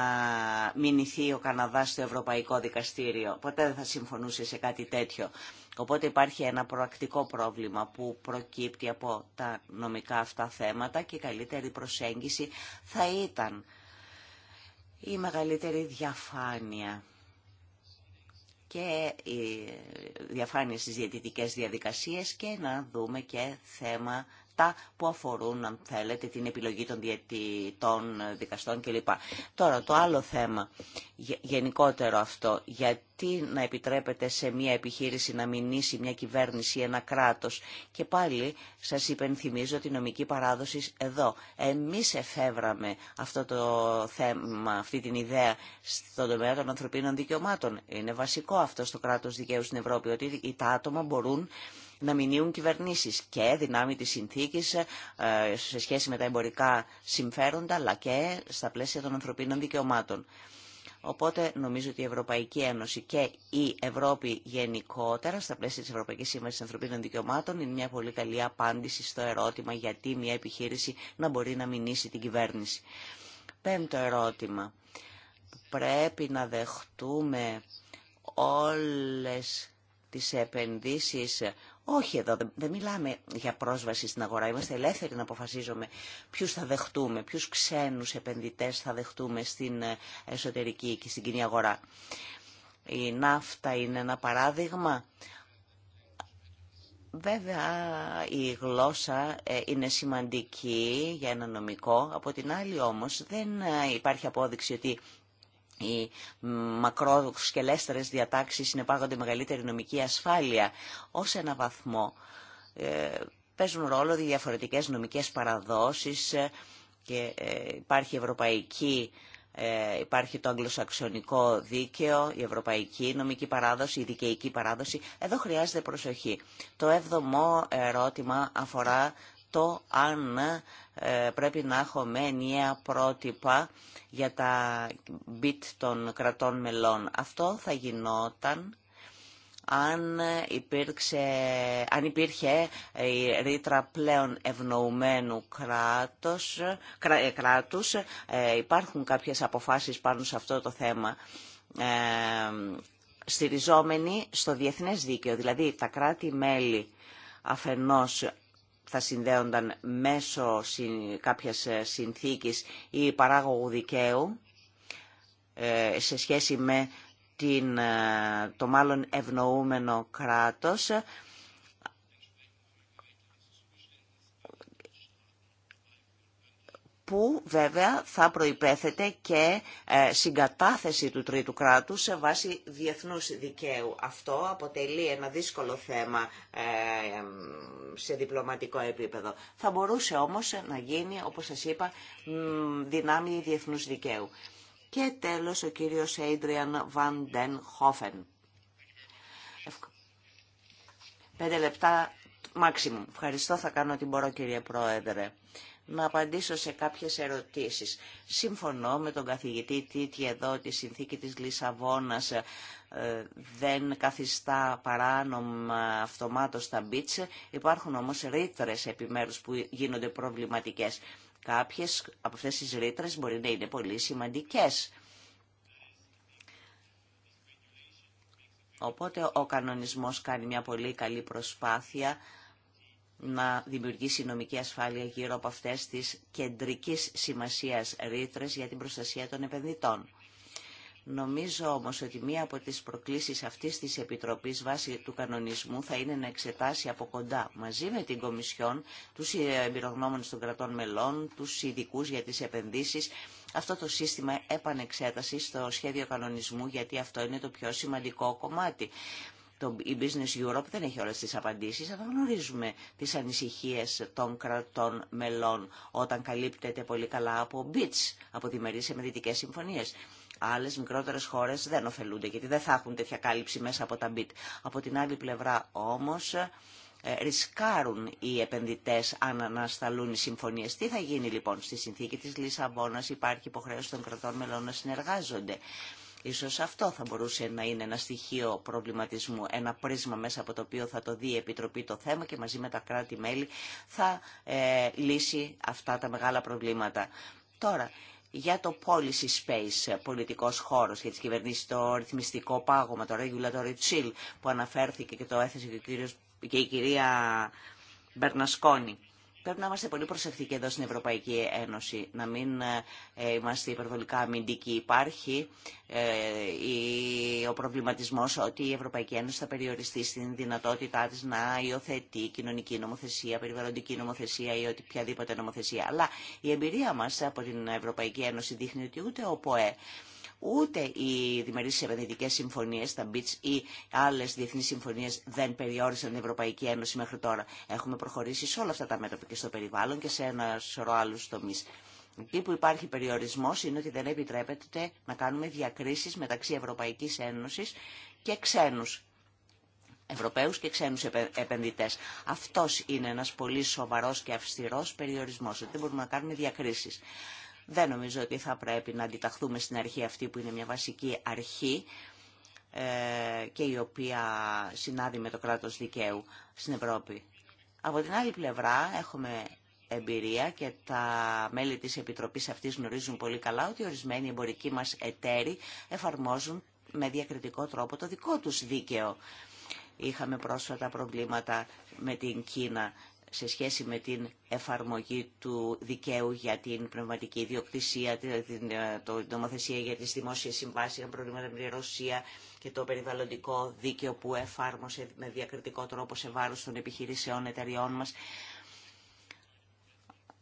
μηνυθεί ο Καναδάς στο Ευρωπαϊκό Δικαστήριο. Ποτέ δεν θα συμφωνούσε σε κάτι τέτοιο. Οπότε υπάρχει ένα προακτικό πρόβλημα που προκύπτει από τα νομικά αυτά θέματα και η καλύτερη προσέγγιση θα ήταν η μεγαλύτερη διαφάνεια και διαφάνεια στις διαιτητικές διαδικασίες και να δούμε και θέμα αυτά που αφορούν, αν θέλετε, την επιλογή των διαιτητών, δικαστών κλπ. Τώρα, το άλλο θέμα, γενικότερο αυτό, γιατί να επιτρέπετε σε μια επιχείρηση να μηνύσει μια κυβέρνηση, ένα κράτος. Και πάλι σας υπενθυμίζω τη νομική παράδοση εδώ. Εμείς εφεύραμε αυτό το θέμα, αυτή την ιδέα στον τομέα των ανθρωπίνων δικαιωμάτων. Είναι βασικό αυτό στο κράτος δικαίου στην Ευρώπη, ότι τα άτομα μπορούν να μηνύουν κυβερνήσει και δυνάμει της συνθήκη ε, σε σχέση με τα εμπορικά συμφέροντα αλλά και στα πλαίσια των ανθρωπίνων δικαιωμάτων. Οπότε νομίζω ότι η Ευρωπαϊκή Ένωση και η Ευρώπη γενικότερα στα πλαίσια της Ευρωπαϊκής Σύμβασης Ανθρωπίνων Δικαιωμάτων είναι μια πολύ καλή απάντηση στο ερώτημα γιατί μια επιχείρηση να μπορεί να μηνύσει την κυβέρνηση. Πέμπτο ερώτημα. Πρέπει να δεχτούμε όλες τις επενδύσεις όχι εδώ, δεν μιλάμε για πρόσβαση στην αγορά. Είμαστε ελεύθεροι να αποφασίζουμε ποιους θα δεχτούμε, ποιους ξένους επενδυτές θα δεχτούμε στην ε, εσωτερική και στην κοινή αγορά. Η ναύτα είναι ένα παράδειγμα. Βέβαια η γλώσσα ε, είναι σημαντική για ένα νομικό, από την άλλη όμως δεν ε, υπάρχει απόδειξη ότι οι μακροσκελέστερες διατάξεις συνεπάγονται μεγαλύτερη νομική ασφάλεια ως ένα βαθμό. Ε, παίζουν ρόλο διαφορετικές νομικές παραδόσεις ε, και ε, υπάρχει ευρωπαϊκή υπάρχει το αγγλοσαξονικό δίκαιο, η ευρωπαϊκή νομική παράδοση, η δικαιική παράδοση. Εδώ χρειάζεται προσοχή. Το έβδομο ερώτημα αφορά το αν ε, πρέπει να έχουμε ενιαία πρότυπα για τα bit των κρατών μελών. Αυτό θα γινόταν αν, υπήρξε, αν υπήρχε η ρήτρα πλέον ευνοουμένου κράτος, ε, κράτους. Ε, υπάρχουν κάποιες αποφάσεις πάνω σε αυτό το θέμα. Ε, στηριζόμενοι στο διεθνές δίκαιο, δηλαδή τα κράτη-μέλη αφενός θα συνδέονταν μέσω κάποιας ε, συνθήκης ή παράγωγου δικαίου ε, σε σχέση με την, ε, το μάλλον ευνοούμενο κράτος που βέβαια θα προϋπέθεται και ε, συγκατάθεση του τρίτου κράτους σε βάση διεθνούς δικαίου. Αυτό αποτελεί ένα δύσκολο θέμα ε, σε διπλωματικό επίπεδο. Θα μπορούσε όμως να γίνει, όπως σας είπα, δυνάμει διεθνούς δικαίου. Και τέλος ο κύριος Adrian Van Den Hoffen. Πέντε λεπτά μάξιμου. Ευχαριστώ, θα κάνω ό,τι μπορώ κύριε Πρόεδρε να απαντήσω σε κάποιες ερωτήσεις. Συμφωνώ με τον καθηγητή Τίτη εδώ, η συνθήκη της Λισαβόνας ε, δεν καθιστά παράνομα αυτομάτως τα μπίτσε Υπάρχουν όμως ρήτρες επιμέρους που γίνονται προβληματικές. Κάποιες από αυτές τις ρήτρες μπορεί να είναι πολύ σημαντικές. Οπότε ο κανονισμός κάνει μια πολύ καλή προσπάθεια να δημιουργήσει νομική ασφάλεια γύρω από αυτές τις κεντρικής σημασίας ρήτρες για την προστασία των επενδυτών. Νομίζω όμως ότι μία από τις προκλήσεις αυτής της Επιτροπής βάσει του κανονισμού θα είναι να εξετάσει από κοντά μαζί με την Κομισιόν του εμπειρογνώμονες των κρατών μελών, τους ειδικού για τις επενδύσεις, αυτό το σύστημα επανεξέτασης στο σχέδιο κανονισμού γιατί αυτό είναι το πιο σημαντικό κομμάτι. Το, η Business Europe δεν έχει όλες τις απαντήσεις, αλλά γνωρίζουμε τις ανησυχίες των κρατών μελών όταν καλύπτεται πολύ καλά από BITS, από σε εμερητικές συμφωνίες. Άλλες, μικρότερες χώρες δεν ωφελούνται γιατί δεν θα έχουν τέτοια κάλυψη μέσα από τα BIT. Από την άλλη πλευρά όμως, ε, ρισκάρουν οι επενδυτές αν ανασταλούν οι συμφωνίες. Τι θα γίνει λοιπόν στη συνθήκη της Λισαβόνα, υπάρχει υποχρέωση των κρατών μελών να συνεργάζονται. Ίσως αυτό θα μπορούσε να είναι ένα στοιχείο προβληματισμού, ένα πρίσμα μέσα από το οποίο θα το δει η Επιτροπή το θέμα και μαζί με τα κράτη-μέλη θα ε, λύσει αυτά τα μεγάλα προβλήματα. Τώρα, για το policy space, ε, πολιτικός χώρος για τις κυβερνήσεις, το ρυθμιστικό πάγωμα, το regulatory chill που αναφέρθηκε και το έθεσε και, και η κυρία Μπερνασκόνη. Πρέπει να είμαστε πολύ προσεκτικοί εδώ στην Ευρωπαϊκή Ένωση, να μην ε, είμαστε υπερβολικά αμυντικοί. Υπάρχει ε, ο προβληματισμός ότι η Ευρωπαϊκή Ένωση θα περιοριστεί στην δυνατότητά της να υιοθετεί κοινωνική νομοθεσία, περιβαλλοντική νομοθεσία ή οποιαδήποτε νομοθεσία. Αλλά η εμπειρία μας από την Ευρωπαϊκή Ένωση δείχνει ότι ούτε ο ΠΟΕ Ούτε οι διμερείς επενδυτικές συμφωνίες, τα BITS ή άλλες διεθνείς συμφωνίες δεν περιόρισαν την Ευρωπαϊκή Ένωση μέχρι τώρα. Έχουμε προχωρήσει σε όλα αυτά τα μέτωπα και στο περιβάλλον και σε ένα σωρό άλλους τομείς. Εκεί που υπάρχει περιορισμός είναι ότι δεν επιτρέπεται να κάνουμε διακρίσεις μεταξύ Ευρωπαϊκής Ένωσης και ξένους Ευρωπαίους και ξένους επενδυτές. Αυτός είναι ένας πολύ σοβαρός και αυστηρός περιορισμός, ότι δεν μπορούμε να κάνουμε διακρίσεις. Δεν νομίζω ότι θα πρέπει να αντιταχθούμε στην αρχή αυτή που είναι μια βασική αρχή ε, και η οποία συνάδει με το κράτος δικαίου στην Ευρώπη. Από την άλλη πλευρά έχουμε εμπειρία και τα μέλη της Επιτροπής αυτής γνωρίζουν πολύ καλά ότι ορισμένοι εμπορικοί μας εταίροι εφαρμόζουν με διακριτικό τρόπο το δικό τους δίκαιο. Είχαμε πρόσφατα προβλήματα με την Κίνα σε σχέση με την εφαρμογή του δικαίου για την πνευματική ιδιοκτησία, ε, την νομοθεσία για τις δημόσιες συμβάσεις, τα προβλήματα με τη Ρωσία και το περιβαλλοντικό δίκαιο που εφάρμοσε με διακριτικό τρόπο σε βάρος των επιχειρήσεων εταιριών μας.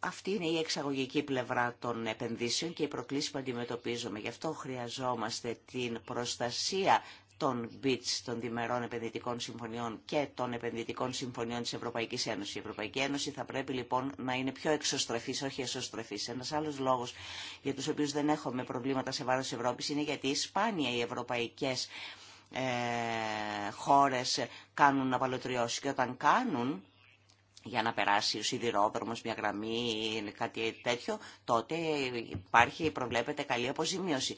Αυτή είναι η εξαγωγική πλευρά των επενδύσεων και η προκλήση που αντιμετωπίζουμε. Γι' αυτό χρειαζόμαστε την προστασία των BITS, των διμερών επενδυτικών συμφωνιών και των επενδυτικών συμφωνιών της ευρωπαϊκή Ένωσης. Η Ευρωπαϊκή Ένωση θα πρέπει λοιπόν να είναι πιο εξωστρεφής, όχι εσωστρεφής. Ένας άλλος λόγος για τους οποίους δεν έχουμε προβλήματα σε βάρος Ευρώπη, Ευρώπης είναι γιατί σπάνια οι ευρωπαϊκές ε, χώρες κάνουν απαλωτριώσεις και όταν κάνουν για να περάσει ο σιδηρόδρομος, μια γραμμή ή κάτι τέτοιο, τότε υπάρχει, προβλέπεται καλή αποζημίωση.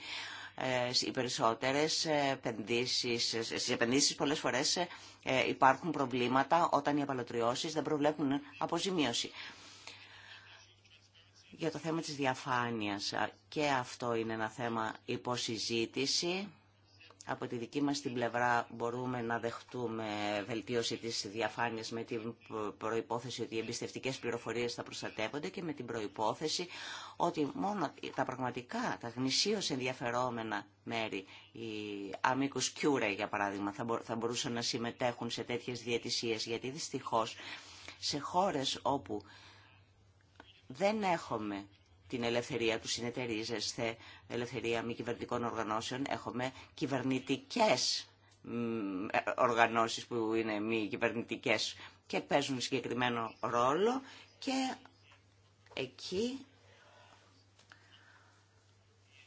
Ε, οι περισσότερες ε, επενδύσεις, ε, στις επενδύσεις πολλές φορές υπάρχουν προβλήματα όταν οι απαλωτριώσεις δεν προβλέπουν αποζημίωση. Για το θέμα της διαφάνειας και αυτό είναι ένα θέμα υποσυζήτηση από τη δική μας την πλευρά μπορούμε να δεχτούμε βελτίωση της διαφάνειας με την προϋπόθεση ότι οι εμπιστευτικές πληροφορίες θα προστατεύονται και με την προϋπόθεση ότι μόνο τα πραγματικά, τα γνησίως ενδιαφερόμενα μέρη, οι αμίκους κιούρε για παράδειγμα, θα μπορούσαν να συμμετέχουν σε τέτοιες διαιτησίες, γιατί δυστυχώς σε χώρες όπου δεν έχουμε την ελευθερία του συνεταιρίζεσθε, ελευθερία μη κυβερνητικών οργανώσεων. Έχουμε κυβερνητικές ε, οργανώσεις που είναι μη κυβερνητικές και παίζουν συγκεκριμένο ρόλο και εκεί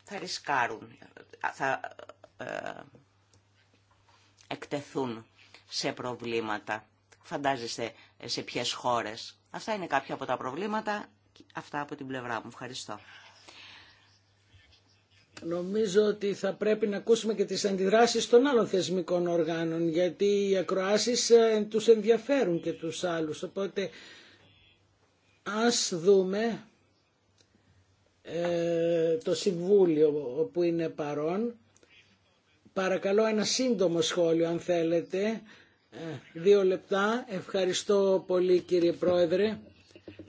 θα ρισκάρουν, θα ε, εκτεθούν σε προβλήματα. Φαντάζεστε σε ποιες χώρες. Αυτά είναι κάποια από τα προβλήματα Αυτά από την πλευρά μου. Ευχαριστώ. Νομίζω ότι θα πρέπει να ακούσουμε και τις αντιδράσεις των άλλων θεσμικών οργάνων, γιατί οι ακροάσεις ε, τους ενδιαφέρουν και τους άλλους. Οπότε ας δούμε ε, το Συμβούλιο που είναι παρόν. Παρακαλώ ένα σύντομο σχόλιο αν θέλετε. Ε, δύο λεπτά. Ευχαριστώ πολύ κύριε Πρόεδρε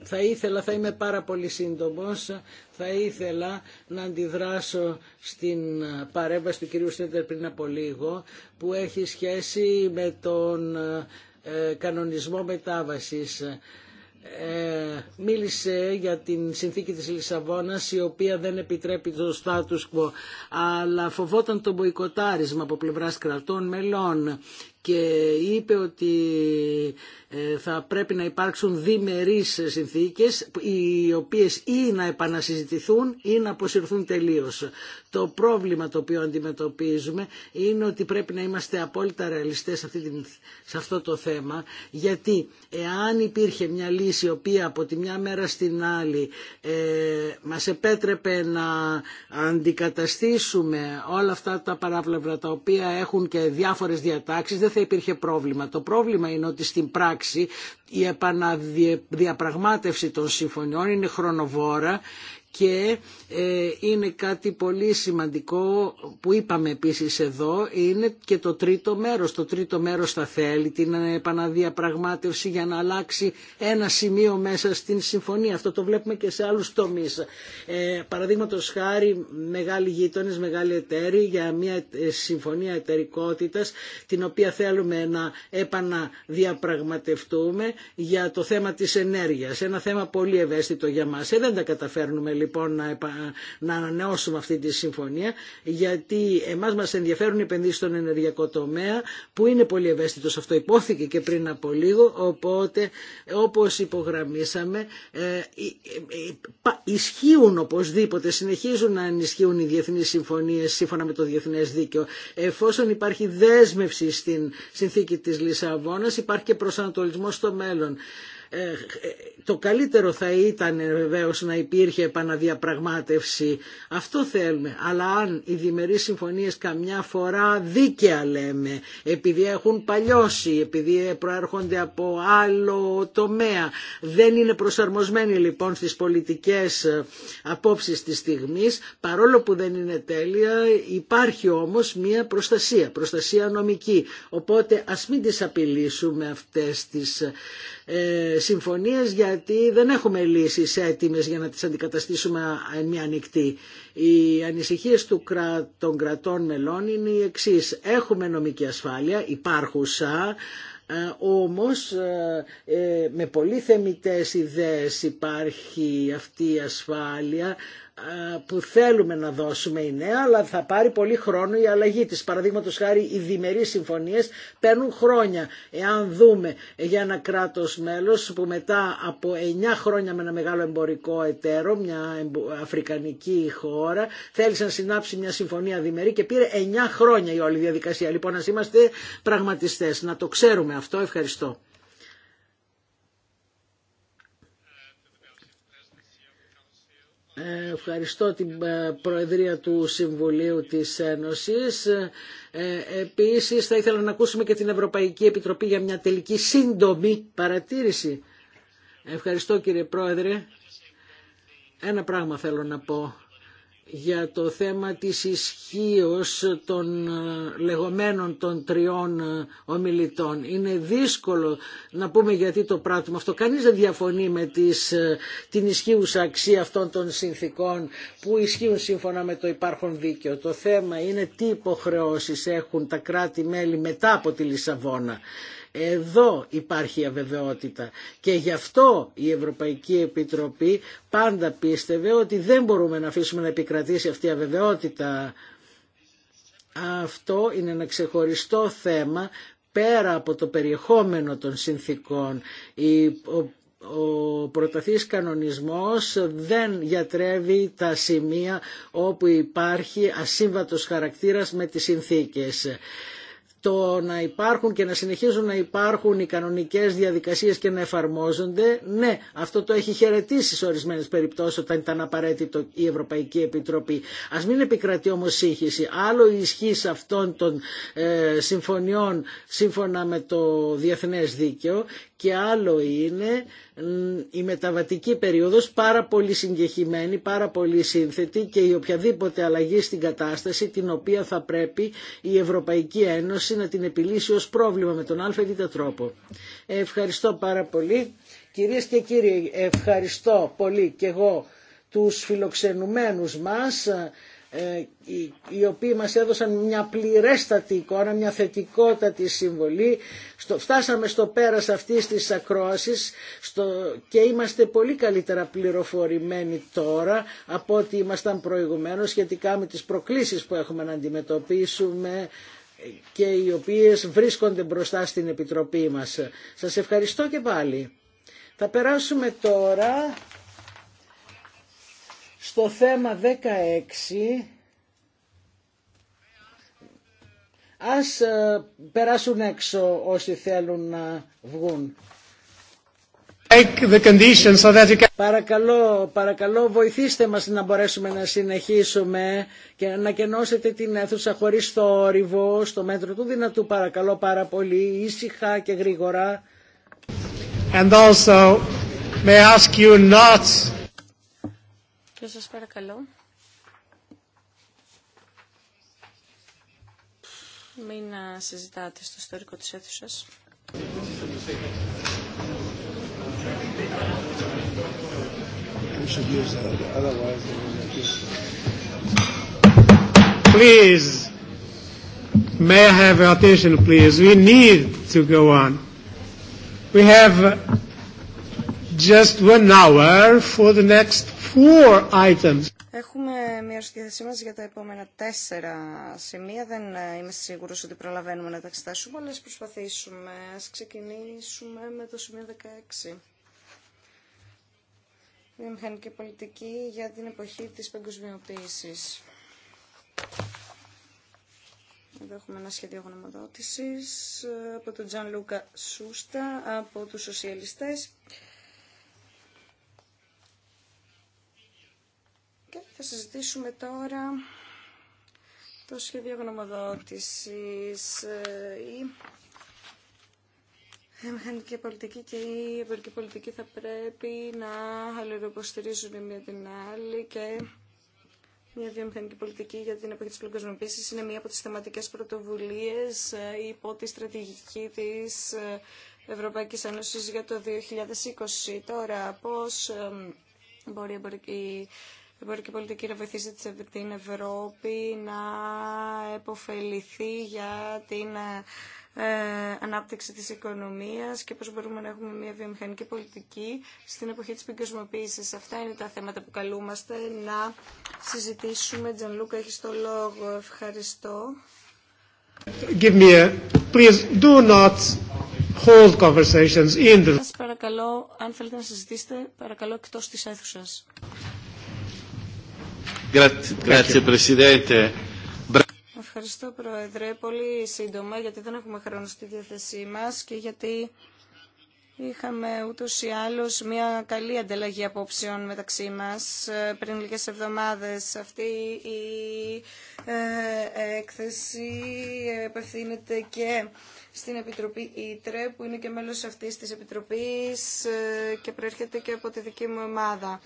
θα ήθελα, θα είμαι πάρα πολύ σύντομος, θα ήθελα να αντιδράσω στην παρέμβαση του κυρίου Στέντερ πριν από λίγο που έχει σχέση με τον ε, κανονισμό μετάβασης. Ε, μίλησε για την συνθήκη της Λισαβόνας η οποία δεν επιτρέπει το status quo αλλά φοβόταν το μποϊκοτάρισμα από πλευράς κρατών μελών και είπε ότι ε, θα πρέπει να υπάρξουν διμερείς συνθήκες οι οποίες ή να επανασυζητηθούν ή να αποσυρθούν τελείως. Το πρόβλημα το οποίο αντιμετωπίζουμε είναι ότι πρέπει να είμαστε απόλυτα ρεαλιστές σε, την, αυτό το θέμα γιατί εάν υπήρχε μια λύση η οποία από τη μια μέρα στην άλλη ε, μας επέτρεπε να αντικαταστήσουμε όλα αυτά τα παράβλευρα τα οποία έχουν και διάφορες διατάξεις θα υπήρχε πρόβλημα. Το πρόβλημα είναι ότι στην πράξη η επαναδιαπραγμάτευση των συμφωνιών είναι χρονοβόρα και ε, είναι κάτι πολύ σημαντικό που είπαμε επίσης εδώ είναι και το τρίτο μέρος. Το τρίτο μέρος θα θέλει την επαναδιαπραγμάτευση για να αλλάξει ένα σημείο μέσα στην συμφωνία. Αυτό το βλέπουμε και σε άλλους τομείς. Ε, Παραδείγματο χάρη μεγάλοι γείτονες, μεγάλοι εταίροι για μια ε, συμφωνία εταιρικότητας την οποία θέλουμε να επαναδιαπραγματευτούμε για το θέμα της ενέργειας. Ένα θέμα πολύ ευαίσθητο για μας. Ε, δεν τα καταφέρνουμε λοιπόν να, να ανανεώσουμε αυτή τη συμφωνία γιατί εμάς μας ενδιαφέρουν οι επενδύσεις στον ενεργειακό τομέα που είναι πολύ ευαίσθητος αυτό υπόθηκε και πριν από λίγο οπότε όπως υπογραμμίσαμε ε, ε, ε, ισχύουν οπωσδήποτε συνεχίζουν να ενισχύουν οι διεθνείς συμφωνίες σύμφωνα με το διεθνές δίκαιο εφόσον υπάρχει δέσμευση στην συνθήκη της Λισαβόνας υπάρχει και προσανατολισμός στο μέλλον το καλύτερο θα ήταν ε, βεβαίως να υπήρχε επαναδιαπραγμάτευση. Αυτό θέλουμε. Αλλά αν οι διμερείς συμφωνίες καμιά φορά δίκαια λέμε, επειδή έχουν παλιώσει, επειδή προέρχονται από άλλο τομέα, δεν είναι προσαρμοσμένοι λοιπόν στις πολιτικές ε, απόψεις της στιγμής, παρόλο που δεν είναι τέλεια, υπάρχει όμως μία προστασία, προστασία νομική. Οπότε ας μην τις απειλήσουμε αυτές τις ε, συμφωνίες γιατί δεν έχουμε λύσεις έτοιμες για να τις αντικαταστήσουμε μια ανοιχτή. Οι ανησυχίες του, των κρατών μελών είναι οι εξής. Έχουμε νομική ασφάλεια, υπάρχουσα, ε, όμως ε, με πολύ θεμητές ιδέες υπάρχει αυτή η ασφάλεια που θέλουμε να δώσουμε είναι νέα, αλλά θα πάρει πολύ χρόνο η αλλαγή της. Παραδείγματος χάρη οι διμερείς συμφωνίες παίρνουν χρόνια. Εάν δούμε για ένα κράτος μέλος που μετά από 9 χρόνια με ένα μεγάλο εμπορικό εταίρο, μια αφρικανική χώρα, θέλησε να συνάψει μια συμφωνία διμερή και πήρε 9 χρόνια η όλη διαδικασία. Λοιπόν, ας είμαστε πραγματιστές, να το ξέρουμε αυτό. Ευχαριστώ. Ευχαριστώ την ε, Προεδρία του Συμβουλίου της Ένωσης. Ε, επίσης θα ήθελα να ακούσουμε και την Ευρωπαϊκή Επιτροπή για μια τελική σύντομη παρατήρηση. Ευχαριστώ κύριε Πρόεδρε. Ένα πράγμα θέλω να πω για το θέμα της ισχύως των ε, λεγόμενων των τριών ε, ομιλητών. Είναι δύσκολο να πούμε γιατί το πράττουμε αυτό. Κανείς δεν διαφωνεί με τις, ε, την ισχύουσα αξία αυτών των συνθήκων που ισχύουν σύμφωνα με το υπάρχον δίκαιο. Το θέμα είναι τι υποχρεώσεις έχουν τα κράτη-μέλη μετά από τη Λισαβόνα. Εδώ υπάρχει αβεβαιότητα και γι' αυτό η Ευρωπαϊκή Επιτροπή πάντα πίστευε ότι δεν μπορούμε να αφήσουμε να επικρατήσει αυτή η αβεβαιότητα. Αυτό είναι ένα ξεχωριστό θέμα πέρα από το περιεχόμενο των συνθήκων. Ο προταθής κανονισμός δεν γιατρεύει τα σημεία όπου υπάρχει ασύμβατος χαρακτήρας με τις συνθήκες το να υπάρχουν και να συνεχίζουν να υπάρχουν οι κανονικές διαδικασίες και να εφαρμόζονται, ναι, αυτό το έχει χαιρετήσει σε ορισμένες περιπτώσεις όταν ήταν απαραίτητο η Ευρωπαϊκή Επιτροπή. Ας μην επικρατεί όμως σύγχυση. Άλλο η ισχύ αυτών των ε, συμφωνιών σύμφωνα με το διεθνές δίκαιο και άλλο είναι η μεταβατική περίοδος πάρα πολύ συγκεχημένη, πάρα πολύ σύνθετη και η οποιαδήποτε αλλαγή στην κατάσταση την οποία θα πρέπει η Ευρωπαϊκή Ένωση να την επιλύσει ως πρόβλημα με τον ΑΒ τρόπο. Ευχαριστώ πάρα πολύ. Κυρίες και κύριοι, ευχαριστώ πολύ και εγώ τους φιλοξενουμένους μας ε, οι οποίοι μας έδωσαν μια πληρέστατη εικόνα, μια θετικότατη συμβολή. Στο, φτάσαμε στο πέρας αυτής της ακρόασης στο, και είμαστε πολύ καλύτερα πληροφορημένοι τώρα από ό,τι ήμασταν προηγουμένως σχετικά με τις προκλήσεις που έχουμε να αντιμετωπίσουμε και οι οποίες βρίσκονται μπροστά στην Επιτροπή μας. Σας ευχαριστώ και πάλι. Θα περάσουμε τώρα στο θέμα 16 ας ε, περάσουν έξω όσοι θέλουν να βγουν. The so that you can... Παρακαλώ, παρακαλώ βοηθήστε μας να μπορέσουμε να συνεχίσουμε και να ανακαινώσετε την αίθουσα χωρίς θόρυβο στο μέτρο του δυνατού παρακαλώ πάρα πολύ ήσυχα και γρήγορα. And also may not και σας παρακαλώ μην συζητάτε στο ιστορικό της αίθουσας. Please, may I have attention, please. We need to go on. We have just one hour for the next four items. Έχουμε μία στη μας για τα επόμενα τέσσερα σημεία. Δεν ε, είμαι σίγουρος ότι προλαβαίνουμε να τα εξετάσουμε, αλλά ας προσπαθήσουμε. Ας ξεκινήσουμε με το σημείο 16. Η μηχανική πολιτική για την εποχή της παγκοσμιοποίησης. Εδώ έχουμε ένα σχέδιο γνωμοδότησης ε, από τον Τζαν Λούκα Σούστα, από τους σοσιαλιστές. Και θα συζητήσουμε τώρα το σχέδιο γνωμοδότησης. Η ε, η μηχανική πολιτική και η εμπορική πολιτική θα πρέπει να αλληλοποστηρίζουν η μία την άλλη και μια βιομηχανική πολιτική για την εποχή της παγκοσμιοποίησης είναι μία από τις θεματικές πρωτοβουλίες ε, υπό τη στρατηγική της ε, Ευρωπαϊκής Ένωσης για το 2020. Τώρα, πώς μπορεί η εμπορική πολιτική να βοηθήσει την Ευρώπη να επωφεληθεί για την ε, ε, ανάπτυξη της οικονομίας και πώς μπορούμε να έχουμε μια βιομηχανική πολιτική στην εποχή της πυγκοσμοποίησης. Αυτά είναι τα θέματα που καλούμαστε να συζητήσουμε. Τζαν Λούκα, έχεις το λόγο. Ευχαριστώ. Give me Please do not hold conversations in the... παρακαλώ, αν θέλετε να συζητήσετε, παρακαλώ εκτός της αίθουσας. Ευχαριστώ, Πρόεδρε. Πολύ σύντομα, γιατί δεν έχουμε χρόνο στη διάθεσή μας και γιατί είχαμε ούτως ή άλλως μια καλή ανταλλαγή απόψεων μεταξύ μας πριν λίγες εβδομάδες. Αυτή η ε, έκθεση απευθύνεται και στην Επιτροπή Ήτρε, που είναι και μέλος αυτής της Επιτροπής ε, και προέρχεται και από τη δική μου ομάδα.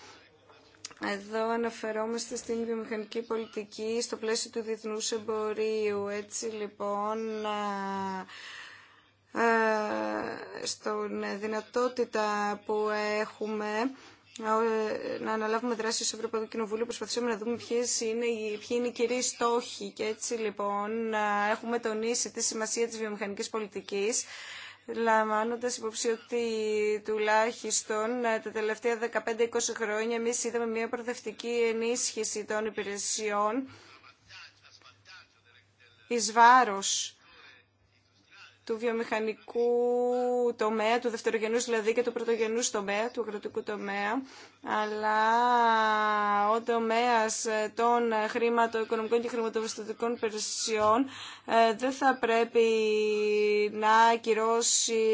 Εδώ αναφερόμαστε στην βιομηχανική πολιτική στο πλαίσιο του διεθνούς εμπορίου. Έτσι λοιπόν, στον δυνατότητα που έχουμε να αναλάβουμε δράση στο Ευρωπαϊκό Κοινοβούλιο. Προσπαθήσαμε να δούμε ποιες είναι, ποιοι είναι οι κυρίοι στόχοι και έτσι λοιπόν έχουμε τονίσει τη σημασία της βιομηχανικής πολιτικής λαμβάνοντα υπόψη ότι τουλάχιστον ε, τα τελευταία 15-20 χρόνια εμεί είδαμε μια προοδευτική ενίσχυση των υπηρεσιών εις βάρος του βιομηχανικού τομέα, του δευτερογενούς δηλαδή και του πρωτογενούς τομέα, του αγροτικού τομέα, αλλά ο τομέας των χρηματο-οικονομικών και χρηματοπιστωτικών περισσιών ε, δεν θα πρέπει να ακυρώσει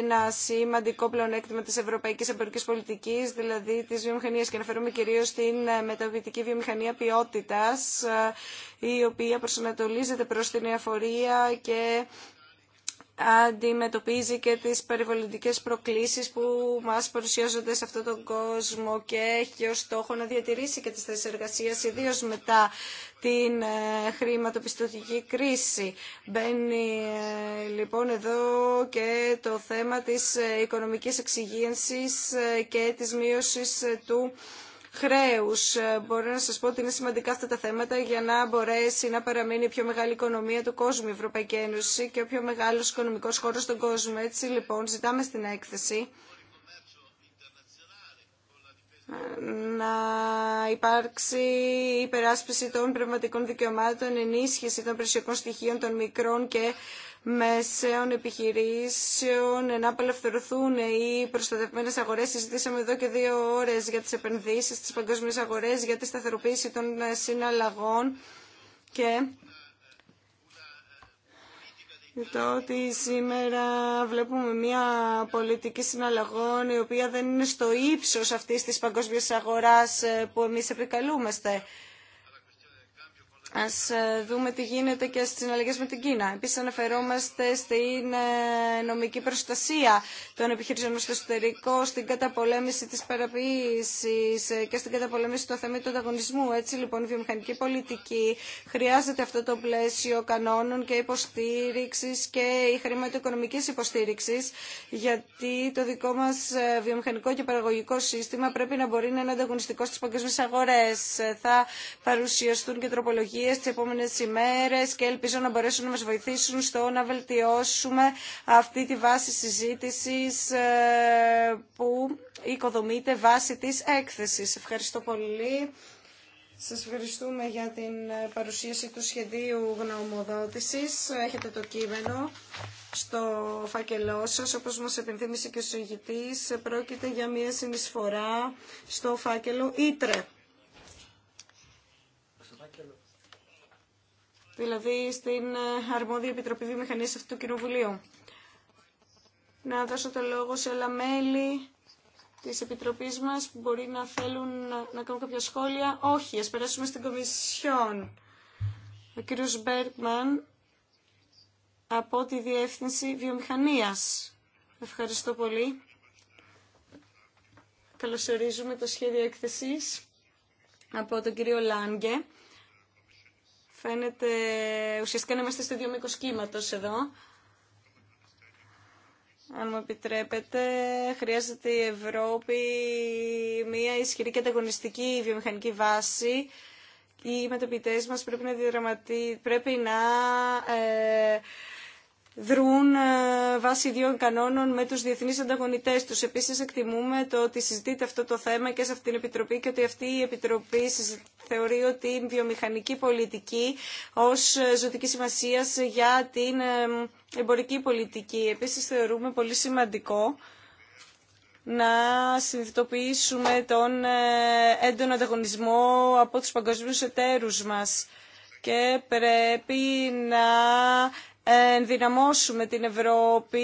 ένα σημαντικό πλεονέκτημα της ευρωπαϊκής εμπορικής πολιτικής, δηλαδή της βιομηχανίας και αναφέρομαι κυρίως στην μεταβητική βιομηχανία ποιότητας, ε, η οποία προσανατολίζεται προς την εφορία και αντιμετωπίζει και τις περιβαλλοντικές προκλήσεις που μας παρουσιάζονται σε αυτόν τον κόσμο και έχει ως στόχο να διατηρήσει και τις θέσεις εργασίας, ιδίως μετά την ε, χρηματοπιστωτική κρίση. Μπαίνει ε, λοιπόν εδώ και το θέμα της ε, οικονομικής εξυγίανσης και της μείωσης του χρέους. Ε, μπορώ να σας πω ότι είναι σημαντικά αυτά τα θέματα για να μπορέσει να παραμείνει η πιο μεγάλη οικονομία του κόσμου, η Ευρωπαϊκή Ένωση και ο πιο μεγάλος οικονομικός χώρος στον κόσμο. Έτσι λοιπόν ζητάμε στην έκθεση ε, να υπάρξει υπεράσπιση των πνευματικών δικαιωμάτων, ενίσχυση των περισσοκών στοιχείων των μικρών και μεσαίων επιχειρήσεων, να απελευθερωθούν οι προστατευμένες αγορές. Συζητήσαμε εδώ και δύο ώρες για τις επενδύσεις στις παγκόσμιες αγορές, για τη σταθεροποίηση των συναλλαγών και το ότι σήμερα βλέπουμε μια πολιτική συναλλαγών η οποία δεν είναι στο ύψος αυτής της παγκόσμιας αγοράς που εμείς επικαλούμαστε. Ας ε, δούμε τι γίνεται και στις συναλλαγές με την Κίνα. Επίσης αναφερόμαστε στην ε, νομική προστασία των επιχειρήσεων στο εσωτερικό, στην καταπολέμηση της παραποίησης ε, και στην καταπολέμηση του αθεμίτου του ανταγωνισμού. Έτσι λοιπόν η βιομηχανική πολιτική χρειάζεται αυτό το πλαίσιο κανόνων και υποστήριξης και η χρηματοοικονομικής υποστήριξης, γιατί το δικό μας βιομηχανικό και παραγωγικό σύστημα πρέπει να μπορεί να είναι ανταγωνιστικό στις παγκοσμίες αγορές. Θα παρουσιαστούν και τροπολογίες επιτυχίε τις επόμενες ημέρες και ελπίζω να μπορέσουν να μα βοηθήσουν στο να βελτιώσουμε αυτή τη βάση συζήτησης ε, που οικοδομείται βάσει της έκθεσης. Ευχαριστώ πολύ. Σας ευχαριστούμε για την παρουσίαση του σχεδίου γνωμοδότησης. Έχετε το κείμενο στο φάκελό σας. Όπως μας επενθύμησε και ο συγητής, πρόκειται για μια συνεισφορά στο φάκελο Ήτρε. δηλαδή στην ε, αρμόδια Επιτροπή Βιομηχανίας αυτού του Κοινοβουλίου. Να δώσω το λόγο σε άλλα μέλη της Επιτροπής μας που μπορεί να θέλουν να κάνουν κάποια σχόλια. Όχι, ας περάσουμε στην Κομισιόν. Ο κύριος Μπέρκμαν από τη Διεύθυνση Βιομηχανίας. Ευχαριστώ πολύ. Καλωσορίζουμε το σχέδιο έκθεσης από τον κύριο Λάγκε Φαίνεται ουσιαστικά να είμαστε στο ίδιο μήκο κύματο εδώ. Αν μου επιτρέπετε, χρειάζεται η Ευρώπη μια ισχυρή και ανταγωνιστική βιομηχανική βάση. Οι μεταποιητές μας πρέπει να, πρέπει να ε, δρούν ε, βάσει δύο κανόνων με τους διεθνείς ανταγωνιτές τους. Επίσης εκτιμούμε το ότι συζητείται αυτό το θέμα και σε αυτήν την Επιτροπή και ότι αυτή η Επιτροπή θεωρεί ότι είναι βιομηχανική πολιτική ως ζωτική σημασία για την ε, εμπορική πολιτική. Επίσης θεωρούμε πολύ σημαντικό να συνειδητοποιήσουμε τον ε, έντονο ανταγωνισμό από τους παγκοσμίους εταίρους μας και πρέπει να ενδυναμώσουμε την Ευρώπη,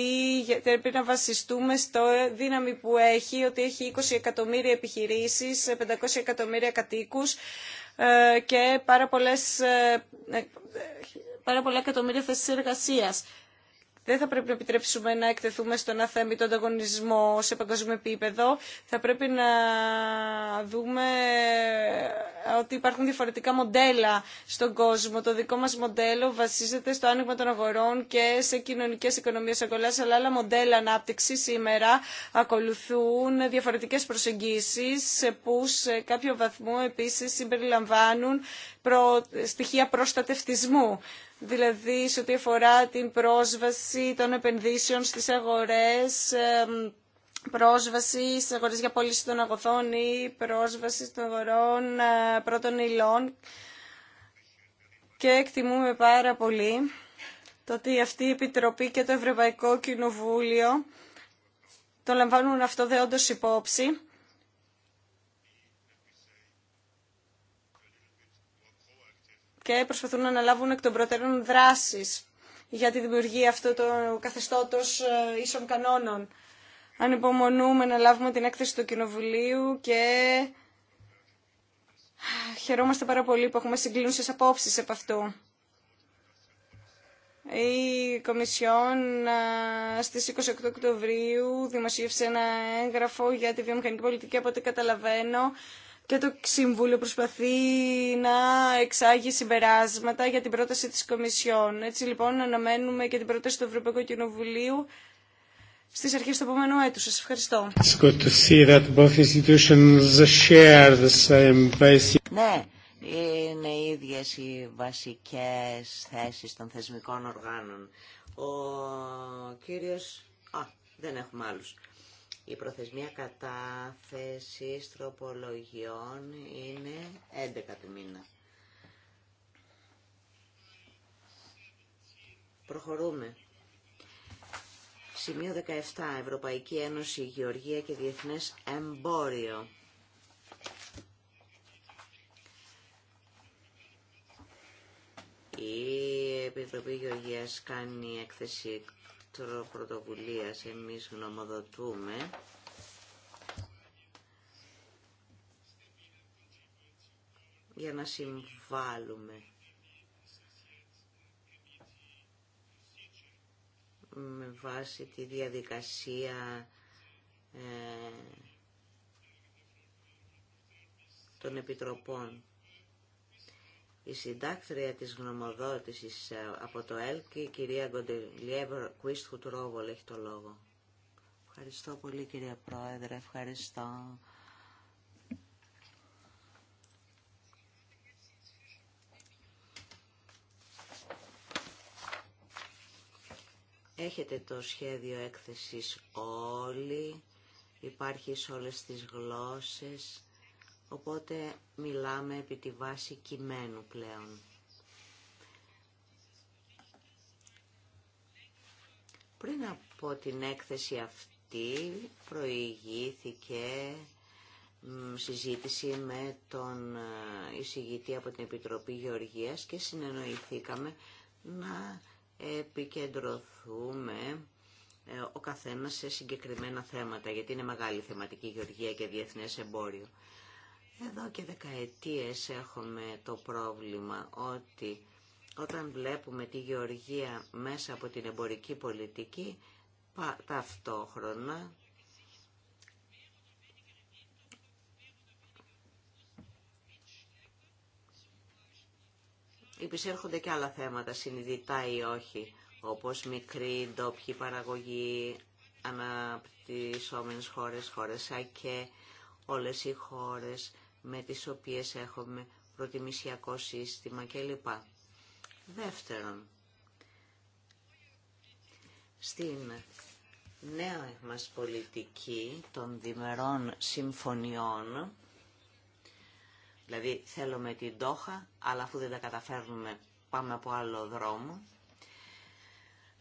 πρέπει να βασιστούμε στο δύναμη που έχει, ότι έχει 20 εκατομμύρια επιχειρήσεις, 500 ε, εκατομμύρια κατοίκους ε, και πάρα πολλές ε, πάρα πολλά εκατομμύρια θέσεις εργασίας. Δεν θα πρέπει να επιτρέψουμε να εκτεθούμε στον αθέμητο ανταγωνισμό σε παγκόσμιο επίπεδο. Θα πρέπει να δούμε ε, ότι υπάρχουν διαφορετικά μοντέλα στον κόσμο. Το δικό μας μοντέλο βασίζεται στο άνοιγμα των αγορών και σε κοινωνικές οικονομίες αγοράς, αλλά άλλα μοντέλα ανάπτυξη σήμερα ακολουθούν διαφορετικές προσεγγίσεις που σε κάποιο βαθμό επίσης συμπεριλαμβάνουν στοιχεία προστατευτισμού δηλαδή σε ό,τι αφορά την πρόσβαση των επενδύσεων στις αγορές, πρόσβαση στις αγορές για πώληση των αγωθών ή πρόσβαση των αγορών ε, πρώτων υλών. Και εκτιμούμε πάρα πολύ το ότι αυτή η Επιτροπή και το Ευρωπαϊκό Κοινοβούλιο το λαμβάνουν αυτό δεόντως υπόψη και προσπαθούν να αναλάβουν εκ των προτέρων δράσεις για τη δημιουργία αυτού του καθεστώτος ε, ίσων κανόνων. Ανυπομονούμε να λάβουμε την έκθεση του Κοινοβουλίου και χαιρόμαστε πάρα πολύ που έχουμε συγκλίνουσες απόψεις από αυτού. Η Κομισιόν στις 28 Οκτωβρίου δημοσίευσε ένα έγγραφο για τη βιομηχανική πολιτική, από ό,τι καταλαβαίνω και το Συμβούλιο προσπαθεί να εξάγει συμπεράσματα για την πρόταση της Κομισιόν. Έτσι λοιπόν αναμένουμε και την πρόταση του Ευρωπαϊκού Κοινοβουλίου στις αρχές του επόμενου έτου. Σας ευχαριστώ. Ναι, είναι οι ίδιες οι βασικές θέσεις των θεσμικών οργάνων. Ο κύριος... Α, δεν έχουμε άλλους. Η προθεσμία κατάθεση τροπολογιών είναι 11 του μήνα. Προχωρούμε. Σημείο 17. Ευρωπαϊκή Ένωση Γεωργία και Διεθνές Εμπόριο. Η Επιτροπή Γεωργίας κάνει έκθεση δεύτερο πρωτοβουλία εμείς γνωμοδοτούμε για να συμβάλλουμε με βάση τη διαδικασία ε, των επιτροπών. Η συντάκτρια της γνωμοδότησης ε, από το ΕΛΚ, η κυρία Γκοντελιέβρο Κουίστχου Τρόβολ, έχει το λόγο. Ευχαριστώ πολύ κυρία Πρόεδρε, ευχαριστώ. Έχετε το σχέδιο έκθεσης όλοι, υπάρχει σε όλες τις γλώσσες. Οπότε μιλάμε επί τη βάση κειμένου πλέον. Πριν από την έκθεση αυτή προηγήθηκε συζήτηση με τον ε, εισηγητή από την Επιτροπή Γεωργίας και συνεννοηθήκαμε να επικεντρωθούμε ε, ο καθένας σε συγκεκριμένα θέματα, γιατί είναι μεγάλη θεματική γεωργία και διεθνές εμπόριο. Εδώ και δεκαετίες έχουμε το πρόβλημα ότι όταν βλέπουμε τη γεωργία μέσα από την εμπορική πολιτική, ταυτόχρονα υπησέρχονται και άλλα θέματα, συνειδητά ή όχι, όπως μικρή, ντόπιοι παραγωγή, αναπτυσσόμενες χώρες, χώρες ΑΚΕ, όλες οι χώρες με τις οποίες έχουμε προτιμησιακό σύστημα κλπ. Δεύτερον, στην νέα μας πολιτική των διμερών συμφωνιών, δηλαδή θέλουμε την τόχα, αλλά αφού δεν τα καταφέρνουμε πάμε από άλλο δρόμο,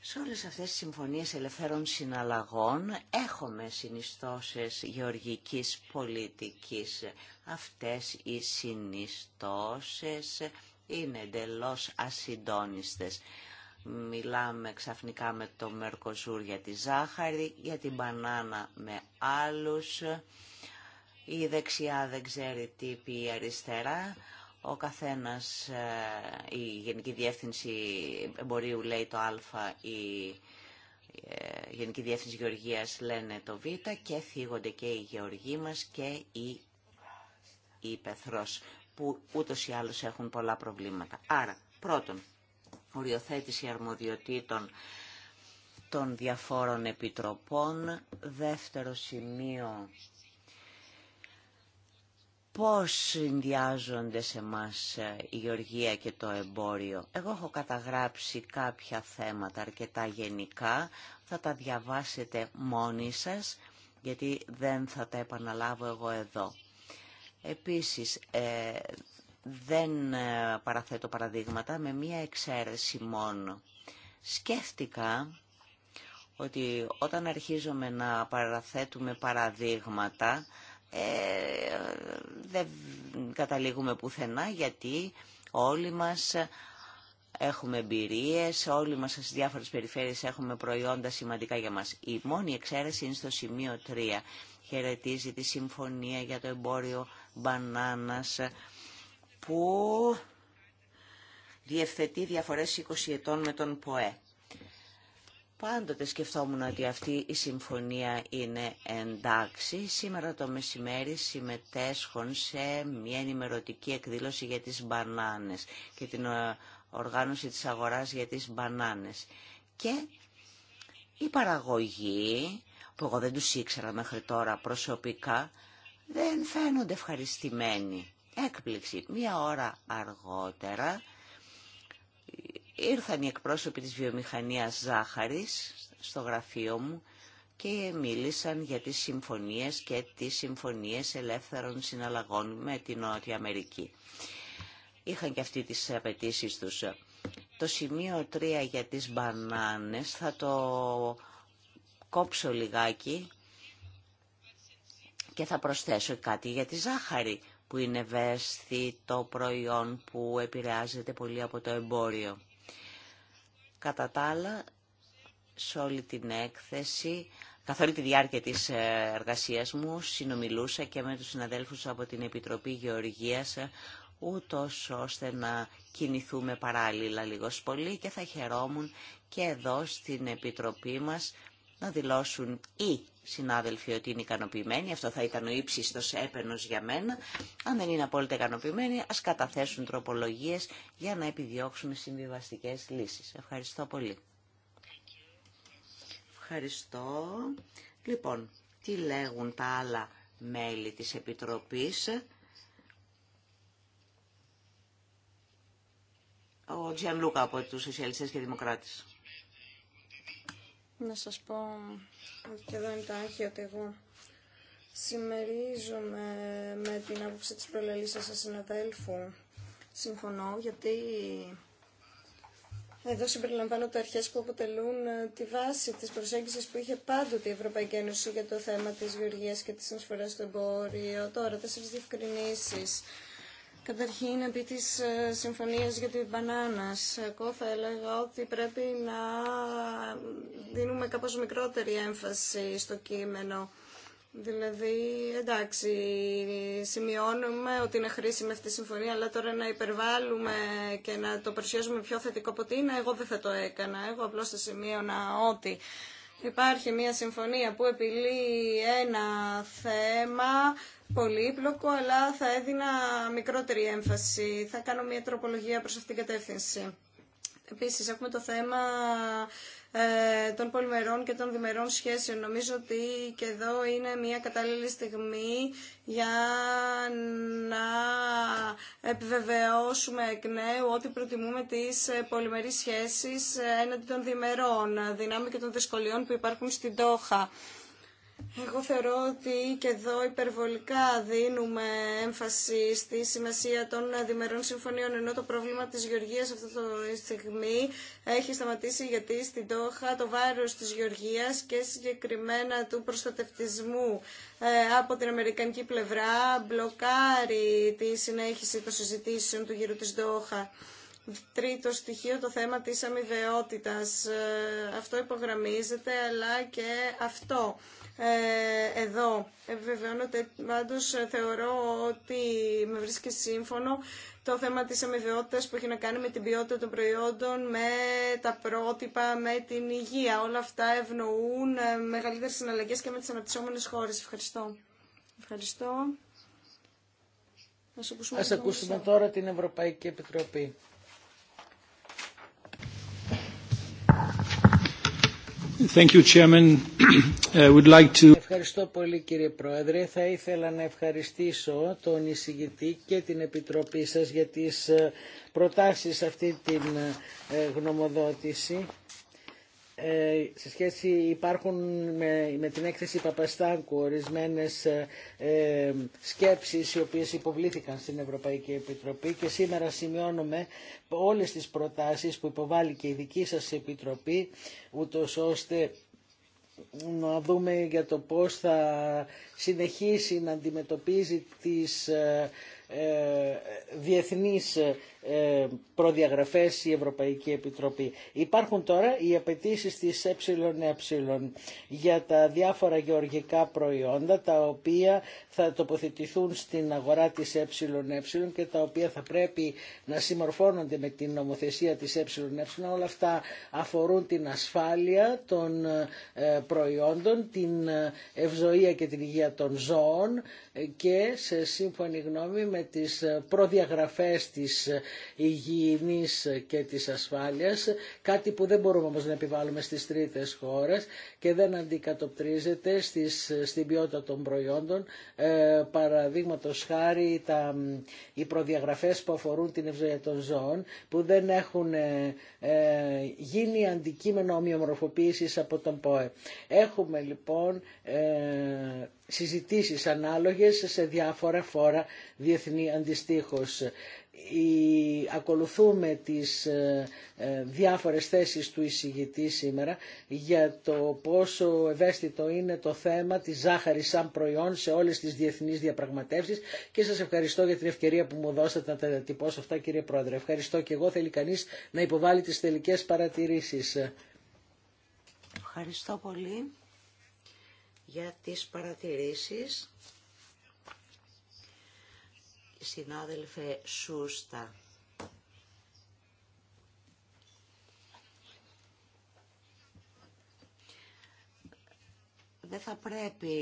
σε όλες αυτές τις συμφωνίες ελευθέρων συναλλαγών έχουμε συνιστώσεις γεωργικής πολιτικής. Αυτές οι συνιστώσεις είναι εντελώ ασυντόνιστες. Μιλάμε ξαφνικά με το Μερκοζούρ για τη ζάχαρη, για την μπανάνα με άλλους. Η δεξιά δεν ξέρει τι πει η αριστερά ο καθένας, ε, η Γενική Διεύθυνση Εμπορίου λέει το Α, η ε, Γενική Διεύθυνση Γεωργίας λένε το Β και θίγονται και οι γεωργοί μας και οι Πεθρός, που ούτως ή άλλως έχουν πολλά προβλήματα. Άρα, πρώτον, οριοθέτηση αρμοδιοτήτων των διαφόρων επιτροπών. Δεύτερο σημείο, πώς συνδυάζονται σε μας ε, η γεωργία και το εμπόριο. Εγώ έχω καταγράψει κάποια θέματα αρκετά γενικά, θα τα διαβάσετε μόνοι σας, γιατί δεν θα τα επαναλάβω εγώ εδώ. Επίσης, ε, δεν ε, παραθέτω παραδείγματα με μία εξαίρεση μόνο. Σκέφτηκα ότι όταν αρχίζουμε να παραθέτουμε παραδείγματα ε, ε, δεν καταλήγουμε πουθενά γιατί όλοι μας έχουμε εμπειρίες, όλοι μας στις διάφορες περιφέρειες έχουμε προϊόντα σημαντικά για μας. Η μόνη εξαίρεση είναι στο σημείο 3. Χαιρετίζει τη συμφωνία για το εμπόριο μπανάνας που διευθετεί διαφορές 20 ετών με τον ΠΟΕ. Πάντοτε σκεφτόμουν ότι αυτή η συμφωνία είναι εντάξει. Σήμερα το μεσημέρι συμμετέσχον σε μια ενημερωτική εκδήλωση για τις μπανάνες και την ε, οργάνωση της αγοράς για τις μπανάνες. Και η παραγωγή, που εγώ δεν τους ήξερα μέχρι τώρα προσωπικά, δεν φαίνονται ευχαριστημένοι. Έκπληξη. Μία ώρα αργότερα Ήρθαν οι εκπρόσωποι της βιομηχανίας Ζάχαρης στο γραφείο μου και μίλησαν για τις συμφωνίες και τις συμφωνίες ελεύθερων συναλλαγών με την Νότια Αμερική. Είχαν και αυτοί τις απαιτήσει τους. Το σημείο 3 για τις μπανάνες θα το κόψω λιγάκι και θα προσθέσω κάτι για τη ζάχαρη που είναι το προϊόν που επηρεάζεται πολύ από το εμπόριο. Κατά τα άλλα, σε όλη την έκθεση, καθ' όλη τη διάρκεια της ε, εργασίας μου, συνομιλούσα και με τους συναδέλφους από την Επιτροπή Γεωργίας, ε, ούτω ώστε να κινηθούμε παράλληλα λίγος πολύ και θα χαιρόμουν και εδώ στην Επιτροπή μας να δηλώσουν οι συνάδελφοι ότι είναι ικανοποιημένοι, αυτό θα ήταν ο ύψιστος έπαινος για μένα. Αν δεν είναι απόλυτα ικανοποιημένοι, ας καταθέσουν τροπολογίες για να επιδιώξουμε συμβιβαστικές λύσεις. Ευχαριστώ πολύ. Ευχαριστώ. Λοιπόν, τι λέγουν τα άλλα μέλη της Επιτροπής. Ο Τζιαν Λούκα από τους Σοσιαλιστές και Δημοκράτες να σας πω και εδώ είναι τα άγχη ότι εγώ συμμερίζομαι με την άποψη της προλαλήσεως σας συναδέλφου. Συμφωνώ γιατί εδώ συμπεριλαμβάνω τα αρχές που αποτελούν ε, τη βάση της προσέγγισης που είχε πάντοτε η Ευρωπαϊκή Ένωση για το θέμα της γεωργίας και της συνεισφοράς στο εμπόριο. Τώρα, τέσσερις διευκρινήσεις Καταρχήν, επί της ε, συμφωνίας για την μπανάνα, εγώ θα έλεγα ότι πρέπει να δίνουμε κάπως μικρότερη έμφαση στο κείμενο. Δηλαδή, εντάξει, σημειώνουμε ότι είναι χρήσιμη αυτή η συμφωνία, αλλά τώρα να υπερβάλλουμε και να το παρουσιάζουμε πιο θετικό από ότι είναι, εγώ δεν θα το έκανα. Εγώ απλώς θα σημείωνα ότι υπάρχει μια συμφωνία που επιλύει ένα θέμα πολύπλοκο, αλλά θα έδινα μικρότερη έμφαση. Θα κάνω μια τροπολογία προς αυτήν την κατεύθυνση. Επίσης, έχουμε το θέμα ε, των πολυμερών και των διμερών σχέσεων. Νομίζω ότι και εδώ είναι μια κατάλληλη στιγμή για να επιβεβαιώσουμε εκ νέου ότι προτιμούμε τις ε, πολυμερείς σχέσεις ε, έναντι των διμερών, δυνάμει και των δυσκολιών που υπάρχουν στην Τόχα. Εγώ θεωρώ ότι και εδώ υπερβολικά δίνουμε έμφαση στη σημασία των διμερών συμφωνίων, ενώ το πρόβλημα της Γεωργίας αυτή τη στιγμή έχει σταματήσει γιατί στην Τόχα το βάρος της Γεωργίας και συγκεκριμένα του προστατευτισμού ε, από την Αμερικανική πλευρά μπλοκάρει τη συνέχιση των συζητήσεων του γύρου της Τόχα. Τρίτο στοιχείο, το θέμα της αμοιβαιότητας. Ε, αυτό υπογραμμίζεται, αλλά και αυτό ε, εδώ. ότι πάντως θεωρώ ότι με βρίσκει σύμφωνο το θέμα της αμοιβαιότητας που έχει να κάνει με την ποιότητα των προϊόντων, με τα πρότυπα, με την υγεία. Όλα αυτά ευνοούν ε, μεγαλύτερες συναλλαγές και με τις αναπτυσσόμενες χώρες. Ευχαριστώ. Ευχαριστώ. Ας ακούσουμε, Ας ακούσουμε τώρα την Ευρωπαϊκή Επιτροπή. Uh, Ευχαριστώ πολύ κύριε Πρόεδρε. Θα ήθελα να ευχαριστήσω τον εισηγητή και την Επιτροπή σας για τις ε, προτάσεις αυτή την ε, γνωμοδότηση ε, σε σχέση υπάρχουν με, την έκθεση Παπαστάνκου ορισμένες ε, ε, σκέψεις οι οποίες υποβλήθηκαν στην Ευρωπαϊκή Επιτροπή και σήμερα σημειώνουμε όλες τις προτάσεις που υποβάλλει και η δική σας Επιτροπή ούτως ώστε να δούμε για το πώς θα συνεχίσει να αντιμετωπίζει τις ε, ε, διεθνείς ε, προδιαγραφές η Ευρωπαϊκή Επιτροπή. Υπάρχουν τώρα οι απαιτήσει της ΕΕ για τα διάφορα γεωργικά προϊόντα τα οποία θα τοποθετηθούν στην αγορά της ΕΕ και τα οποία θα πρέπει να συμμορφώνονται με την νομοθεσία της ΕΕ. Όλα αυτά αφορούν την ασφάλεια των ε, προϊόντων, την ευζοία και την υγεία των ζώων και σε σύμφωνη γνώμη με τις ε, προδιαγραφές της ε, υγιεινής ε, και της ασφάλειας, κάτι που δεν μπορούμε όμως να επιβάλλουμε στις τρίτες χώρες και δεν αντικατοπτρίζεται στις, στην ποιότητα των προϊόντων. Ε, παραδείγματος χάρη τα, οι προδιαγραφές που αφορούν την ευζοία των ζώων που δεν έχουν γίνει αντικείμενο ομοιομορφοποίησης από τον ΠΟΕ. Έχουμε λοιπόν συζητήσεις ανάλογες σε διάφορα φόρα διεθνή αντιστοίχως. ακολουθούμε τις ε, ε, διάφορες θέσεις του εισηγητή σήμερα για το πόσο ευαίσθητο είναι το θέμα της ζάχαρης σαν προϊόν σε όλες τις διεθνείς διαπραγματεύσεις και σας ευχαριστώ για την ευκαιρία που μου δώσατε να τα διατυπώσω αυτά κύριε Πρόεδρε. Ευχαριστώ και εγώ θέλει κανείς να υποβάλει τις τελικές παρατηρήσεις. Ευχαριστώ πολύ για τις παρατηρήσεις συνάδελφε Σούστα. Δεν θα πρέπει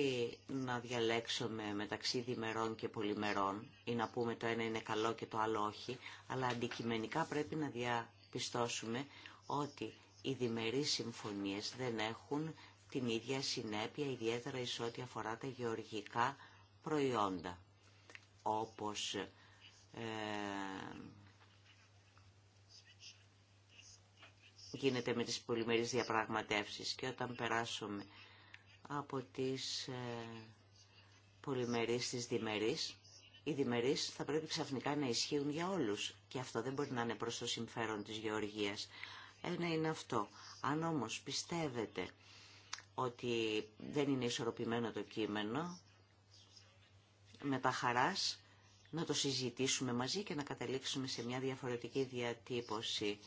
να διαλέξουμε μεταξύ διμερών και πολυμερών ή να πούμε το ένα είναι καλό και το άλλο όχι, αλλά αντικειμενικά πρέπει να διαπιστώσουμε ότι οι διμερείς συμφωνίες δεν έχουν την ίδια συνέπεια, ιδιαίτερα εις ό,τι αφορά τα γεωργικά προϊόντα όπως ε, γίνεται με τις πολυμερείς διαπραγματεύσεις και όταν περάσουμε από τις ε, πολυμερείς στις διμερείς, οι διμερείς θα πρέπει ξαφνικά να ισχύουν για όλους και αυτό δεν μπορεί να είναι προς το συμφέρον της γεωργίας. Ένα είναι αυτό. Αν όμως πιστεύετε ότι δεν είναι ισορροπημένο το κείμενο, με τα χαράς να το συζητήσουμε μαζί και να καταλήξουμε σε μια διαφορετική διατύπωση.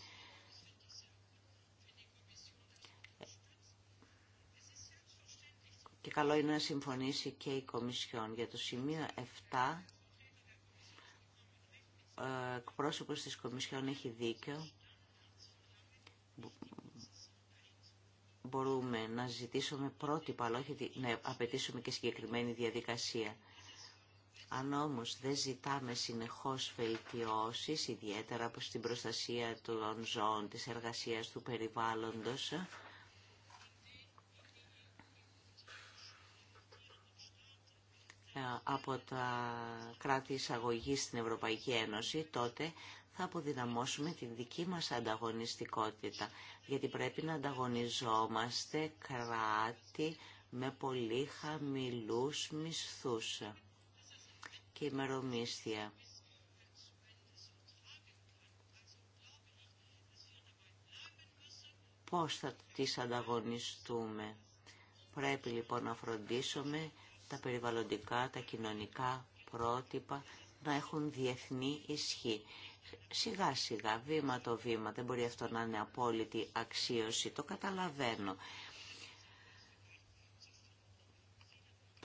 Και καλό είναι να συμφωνήσει και η Κομισιόν. Για το σημείο 7, ο εκπρόσωπος της Κομισιόν έχει δίκιο. Μπορούμε να ζητήσουμε πρότυπα, αλλά όχι να απαιτήσουμε και συγκεκριμένη διαδικασία. Αν όμως δεν ζητάμε συνεχώς βελτιώσεις, ιδιαίτερα από την προστασία των ζώων, της εργασίας του περιβάλλοντος, ε, από τα κράτη εισαγωγή στην Ευρωπαϊκή Ένωση, τότε θα αποδυναμώσουμε την δική μας ανταγωνιστικότητα, γιατί πρέπει να ανταγωνιζόμαστε κράτη με πολύ χαμηλούς μισθούς και ημερομίσθια. Πώς θα τις ανταγωνιστούμε. Πρέπει λοιπόν να φροντίσουμε τα περιβαλλοντικά, τα κοινωνικά πρότυπα να έχουν διεθνή ισχύ. Σιγά σιγά, βήμα το βήμα, δεν μπορεί αυτό να είναι απόλυτη αξίωση, το καταλαβαίνω.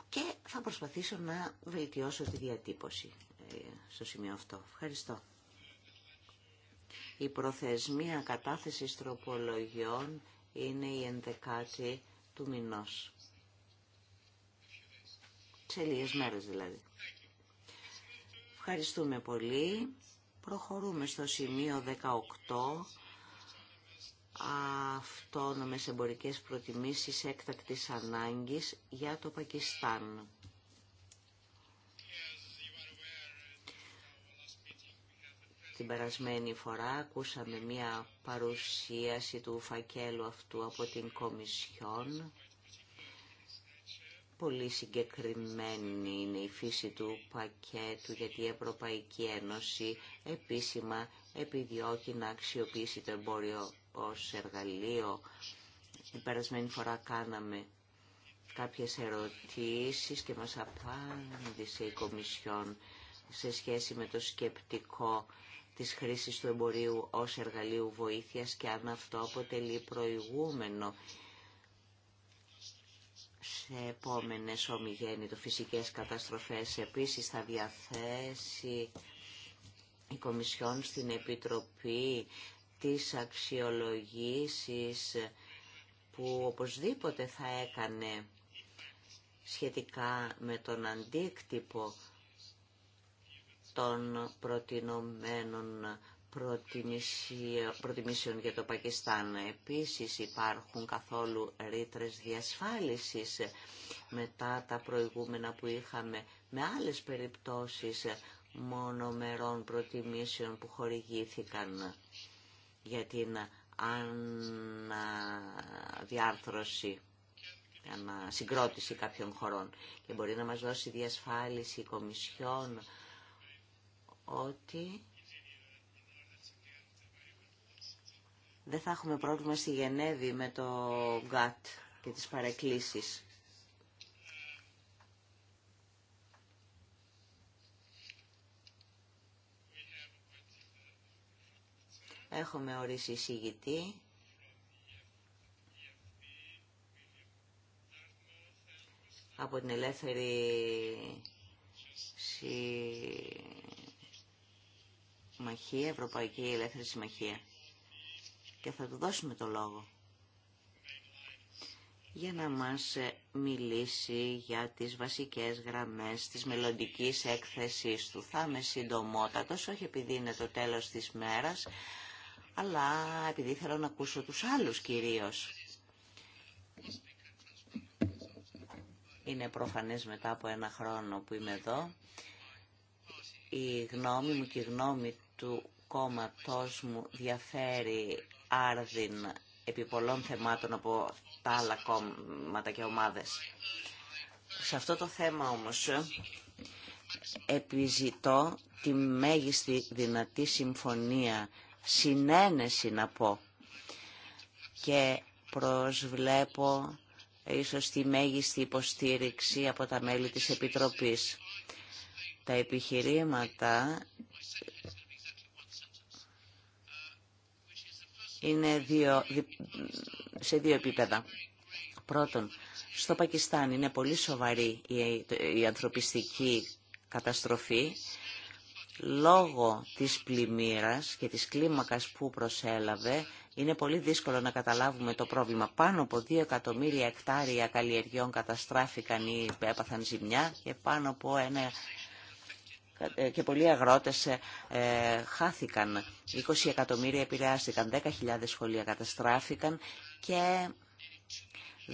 και θα προσπαθήσω να βελτιώσω τη διατύπωση ε, στο σημείο αυτό. Ευχαριστώ. Η προθεσμία κατάθεση τροπολογιών είναι η 11 του μηνός. Σε λίγες μέρες δηλαδή. Ευχαριστούμε πολύ. Προχωρούμε στο σημείο 18 αυτόνομες εμπορικές προτιμήσεις έκτακτης ανάγκης για το Πακιστάν. Την περασμένη φορά ακούσαμε μία παρουσίαση του φακέλου αυτού από την Κομισιόν. Πολύ συγκεκριμένη είναι η φύση του πακέτου γιατί η Ευρωπαϊκή Ένωση επίσημα επιδιώκει να αξιοποιήσει το εμπόριο ως εργαλείο. Την περασμένη φορά κάναμε κάποιες ερωτήσεις και μας απάντησε η Κομισιόν σε σχέση με το σκεπτικό της χρήσης του εμπορίου ως εργαλείου βοήθειας και αν αυτό αποτελεί προηγούμενο σε επόμενες ομιγέννητο φυσικές καταστροφές. Επίσης θα διαθέσει η Κομισιόν στην Επιτροπή της αξιολογήσεις που οπωσδήποτε θα έκανε σχετικά με τον αντίκτυπο των προτινομένων προτιμήσεων για το Πακιστάν. Επίσης υπάρχουν καθόλου ρήτρες διασφάλισης μετά τα προηγούμενα που είχαμε με άλλες περιπτώσεις μονομερών προτιμήσεων που χορηγήθηκαν για την αναδιάρθρωση, ανασυγκρότηση κάποιων χωρών. Και μπορεί να μας δώσει διασφάλιση κομισιών ότι δεν θα έχουμε πρόβλημα στη Γενέβη με το ΓΚΑΤ και τις παρεκκλήσεις. Έχουμε ορίσει εισηγητή. Από την ελεύθερη συμμαχία, Ευρωπαϊκή Ελεύθερη Συμμαχία. Και θα του δώσουμε το λόγο για να μας μιλήσει για τις βασικές γραμμές της μελλοντική έκθεσης του. Θα είμαι συντομότατος, όχι επειδή είναι το τέλος της μέρας, αλλά επειδή θέλω να ακούσω τους άλλους κυρίως. Είναι προφανές μετά από ένα χρόνο που είμαι εδώ. Η γνώμη μου και η γνώμη του κόμματός μου διαφέρει άρδιν επί πολλών θεμάτων από τα άλλα κόμματα και ομάδες. Σε αυτό το θέμα όμως επιζητώ τη μέγιστη δυνατή συμφωνία συνένεση να πω και προσβλέπω ίσως τη μέγιστη υποστήριξη από τα μέλη της Επιτροπής. Τα επιχειρήματα είναι σε δύο επίπεδα. Πρώτον, στο Πακιστάν είναι πολύ σοβαρή η ανθρωπιστική καταστροφή λόγω της πλημμύρας και της κλίμακας που προσέλαβε είναι πολύ δύσκολο να καταλάβουμε το πρόβλημα. Πάνω από 2 εκατομμύρια εκτάρια καλλιεργιών καταστράφηκαν ή έπαθαν ζημιά και πάνω από ένα ε, και πολλοί αγρότες ε, χάθηκαν. 20 εκατομμύρια επηρεάστηκαν, 10.000 σχολεία καταστράφηκαν και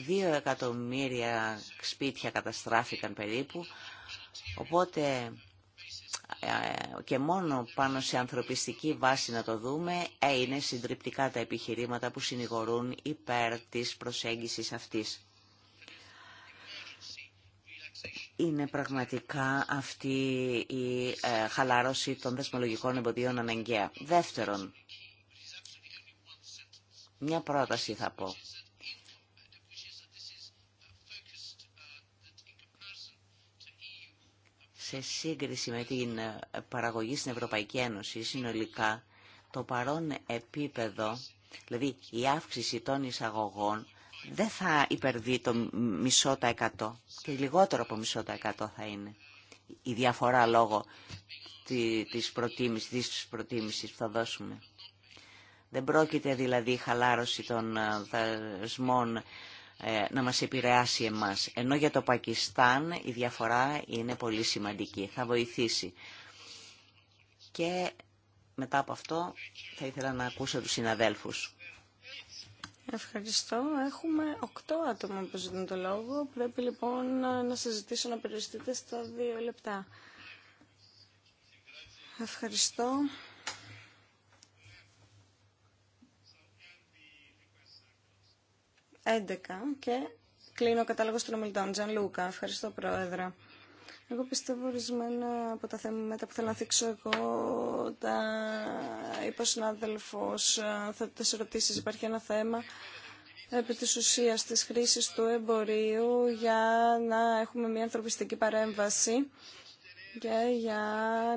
2 εκατομμύρια σπίτια καταστράφηκαν περίπου. Οπότε ε, και μόνο πάνω σε ανθρωπιστική βάση να το δούμε, ε, είναι συντριπτικά τα επιχειρήματα που συνηγορούν υπέρ της προσέγγισης αυτής. Είναι πραγματικά αυτή η ε, χαλάρωση των δεσμολογικών εμποδίων αναγκαία. Δεύτερον, μια πρόταση θα πω. σε σύγκριση με την ε, παραγωγή στην Ευρωπαϊκή Ένωση συνολικά, το παρόν επίπεδο, δηλαδή η αύξηση των εισαγωγών, δεν θα υπερβεί το μισό τα εκατό και λιγότερο από μισό τα εκατό θα είναι η διαφορά λόγω της προτίμησης, της προτίμησης που θα δώσουμε. Δεν πρόκειται δηλαδή η χαλάρωση των ε, δασμών ε, να μας επηρεάσει εμάς. Ενώ για το Πακιστάν η διαφορά είναι πολύ σημαντική, θα βοηθήσει. Και μετά από αυτό θα ήθελα να ακούσω τους συναδέλφους. Ευχαριστώ. Έχουμε οκτώ άτομα που ζητούν το λόγο. Πρέπει λοιπόν να σας ζητήσω να περιοριστείτε στα δύο λεπτά. Ευχαριστώ. 11 και κλείνω ο κατάλογος των ομιλητών. Τζαν Λούκα, ευχαριστώ Πρόεδρε. Εγώ πιστεύω ορισμένα από τα θέματα που θέλω να θίξω εγώ, τα είπα ο συνάδελφος, θα τις υπάρχει ένα θέμα επί της ουσίας της χρήσης του εμπορίου για να έχουμε μια ανθρωπιστική παρέμβαση και για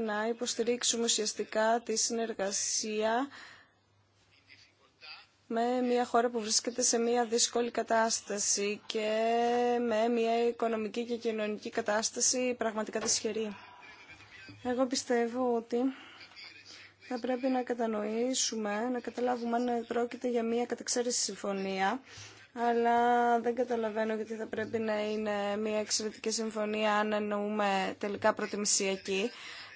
να υποστηρίξουμε ουσιαστικά τη συνεργασία με μια χώρα που βρίσκεται σε μια δύσκολη κατάσταση και με μια οικονομική και κοινωνική κατάσταση πραγματικά δυσχερή. Εγώ πιστεύω ότι θα πρέπει να κατανοήσουμε, να καταλάβουμε αν πρόκειται για μια κατεξαίρεση συμφωνία, αλλά δεν καταλαβαίνω γιατί θα πρέπει να είναι μια εξαιρετική συμφωνία αν εννοούμε τελικά προτιμησιακή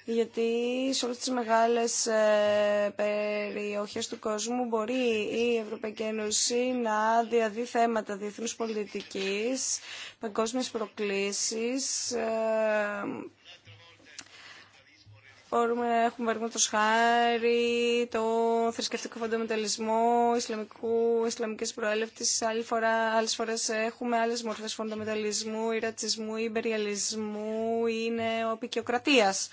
γιατί σε όλες τις μεγάλες ε, περιοχές του κόσμου μπορεί η Ευρωπαϊκή Ένωση να διαδεί θέματα διεθνούς πολιτικής, παγκόσμιες προκλήσεις, ε, Μπορούμε να έχουμε παραδείγματο χάρη το θρησκευτικό φονταμεταλλισμό ισλαμικού, ισλαμικής προέλευσης. Άλλη φορά, άλλες φορές έχουμε άλλες μορφές φονταμεταλλισμού ή ρατσισμού ή υπεριαλισμού ή νεοπικιοκρατίας.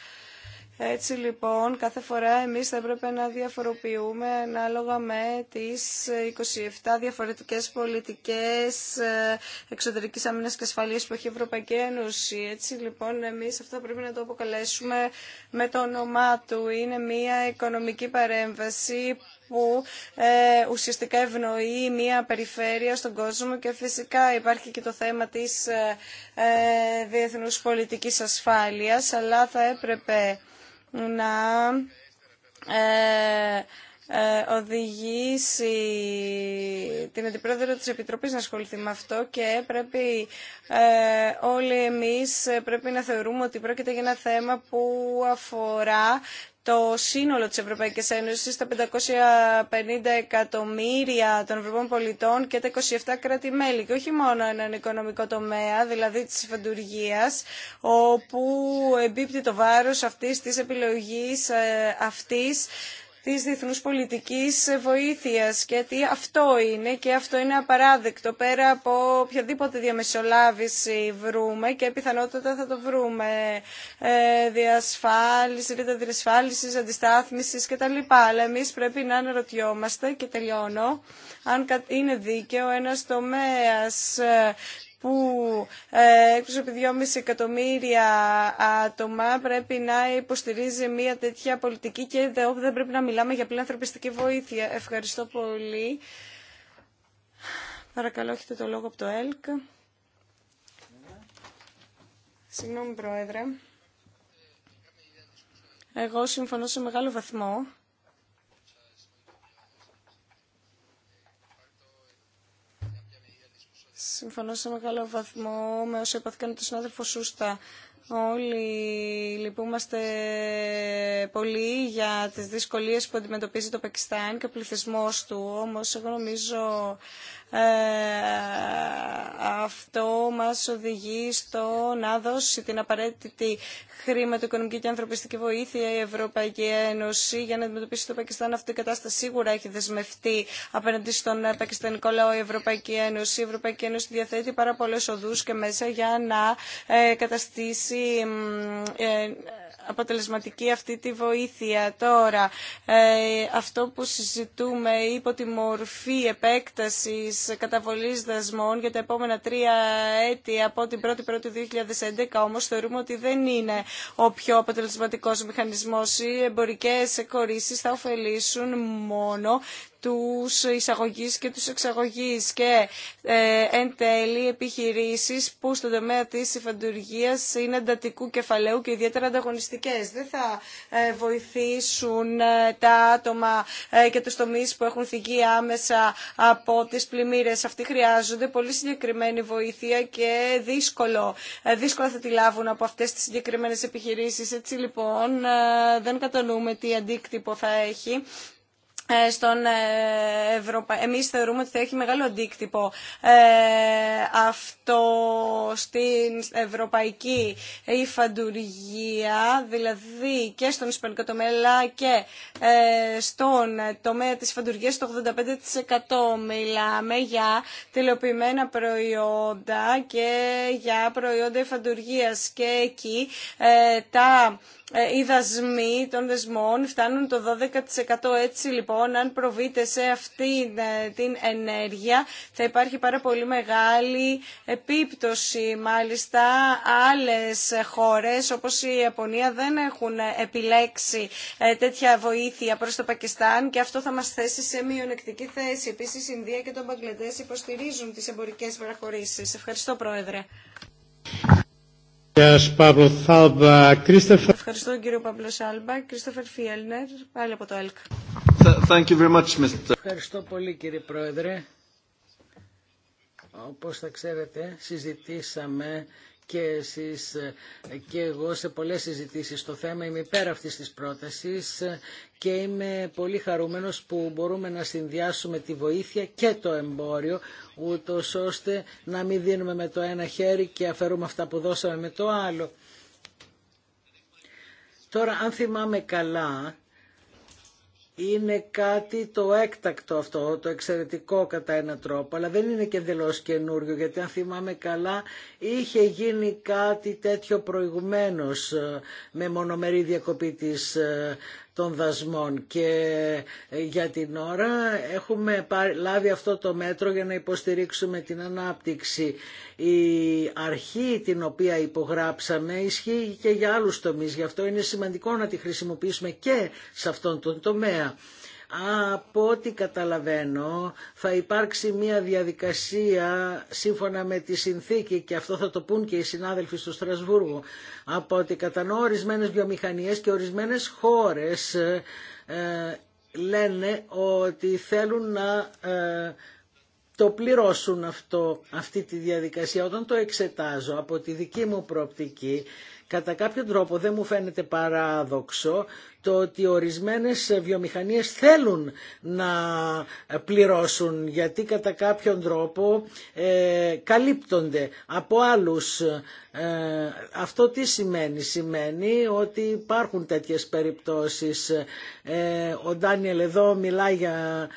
Έτσι λοιπόν κάθε φορά εμείς θα έπρεπε να διαφοροποιούμε ανάλογα με τις 27 ε, διαφορετικές πολιτικές ε, εξωτερικής άμυνας και ασφαλείας που έχει η Ευρωπαϊκή Ένωση. Έτσι λοιπόν εμείς αυτό πρέπει να το αποκαλέσουμε με το όνομά του. Είναι μια οικονομική παρέμβαση που ε, ουσιαστικά ευνοεί μια περιφέρεια στον κόσμο και φυσικά υπάρχει και το θέμα της ε, διεθνούς πολιτικής ασφάλειας, αλλά θα έπρεπε να ε, ε, οδηγήσει την Αντιπρόεδρο της Επιτροπής να ασχοληθεί με αυτό και πρέπει ε, όλοι εμείς πρέπει να θεωρούμε ότι πρόκειται για ένα θέμα που αφορά το σύνολο της Ευρωπαϊκής Ένωσης, τα 550 εκατομμύρια των Ευρωπαίων πολιτών και τα 27 κράτη-μέλη. Και όχι μόνο έναν οικονομικό τομέα, δηλαδή της φαντουργίας, όπου εμπίπτει το βάρος αυτής της επιλογής ε, αυτής τη διεθνού πολιτικής βοήθεια, γιατί αυτό είναι και αυτό είναι απαράδεκτο πέρα από οποιαδήποτε διαμεσολάβηση βρούμε και πιθανότατα θα το βρούμε ε, διασφάλιση, ρήτα διασφάλισης, αντιστάθμισης κτλ. Αλλά εμεί πρέπει να αναρωτιόμαστε και τελειώνω αν είναι δίκαιο ένα τομέα που από ε, 2,5 εκατομμύρια άτομα πρέπει να υποστηρίζει μια τέτοια πολιτική και δεν πρέπει να μιλάμε για πλέον ανθρωπιστική βοήθεια. Ευχαριστώ πολύ. Παρακαλώ, έχετε το λόγο από το ΕΛΚ. Συγγνώμη, Πρόεδρε. Εγώ συμφωνώ σε μεγάλο βαθμό Συμφωνώ σε μεγάλο βαθμό με όσα το τον συνάδελφο Σούστα. Όλοι λυπούμαστε πολύ για τις δυσκολίες που αντιμετωπίζει το Πακιστάν και ο πληθυσμός του. Όμως εγώ νομίζω ε, αυτό μας οδηγεί στο να δώσει την απαραίτητη χρηματοοικονομική και ανθρωπιστική βοήθεια η Ευρωπαϊκή Ένωση για να αντιμετωπίσει το Πακιστάν αυτή η κατάσταση. Σίγουρα έχει δεσμευτεί απέναντι στον πακιστανικό λαό η Ευρωπαϊκή Ένωση. Η Ευρωπαϊκή Ένωση διαθέτει πάρα πολλέ οδού και μέσα για να ε, καταστήσει ε, αποτελεσματική αυτή τη βοήθεια. Τώρα, ε, αυτό που συζητούμε υπό τη μορφή επέκτασης καταβολής δασμών για τα επόμενα τρία έτη από την 1η του 2011 όμως θεωρούμε ότι δεν είναι ο πιο αποτελεσματικός μηχανισμός. Οι εμπορικές κορίσεις θα ωφελήσουν μόνο τους εισαγωγείς και τους εξαγωγείς και ε, εν τέλει επιχειρήσεις που στον τομέα της υφαντουργίας είναι εντατικού κεφαλαίου και ιδιαίτερα ανταγωνιστικές. Δεν θα ε, βοηθήσουν ε, τα άτομα ε, και τους τομείς που έχουν θυγεί άμεσα από τις πλημμύρες. Αυτοί χρειάζονται πολύ συγκεκριμένη βοήθεια και δύσκολο, δύσκολα θα τη λάβουν από αυτές τις συγκεκριμένες επιχειρήσεις. Έτσι λοιπόν δεν κατανοούμε τι αντίκτυπο θα έχει ε, στον ε, Ευρωπα... Εμείς θεωρούμε ότι θα έχει μεγάλο αντίκτυπο ε, αυτό στην ευρωπαϊκή υφαντουργία, δηλαδή και στον ισπανικό τομέα αλλά και ε, στον τομέα της υφαντουργίας το 85% μιλάμε για τελειοποιημένα προϊόντα και για προϊόντα υφαντουργίας και εκεί τα ε, οι δασμοί των δεσμών φτάνουν το 12%. Έτσι λοιπόν, αν προβείτε σε αυτή ε, την ενέργεια, θα υπάρχει πάρα πολύ μεγάλη επίπτωση. Μάλιστα, άλλες χώρες όπως η Ιαπωνία δεν έχουν επιλέξει ε, τέτοια βοήθεια προς το Πακιστάν και αυτό θα μας θέσει σε μειονεκτική θέση. Επίσης, η Ινδία και το Μπαγκλαντές υποστηρίζουν τις εμπορικές παραχωρήσεις. Ευχαριστώ, Πρόεδρε. Ευχαριστώ κύριο Παύλο Σάλμπα. Κρίστοφερ Φιέλνερ, πάλι από το ΕΛΚ. Ευχαριστώ πολύ κύριε Πρόεδρε. Όπως θα ξέρετε συζητήσαμε και εσείς ε, και εγώ σε πολλές συζητήσεις στο θέμα. Είμαι υπέρ αυτής της πρότασης ε, και είμαι πολύ χαρούμενος που μπορούμε να συνδυάσουμε τη βοήθεια και το εμπόριο ούτω ώστε να μην δίνουμε με το ένα χέρι και αφαιρούμε αυτά που δώσαμε με το άλλο. Τώρα αν θυμάμαι καλά είναι κάτι το έκτακτο αυτό, το εξαιρετικό κατά έναν τρόπο, αλλά δεν είναι και εντελώ καινούριο, γιατί αν θυμάμαι καλά είχε γίνει κάτι τέτοιο προηγουμένως ε, με μονομερή διακοπή της ε, των και ε, για την ώρα έχουμε λάβει αυτό το μέτρο για να υποστηρίξουμε την ανάπτυξη. Η αρχή την οποία υπογράψαμε ισχύει και για άλλους τομείς, γι' αυτό είναι σημαντικό να τη χρησιμοποιήσουμε και σε αυτόν τον τομέα. Από ό,τι καταλαβαίνω θα υπάρξει μια διαδικασία σύμφωνα με τη συνθήκη και αυτό θα το πούν και οι συνάδελφοι στο Στρασβούργο. Από ό,τι κατανοώ ορισμένες βιομηχανίες και ορισμένες χώρες ε, λένε ότι θέλουν να... Ε, το πληρώσουν αυτό, αυτή τη διαδικασία. Όταν το εξετάζω από τη δική μου προοπτική, κατά κάποιο τρόπο δεν μου φαίνεται παράδοξο το ότι ορισμένες βιομηχανίες θέλουν να πληρώσουν γιατί κατά κάποιον τρόπο ε, καλύπτονται από άλλους. Ε, αυτό τι σημαίνει. Σημαίνει ότι υπάρχουν τέτοιες περιπτώσεις. Ε, ο Ντάνιελ εδώ μιλάει για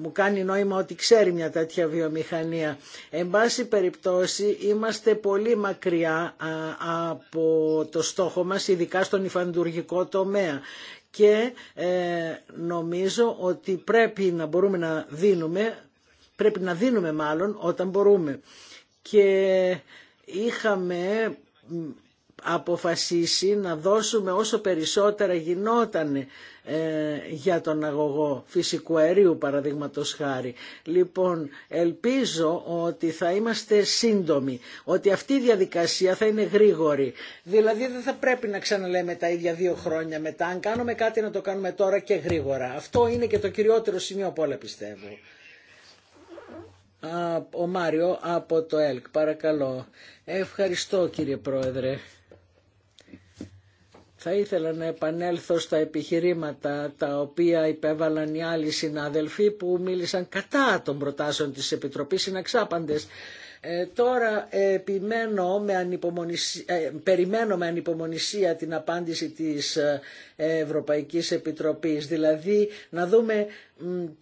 μου κάνει νόημα ότι ξέρει μια τέτοια βιομηχανία. Εν πάση περιπτώσει είμαστε πολύ μακριά από το στόχο μας, ειδικά στον υφαντουργικό τομέα. Και ε, νομίζω ότι πρέπει να μπορούμε να δίνουμε, πρέπει να δίνουμε μάλλον όταν μπορούμε. Και είχαμε αποφασίσει να δώσουμε όσο περισσότερα γινόταν ε, για τον αγωγό φυσικού αερίου παραδείγματος χάρη. Λοιπόν, ελπίζω ότι θα είμαστε σύντομοι, ότι αυτή η διαδικασία θα είναι γρήγορη. Δηλαδή δεν θα πρέπει να ξαναλέμε τα ίδια δύο χρόνια μετά. Αν κάνουμε κάτι να το κάνουμε τώρα και γρήγορα. Αυτό είναι και το κυριότερο σημείο από όλα πιστεύω. Ο Μάριο από το ΕΛΚ, παρακαλώ. Ευχαριστώ κύριε Πρόεδρε. Θα ήθελα να επανέλθω στα επιχειρήματα τα οποία υπέβαλαν οι άλλοι συνάδελφοι που μίλησαν κατά των προτάσεων της Επιτροπής, συναξάπαντες. Ε, τώρα επιμένω με ε, περιμένω με ανυπομονησία την απάντηση της ε, Ευρωπαϊκής Επιτροπής, δηλαδή να δούμε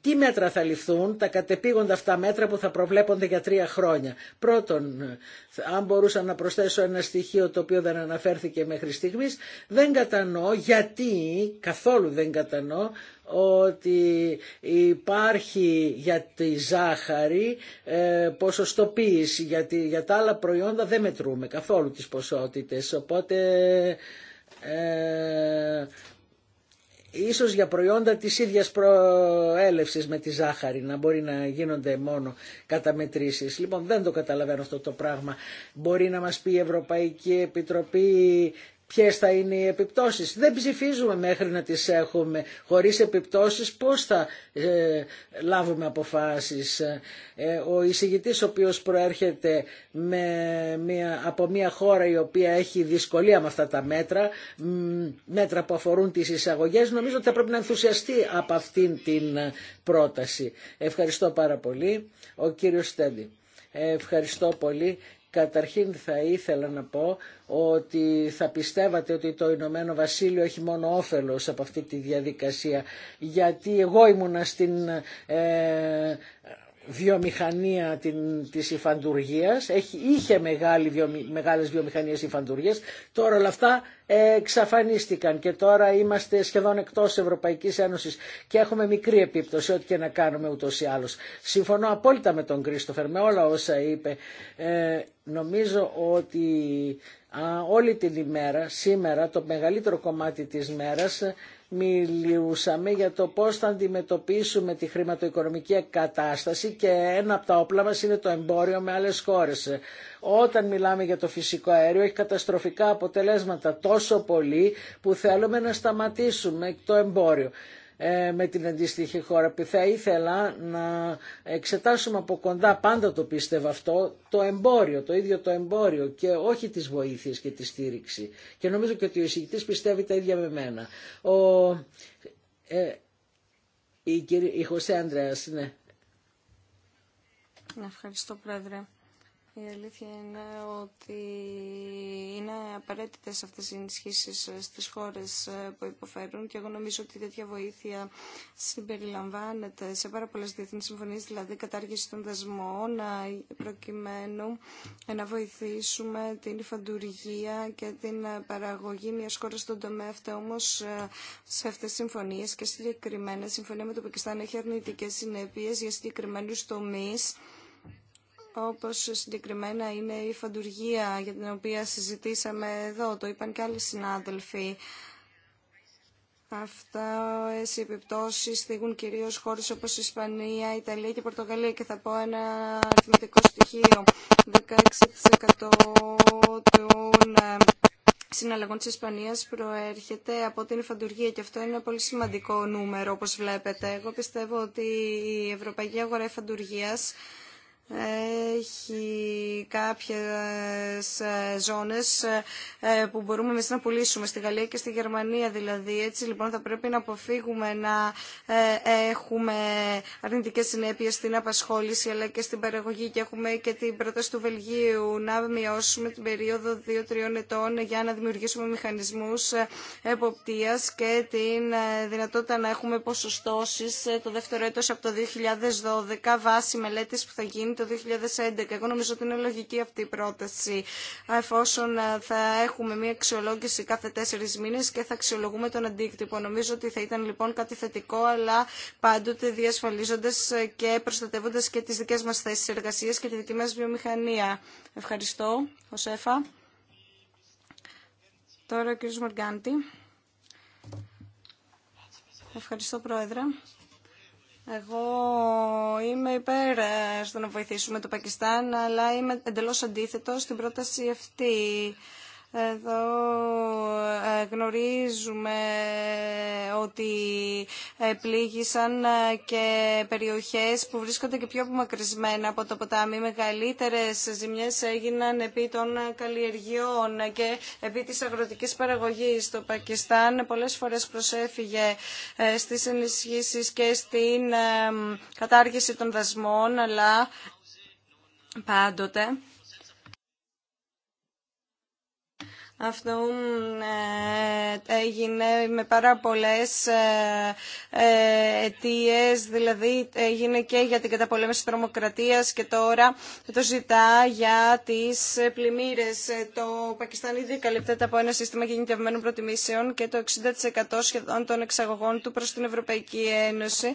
τι μέτρα θα ληφθούν, τα κατεπήγοντα αυτά μέτρα που θα προβλέπονται για τρία χρόνια. Πρώτον, αν μπορούσα να προσθέσω ένα στοιχείο το οποίο δεν αναφέρθηκε μέχρι στιγμής, δεν κατανοώ γιατί, καθόλου δεν κατανοώ, ότι υπάρχει για τη ζάχαρη ε, ποσοστοποίηση, γιατί για τα άλλα προϊόντα δεν μετρούμε καθόλου τις ποσότητες, οπότε... Ε, ίσως για προϊόντα της ίδιας προέλευσης με τη ζάχαρη να μπορεί να γίνονται μόνο καταμετρήσεις. Λοιπόν δεν το καταλαβαίνω αυτό το πράγμα. Μπορεί να μας πει η Ευρωπαϊκή Επιτροπή ποιε θα είναι οι επιπτώσεις. Δεν ψηφίζουμε μέχρι να τις έχουμε. Χωρίς επιπτώσεις πώς θα ε, λάβουμε αποφάσεις. Ε, ο εισηγητής ο οποίος προέρχεται με μια, από μια χώρα η οποία έχει δυσκολία με αυτά τα μέτρα, μέτρα που αφορούν τις εισαγωγές, νομίζω ότι θα πρέπει να ενθουσιαστεί από αυτήν την πρόταση. Ευχαριστώ πάρα πολύ. Ο κύριος Στέντι. Ευχαριστώ πολύ. Καταρχήν θα ήθελα να πω ότι θα πιστεύατε ότι το Ηνωμένο Βασίλειο έχει μόνο όφελος από αυτή τη διαδικασία γιατί εγώ ήμουνα στην ε, βιομηχανία την, της υφαντουργίας, Έχει, είχε μεγάλη βιομη, μεγάλες βιομηχανίες υφαντουργίας, τώρα όλα αυτά εξαφανίστηκαν και τώρα είμαστε σχεδόν εκτός Ευρωπαϊκής Ένωσης και έχουμε μικρή επίπτωση ό,τι και να κάνουμε ούτως ή άλλως. Συμφωνώ απόλυτα με τον Κρίστοφερ, με όλα όσα είπε. Ε, νομίζω ότι όλη την ημέρα, σήμερα, το μεγαλύτερο κομμάτι της μέρας μιλούσαμε για το πώς θα αντιμετωπίσουμε τη χρηματοοικονομική κατάσταση και ένα από τα όπλα μας είναι το εμπόριο με άλλες χώρες. Όταν μιλάμε για το φυσικό αέριο έχει καταστροφικά αποτελέσματα τόσο πολύ που θέλουμε να σταματήσουμε το εμπόριο. Ε, με την αντίστοιχη χώρα. Που θα ήθελα να εξετάσουμε από κοντά, πάντα το πίστευα αυτό, το εμπόριο, το ίδιο το εμπόριο και όχι τις βοήθειες και τη στήριξη. Και νομίζω και ότι ο εισηγητής πιστεύει τα ίδια με μένα. Ο, ε, η, η Χωσέ Ανδρέας, ναι. Ευχαριστώ, Πρόεδρε. Η αλήθεια είναι ότι είναι απαραίτητες αυτές οι ενισχύσεις ε, στις χώρες ε, που υποφέρουν και εγώ νομίζω ότι τέτοια βοήθεια συμπεριλαμβάνεται σε πάρα πολλές διεθνείς συμφωνίες, δηλαδή κατάργηση των δεσμών ε, προκειμένου να βοηθήσουμε την υφαντουργία και την παραγωγή μιας χώρας στον τομέα αυτό όμως σε αυτές τις συμφωνίες και συγκεκριμένα συμφωνία με το Πακιστάν έχει αρνητικές συνέπειες για συγκεκριμένους τομείς όπως συγκεκριμένα είναι η φαντουργία για την οποία συζητήσαμε εδώ, το είπαν και άλλοι συνάδελφοι. Αυτά οι επιπτώσεις θίγουν κυρίως χώρες όπως η Ισπανία, η Ιταλία και η Πορτογαλία και θα πω ένα αριθμητικό στοιχείο. 16% των ε, συναλλαγών της Ισπανίας προέρχεται από την φαντουργία και αυτό είναι ένα πολύ σημαντικό νούμερο όπως βλέπετε. Εγώ πιστεύω ότι η Ευρωπαϊκή Αγορά Υφαντουργίας έχει κάποιες ε, ζώνες ε, που μπορούμε εμείς να πουλήσουμε στη Γαλλία και στη Γερμανία δηλαδή. Έτσι λοιπόν θα πρέπει να αποφύγουμε να ε, έχουμε αρνητικές συνέπειες στην απασχόληση αλλά και στην παραγωγή και έχουμε και την πρόταση του Βελγίου να μειώσουμε την περίοδο 2-3 ετών για να δημιουργήσουμε μηχανισμούς εποπτείας και την δυνατότητα να έχουμε ποσοστώσεις το δεύτερο έτος από το 2012 βάσει μελέτης που θα γίνει γίνει το 2011. Εγώ νομίζω ότι είναι λογική αυτή η πρόταση, εφόσον θα έχουμε μία αξιολόγηση κάθε τέσσερι μήνε και θα αξιολογούμε τον αντίκτυπο. Νομίζω ότι θα ήταν λοιπόν κάτι θετικό, αλλά πάντοτε διασφαλίζοντα και προστατεύοντα και τι δικέ μα θέσει εργασία και τη δική μα βιομηχανία. Ευχαριστώ, Ωσέφα. Τώρα ο κ. Μαργκάντη. Ευχαριστώ, Πρόεδρε. Εγώ είμαι υπέρ ε, στο να βοηθήσουμε το Πακιστάν, αλλά είμαι εντελώς αντίθετο στην πρόταση αυτή. Εδώ ε, γνωρίζουμε ότι ε, πλήγησαν ε, και περιοχές που βρίσκονται και πιο απομακρυσμένα από το ποτάμι. Μεγαλύτερες ζημιές έγιναν επί των καλλιεργειών και επί της αγροτικής παραγωγής. στο Πακιστάν πολλές φορές προσέφυγε στις ενισχύσεις και στην κατάργηση των δασμών, αλλά πάντοτε Αυτό ε, έγινε με πάρα πολλές ε, ε, αιτίε, δηλαδή έγινε και για την καταπολέμηση τρομοκρατίας και τώρα το ζητά για τις πλημμύρες. Το Πακιστάν ήδη καλύπτεται από ένα σύστημα γενικευμένων προτιμήσεων και το 60% σχεδόν των εξαγωγών του προς την Ευρωπαϊκή Ένωση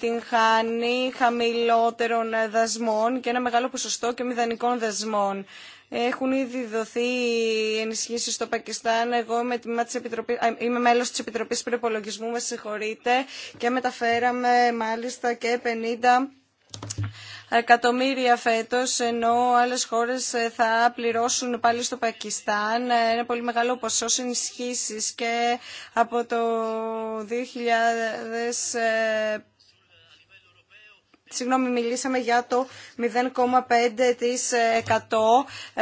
την χάνει χαμηλότερων δασμών και ένα μεγάλο ποσοστό και μηδανικών δασμών. Έχουν ήδη δοθεί ενισχύσει στο Πακιστάν. Εγώ με της είμαι μέλο τη επιτροπή Προπολογισμού, με συγχωρείτε, και μεταφέραμε μάλιστα και 50 εκατομμύρια φέτος, ενώ άλλες χώρες ε, θα πληρώσουν πάλι στο Πακιστάν ένα ε, πολύ μεγάλο ποσό ενισχύσεις και από το 2005 συγγνώμη, μιλήσαμε για το 0,5% ε,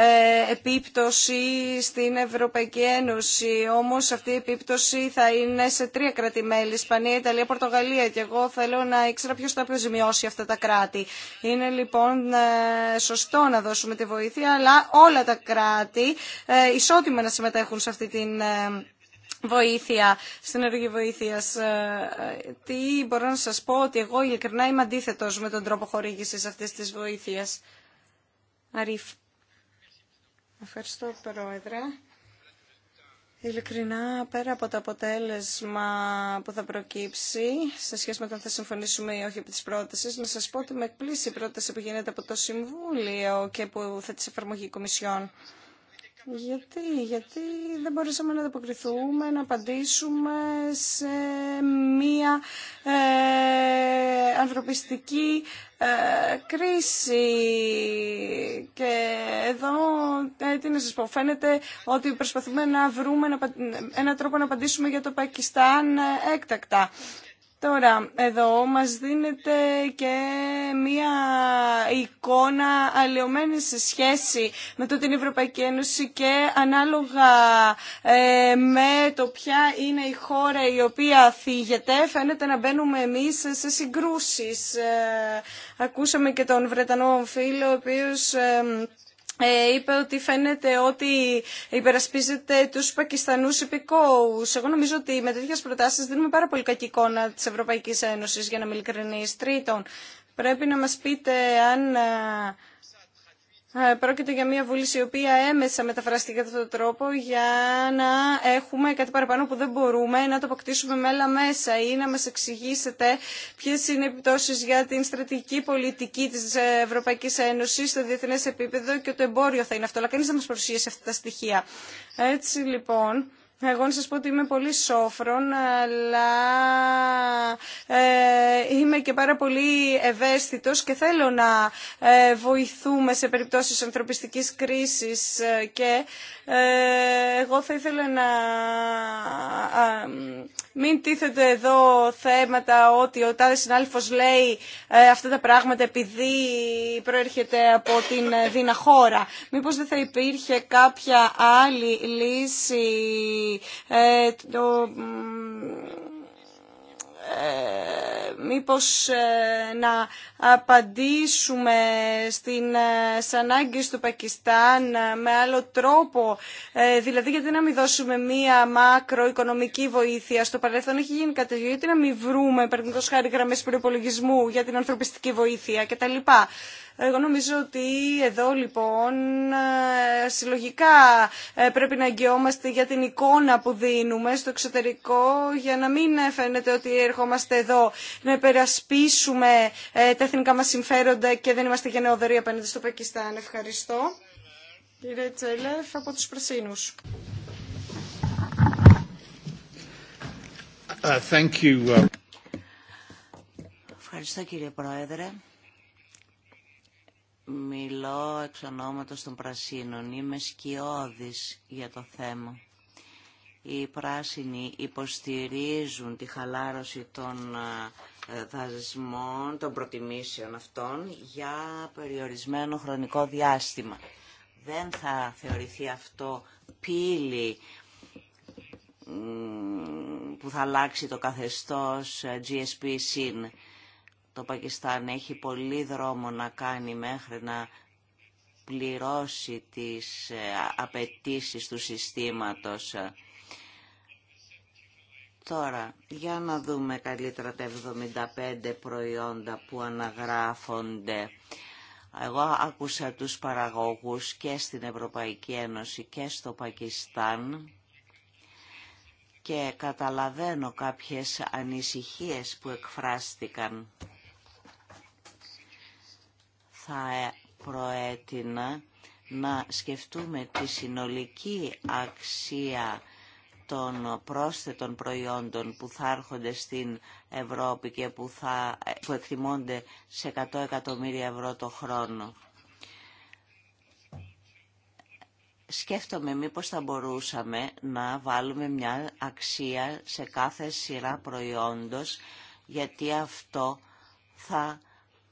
ε, επίπτωση στην Ευρωπαϊκή Ένωση. Όμως αυτή η επίπτωση θα είναι σε τρία κράτη-μέλη, Ισπανία, Ιταλία, Πορτογαλία. Και εγώ θέλω να ήξερα ποιος θα αποζημιώσει αυτά τα κράτη. Είναι λοιπόν ε, σωστό να δώσουμε τη βοήθεια, αλλά όλα τα κράτη ισότιμα να συμμετέχουν σε αυτή την βοήθεια, στην έργη βοήθεια. Ε, ε, τι μπορώ να σα πω ότι εγώ ειλικρινά είμαι αντίθετο με τον τρόπο χορήγηση αυτή τη βοήθεια. Αρήφ. Ευχαριστώ, Πρόεδρε. Ειλικρινά, πέρα από το αποτέλεσμα που θα προκύψει, σε σχέση με το αν θα συμφωνήσουμε ή όχι από της πρότασης, να σας πω ότι με εκπλήσει η πρόταση που γίνεται από το Συμβούλιο και που θα τη εφαρμογεί η Κομισιόν. Γιατί, γιατί δεν μπορούσαμε να ανταποκριθούμε, να απαντήσουμε σε μία ε, ανθρωπιστική ε, κρίση. Και εδώ, ε, τι να σας πω, φαίνεται ότι προσπαθούμε να βρούμε ένα, ένα τρόπο να απαντήσουμε για το Πακιστάν έκτακτα. Τώρα, εδώ μας δίνεται και μία εικόνα αλλοιωμένη σε σχέση με το την Ευρωπαϊκή Ένωση και ανάλογα ε, με το ποια είναι η χώρα η οποία θίγεται, φαίνεται να μπαίνουμε εμείς σε συγκρούσεις. Ε, ακούσαμε και τον Βρετανό φίλο, ο οποίος... Ε, ε, είπε ότι φαίνεται ότι υπερασπίζεται τους Πακιστανούς υπηκόους. Εγώ νομίζω ότι με τέτοιες προτάσεις δίνουμε πάρα πολύ κακή εικόνα της Ευρωπαϊκής Ένωσης, για να είμαι ειλικρινής. Τρίτον, πρέπει να μας πείτε αν ε, ε, πρόκειται για μια βούληση η οποία έμεσα μεταφράστηκε κατά αυτόν τον τρόπο για να έχουμε κάτι παραπάνω που δεν μπορούμε να το αποκτήσουμε μέλα μέσα ή να μας εξηγήσετε ποιες είναι οι επιπτώσεις για την στρατηγική πολιτική της Ευρωπαϊκής Ένωσης στο διεθνές επίπεδο και το εμπόριο θα είναι αυτό. Αλλά κανείς δεν μας παρουσίασε αυτά τα στοιχεία. Έτσι λοιπόν... Εγώ να σας πω ότι είμαι πολύ σόφρον, αλλά ε, είμαι και πάρα πολύ ευαίσθητος και θέλω να ε, βοηθούμε σε περιπτώσεις ανθρωπιστικής κρίσης ε, και εγώ θα ήθελα να μην τίθεται εδώ θέματα ότι ο τάδε συνάλφος λέει ε, αυτά τα πράγματα επειδή προέρχεται από την ε, Δίνα χώρα. Μήπως δεν θα υπήρχε κάποια άλλη λύση ε, ε, μήπως ε, να απαντήσουμε στην ε, ανάγκη του Πακιστάν με άλλο τρόπο. Δηλαδή γιατί να μην δώσουμε μία μακροοικονομική βοήθεια. Στο παρελθόν έχει γίνει κάτι γιατί να μην βρούμε παραδείγματος χάρη γραμμές προπολογισμού για την ανθρωπιστική βοήθεια κτλ. Εγώ νομίζω ότι εδώ λοιπόν συλλογικά πρέπει να αγγιόμαστε για την εικόνα που δίνουμε στο εξωτερικό για να μην φαίνεται ότι έρχονται ερχόμαστε εδώ να υπερασπίσουμε ε, τα εθνικά μας συμφέροντα και δεν είμαστε γενναιοδοροί απέναντι στο Πακιστάν. Ευχαριστώ. Κύριε Τσέλεφ, από τους Πρασίνους. Uh, uh. Ευχαριστώ κύριε Πρόεδρε. Μιλώ εξ ονόματος των Πρασίνων. Είμαι σκιώδης για το θέμα. Οι πράσινοι υποστηρίζουν τη χαλάρωση των ε, δασμών, των προτιμήσεων αυτών για περιορισμένο χρονικό διάστημα. Δεν θα θεωρηθεί αυτό πύλη που θα αλλάξει το καθεστώς ε, GSP-SYN. Το Πακιστάν έχει πολύ δρόμο να κάνει μέχρι να πληρώσει τις ε, απαιτήσεις του συστήματος Τώρα, για να δούμε καλύτερα τα 75 προϊόντα που αναγράφονται. Εγώ άκουσα τους παραγωγούς και στην Ευρωπαϊκή Ένωση και στο Πακιστάν και καταλαβαίνω κάποιες ανησυχίες που εκφράστηκαν. Θα προέτεινα να σκεφτούμε τη συνολική αξία των πρόσθετων προϊόντων που θα έρχονται στην Ευρώπη και που, θα, που εκτιμώνται σε 100 εκατομμύρια ευρώ το χρόνο. Σκέφτομαι μήπως θα μπορούσαμε να βάλουμε μια αξία σε κάθε σειρά προϊόντος, γιατί αυτό θα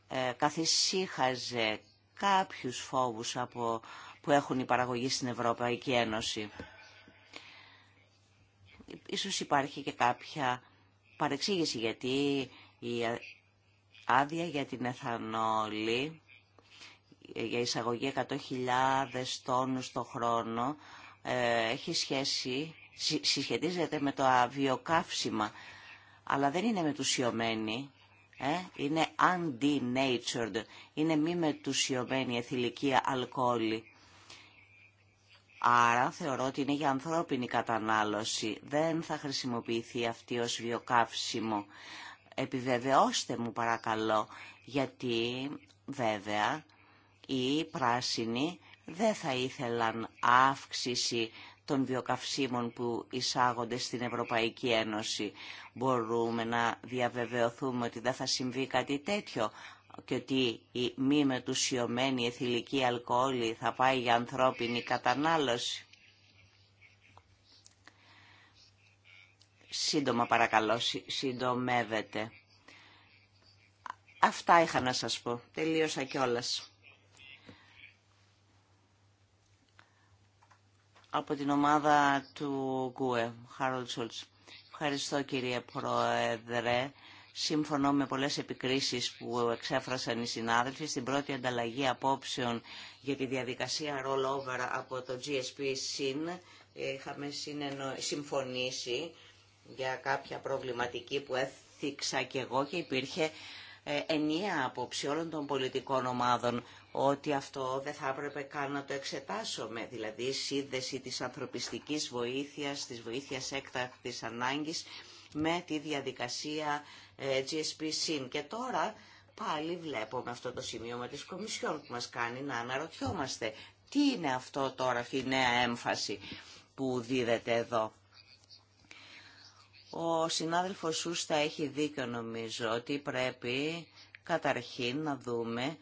ε, καθησύχαζε κάποιους φόβους από, που έχουν οι παραγωγή στην Ευρωπαϊκή Ένωση ίσως υπάρχει και κάποια παρεξήγηση γιατί η άδεια για την εθανόλη για εισαγωγή 100.000 τόνους το χρόνο ε, έχει σχέση, συσχετίζεται με το αβιοκαύσιμα, αλλά δεν είναι μετουσιωμένη, ε? ειναι undenatured, είναι μη μετουσιωμένη εθιλική αλκοόλη. Άρα θεωρώ ότι είναι για ανθρώπινη κατανάλωση. Δεν θα χρησιμοποιηθεί αυτή ως βιοκαύσιμο. Επιβεβαιώστε μου παρακαλώ, γιατί βέβαια οι πράσινοι δεν θα ήθελαν αύξηση των βιοκαυσίμων που εισάγονται στην Ευρωπαϊκή Ένωση. Μπορούμε να διαβεβαιωθούμε ότι δεν θα συμβεί κάτι τέτοιο και ότι η μη μετουσιωμένη εθιλική αλκοόλη θα πάει για ανθρώπινη κατανάλωση. Σύντομα παρακαλώ, συντομεύεται. Αυτά είχα να σας πω. Τελείωσα κιόλας. Από την ομάδα του ΚΟΕ, Χάρολτ Σούλτς. Ευχαριστώ κύριε Πρόεδρε. Σύμφωνο με πολλές επικρίσεις που εξέφρασαν οι συνάδελφοι στην πρώτη ανταλλαγή απόψεων για τη διαδικασία rollover από το GSP-SYN ε, είχαμε συμφωνήσει για κάποια προβληματική που έθιξα και εγώ και υπήρχε ε, ενιαία απόψη όλων των πολιτικών ομάδων ότι αυτό δεν θα έπρεπε καν να το εξετάσουμε, δηλαδή η σύνδεση της ανθρωπιστικής βοήθειας, της βοήθειας έκτακτης ανάγκης με τη διαδικασία ε, GSP SIM και τώρα πάλι βλέπουμε αυτό το σημείωμα της Κομισιόν που μας κάνει να αναρωτιόμαστε τι είναι αυτό τώρα, αυτή η νέα έμφαση που δίδεται εδώ. Ο συνάδελφος Σούστα έχει δίκιο νομίζω ότι πρέπει καταρχήν να δούμε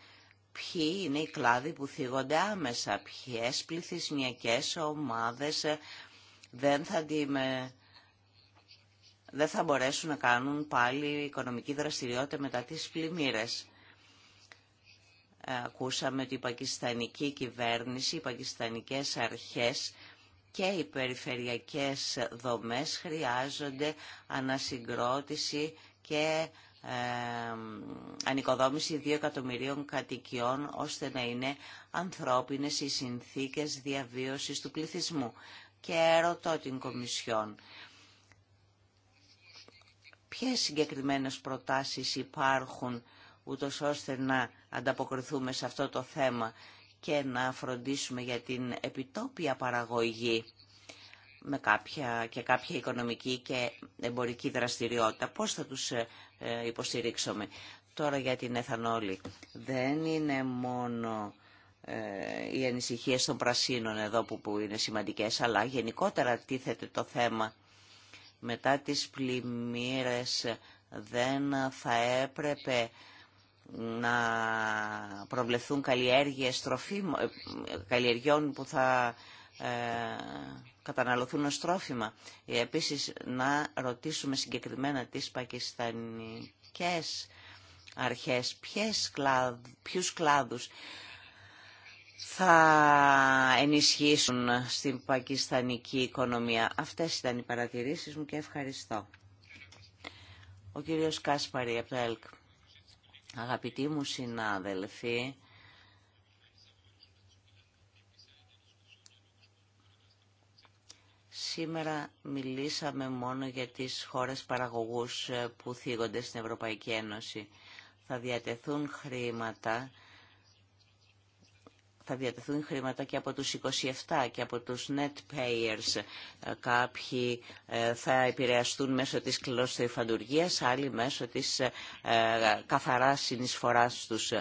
ποιοι είναι οι κλάδοι που θίγονται άμεσα, ποιες πληθυσμιακές ομάδες ε, δεν θα αντιμετωπίσουν δεν θα μπορέσουν να κάνουν πάλι οικονομική δραστηριότητα μετά τις πλημμύρες. Ε, ακούσαμε ότι η πακιστανική κυβέρνηση, οι πακιστανικές αρχές και οι περιφερειακές δομές χρειάζονται ανασυγκρότηση και ε, ανοικοδόμηση 2 εκατομμυρίων κατοικιών ώστε να είναι ανθρώπινες οι συνθήκες διαβίωσης του πληθυσμού. Και ερωτώ την Κομισιόν, Ποιες συγκεκριμένες προτάσεις υπάρχουν ούτως ώστε να ανταποκριθούμε σε αυτό το θέμα και να φροντίσουμε για την επιτόπια παραγωγή με κάποια και κάποια οικονομική και εμπορική δραστηριότητα. Πώς θα τους ε, ε, υποστηρίξουμε. Τώρα για την εθανόλη. Δεν είναι μόνο ε, οι ανησυχίες των πρασίνων εδώ που είναι σημαντικές, αλλά γενικότερα τίθεται το θέμα μετά τις πλημμύρες δεν θα έπρεπε να προβλεφθούν καλλιέργειες τροφίμων, ε, καλλιεργιών που θα ε, καταναλωθούν ως τρόφιμα. Ε, επίσης να ρωτήσουμε συγκεκριμένα τις πακιστανικές αρχές ποιες κλάδ, ποιους κλάδους θα ενισχύσουν στην πακιστανική οικονομία. Αυτές ήταν οι παρατηρήσεις μου και ευχαριστώ. Ο κύριος Κάσπαρη από το ΕΛΚ. Αγαπητοί μου συνάδελφοι, Σήμερα μιλήσαμε μόνο για τις χώρες παραγωγούς που θίγονται στην Ευρωπαϊκή Ένωση. Θα διατεθούν χρήματα θα διατεθούν χρήματα και από τους 27 και από τους net payers. Ε, κάποιοι ε, θα επηρεαστούν μέσω της κλωστοϊφαντουργίας, άλλοι μέσω της ε, καθαράς συνεισφοράς τους.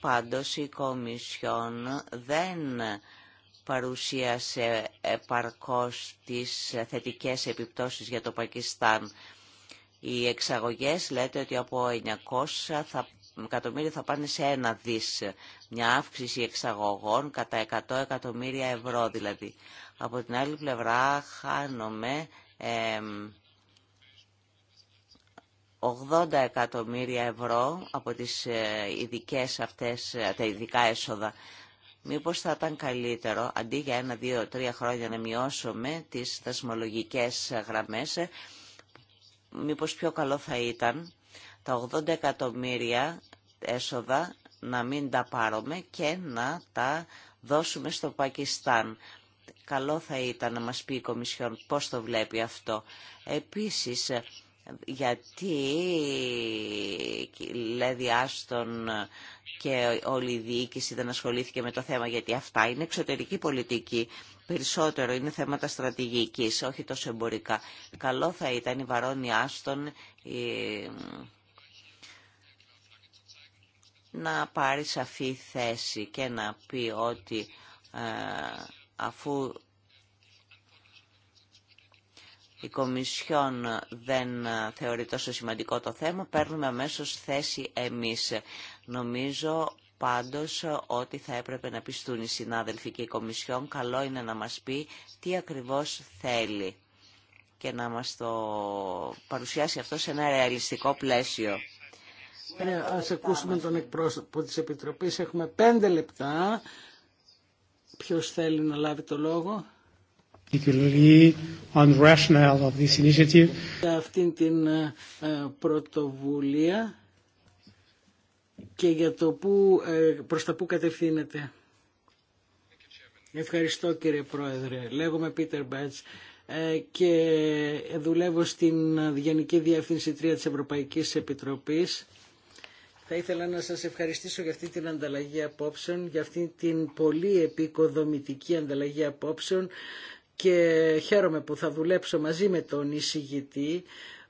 Πάντως η Κομισιόν δεν παρουσίασε επαρκώς τις θετικές επιπτώσεις για το Πακιστάν. Οι εξαγωγές λέτε ότι από 900 θα εκατομμύρια θα πάνε σε ένα δις. Μια αύξηση εξαγωγών κατά 100 εκατομμύρια ευρώ δηλαδή. Από την άλλη πλευρά χάνομαι... Ε, 80 εκατομμύρια ευρώ από τις ε, ειδικές αυτές, ε, τα ειδικά έσοδα. Μήπως θα ήταν καλύτερο, αντί για ένα, δύο, τρία χρόνια να μειώσουμε τις δασμολογικές γραμμές, ε, μήπως πιο καλό θα ήταν τα 80 εκατομμύρια έσοδα να μην τα πάρουμε και να τα δώσουμε στο Πακιστάν. Καλό θα ήταν να μας πει η Κομισιόν πώς το βλέπει αυτό. Επίσης, γιατί λέει Άστον και όλη η διοίκηση δεν ασχολήθηκε με το θέμα, γιατί αυτά είναι εξωτερική πολιτική. Περισσότερο είναι θέματα στρατηγικής, όχι τόσο εμπορικά. Καλό θα ήταν η Βαρόνη Άστον, να πάρει σαφή θέση και να πει ότι ε, αφού η Κομισιόν δεν θεωρεί τόσο σημαντικό το θέμα, παίρνουμε αμέσω θέση εμείς. Νομίζω πάντως ότι θα έπρεπε να πιστούν οι συνάδελφοι και η Κομισιόν. Καλό είναι να μας πει τι ακριβώς θέλει και να μας το παρουσιάσει αυτό σε ένα ρεαλιστικό πλαίσιο. Ε, ας ακούσουμε τον εκπρόσωπο της Επιτροπής. Έχουμε πέντε λεπτά. Ποιος θέλει να λάβει το λόγο. On of this Για αυτήν την ε, πρωτοβουλία και για το που, ε, προς τα που κατευθύνεται. Ευχαριστώ κύριε Πρόεδρε. Λέγομαι Πίτερ Μπέτς ε, και δουλεύω στην Γενική Διεύθυνση 3 της Ευρωπαϊκής Επιτροπής θα ήθελα να σας ευχαριστήσω για αυτή την ανταλλαγή απόψεων, για αυτή την πολύ επικοδομητική ανταλλαγή απόψεων και χαίρομαι που θα δουλέψω μαζί με τον εισηγητή.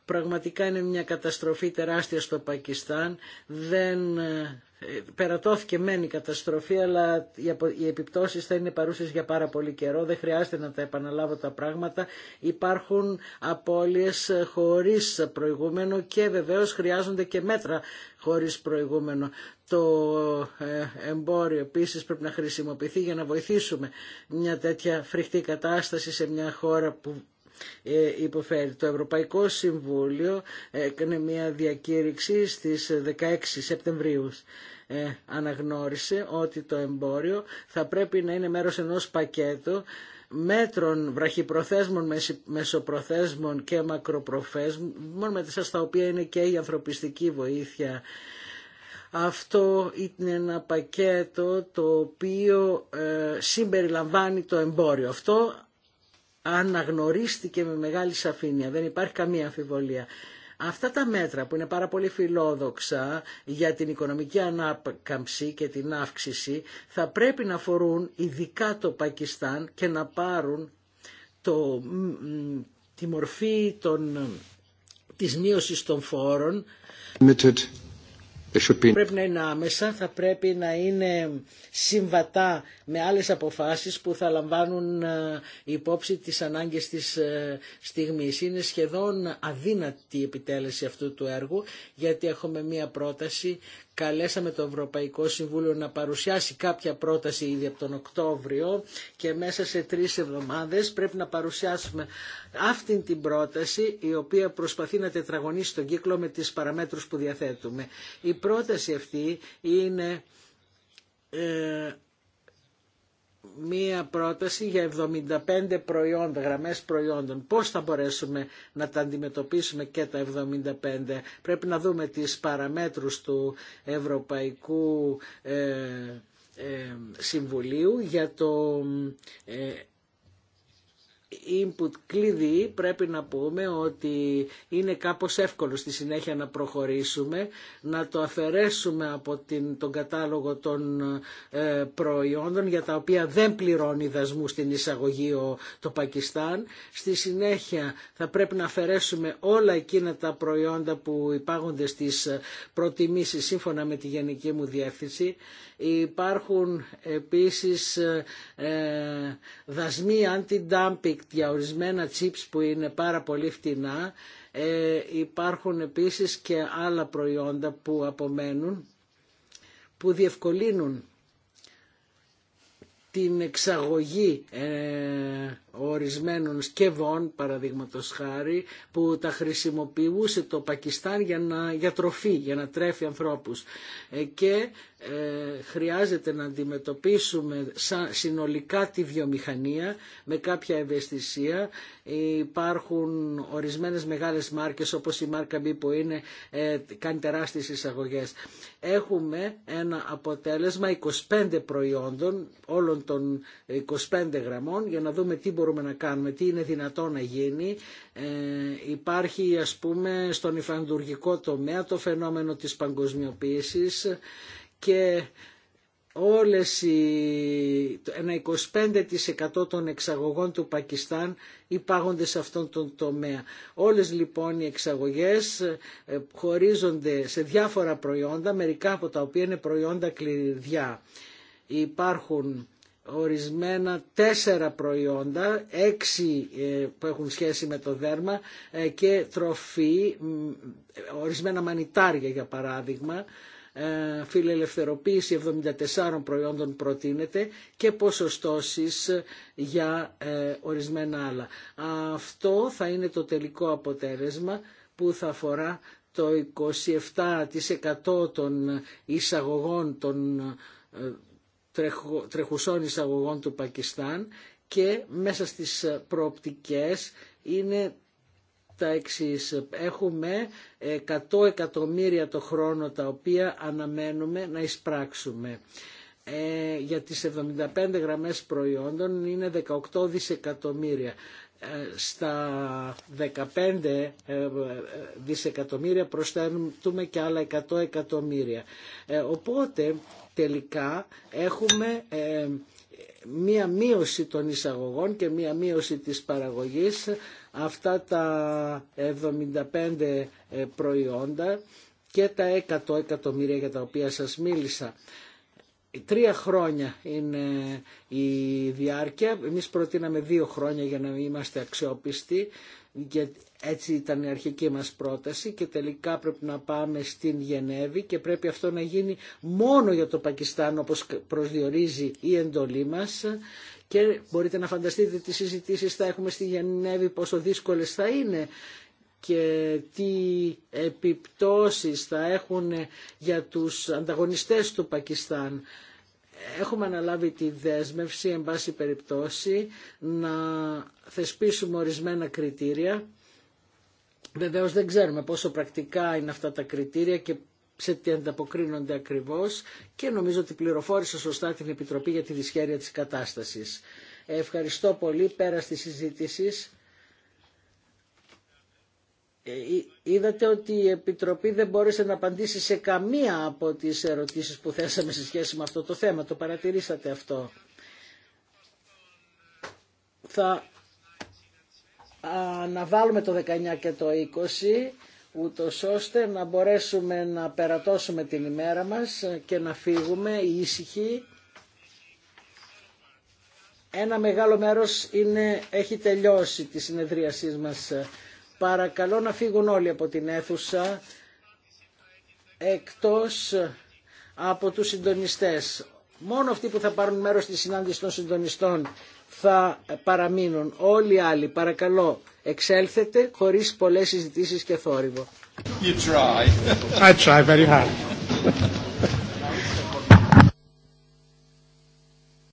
Πραγματικά είναι μια καταστροφή τεράστια στο Πακιστάν. Δεν ε, ε, περατώθηκε μεν η καταστροφή αλλά οι επιπτώσεις θα είναι παρούσες για πάρα πολύ καιρό δεν χρειάζεται να τα επαναλάβω τα πράγματα υπάρχουν απώλειες χωρίς προηγούμενο και βεβαίως χρειάζονται και μέτρα χωρίς προηγούμενο το ε, εμπόριο επίσης πρέπει να χρησιμοποιηθεί για να βοηθήσουμε μια τέτοια φρικτή κατάσταση σε μια χώρα που ε, υποφέρει. Το Ευρωπαϊκό Συμβούλιο έκανε μια διακήρυξη στις 16 Σεπτεμβρίου. Ε, αναγνώρισε ότι το εμπόριο θα πρέπει να είναι μέρος ενός πακέτου μέτρων βραχυπροθέσμων, μεσοπροθέσμων και μακροπροθέσμων μετά στα οποία είναι και η ανθρωπιστική βοήθεια. Αυτό είναι ένα πακέτο το οποίο ε, συμπεριλαμβάνει το εμπόριο. Αυτό αναγνωρίστηκε με μεγάλη σαφήνεια. Δεν υπάρχει καμία αμφιβολία. Αυτά τα μέτρα που είναι πάρα πολύ φιλόδοξα για την οικονομική ανάκαμψη και την αύξηση θα πρέπει να φορούν ειδικά το Πακιστάν και να πάρουν το, τη μορφή των, της μείωσης των φόρων Πρέπει να είναι άμεσα, θα πρέπει να είναι συμβατά με άλλες αποφάσεις που θα λαμβάνουν ε, υπόψη τις ανάγκες της ε, στιγμής. Είναι σχεδόν αδύνατη η επιτέλεση αυτού του έργου γιατί έχουμε μία πρόταση καλέσαμε το Ευρωπαϊκό Συμβούλιο να παρουσιάσει κάποια πρόταση ήδη από τον Οκτώβριο και μέσα σε τρεις εβδομάδες πρέπει να παρουσιάσουμε αυτήν την πρόταση η οποία προσπαθεί να τετραγωνίσει τον κύκλο με τις παραμέτρους που διαθέτουμε. Η πρόταση αυτή είναι ε, μία πρόταση για 75 προϊόντα, γραμμές προϊόντων. Πώς θα μπορέσουμε να τα αντιμετωπίσουμε και τα 75. Πρέπει να δούμε τις παραμέτρους του Ευρωπαϊκού ε, ε, Συμβουλίου για το ε, input κλειδί πρέπει να πούμε ότι είναι κάπως εύκολο στη συνέχεια να προχωρήσουμε, να το αφαιρέσουμε από την, τον κατάλογο των ε, προϊόντων για τα οποία δεν πληρώνει δασμού στην εισαγωγή το Πακιστάν. Στη συνέχεια θα πρέπει να αφαιρέσουμε όλα εκείνα τα προϊόντα που υπάγονται στις ε, προτιμήσεις σύμφωνα με τη Γενική μου Διεύθυνση. Υπάρχουν επίσης ε, ε δασμοί anti-dumping για ορισμένα chips που είναι πάρα πολύ φτηνά ε, υπάρχουν επίσης και άλλα προϊόντα που απομένουν που διευκολύνουν την εξαγωγή ε, ορισμένων σκευών, παραδείγματος χάρη, που τα χρησιμοποιούσε το Πακιστάν για, να, για τροφή, για να τρέφει ανθρώπους. Ε, και ε, χρειάζεται να αντιμετωπίσουμε συνολικά τη βιομηχανία με κάποια ευαισθησία. Υπάρχουν ορισμένες μεγάλες μάρκες όπως η μάρκα B που είναι, ε, κάνει τεράστιες εισαγωγές. Έχουμε ένα αποτέλεσμα 25 προϊόντων όλων των 25 γραμμών για να δούμε τι μπορούμε να κάνουμε, τι είναι δυνατό να γίνει. Ε, υπάρχει ας πούμε στον υφαντουργικό τομέα το φαινόμενο της παγκοσμιοποίησης και όλες οι, ένα 25% των εξαγωγών του Πακιστάν υπάγονται σε αυτόν τον τομέα. Όλες λοιπόν οι εξαγωγές ε, χωρίζονται σε διάφορα προϊόντα, μερικά από τα οποία είναι προϊόντα κλειδιά. Υπάρχουν ορισμένα τέσσερα προϊόντα, έξι ε, που έχουν σχέση με το δέρμα ε, και τροφή, ορισμένα μανιτάρια για παράδειγμα, ε, φιλελευθερωποίηση 74 προϊόντων προτείνεται και ποσοστώσεις για ε, ορισμένα άλλα. Αυτό θα είναι το τελικό αποτέλεσμα που θα αφορά το 27% των εισαγωγών των ε, τρεχουσών εισαγωγών του Πακιστάν και μέσα στις προοπτικές είναι τα Έχουμε 100 ε, εκατομμύρια το χρόνο τα οποία αναμένουμε να εισπράξουμε. Ε, για τις 75 γραμμές προϊόντων είναι 18 δισεκατομμύρια. Ε, στα 15 ε, δισεκατομμύρια προσθέτουμε και άλλα 100 εκατομμύρια. Οπότε τελικά έχουμε μία μείωση των εισαγωγών και μία μείωση της παραγωγής αυτά τα 75 ε, προϊόντα και τα 100 εκατομμύρια για τα οποία σας μίλησα. Τρία χρόνια είναι η διάρκεια, εμείς προτείναμε δύο χρόνια για να είμαστε αξιόπιστοι, γιατί έτσι ήταν η αρχική μας πρόταση και τελικά πρέπει να πάμε στην Γενέβη και πρέπει αυτό να γίνει μόνο για το Πακιστάν όπως προσδιορίζει η εντολή μας και μπορείτε να φανταστείτε τι συζητήσεις θα έχουμε στη Γενέβη, πόσο δύσκολες θα είναι και τι επιπτώσεις θα έχουν για τους ανταγωνιστές του Πακιστάν. Έχουμε αναλάβει τη δέσμευση, εν πάση περιπτώσει, να θεσπίσουμε ορισμένα κριτήρια Βεβαίω δεν ξέρουμε πόσο πρακτικά είναι αυτά τα κριτήρια και σε τι ανταποκρίνονται ακριβώς και νομίζω ότι πληροφόρησε σωστά την Επιτροπή για τη δυσχέρεια της κατάστασης. Ευχαριστώ πολύ. Πέρα στη συζήτηση. Ε, είδατε ότι η Επιτροπή δεν μπόρεσε να απαντήσει σε καμία από τις ερωτήσεις που θέσαμε σε σχέση με αυτό το θέμα. Το παρατηρήσατε αυτό. Θα να βάλουμε το 19 και το 20 ούτω ώστε να μπορέσουμε να περατώσουμε την ημέρα μας και να φύγουμε ήσυχοι. Ένα μεγάλο μέρος είναι, έχει τελειώσει τη συνεδρίασή μας. Παρακαλώ να φύγουν όλοι από την αίθουσα εκτός από τους συντονιστές. Μόνο αυτοί που θα πάρουν μέρος στη συνάντηση των συντονιστών θα παραμείνουν. Όλοι οι άλλοι, παρακαλώ, εξέλθετε χωρίς πολλές συζητήσεις και θόρυβο.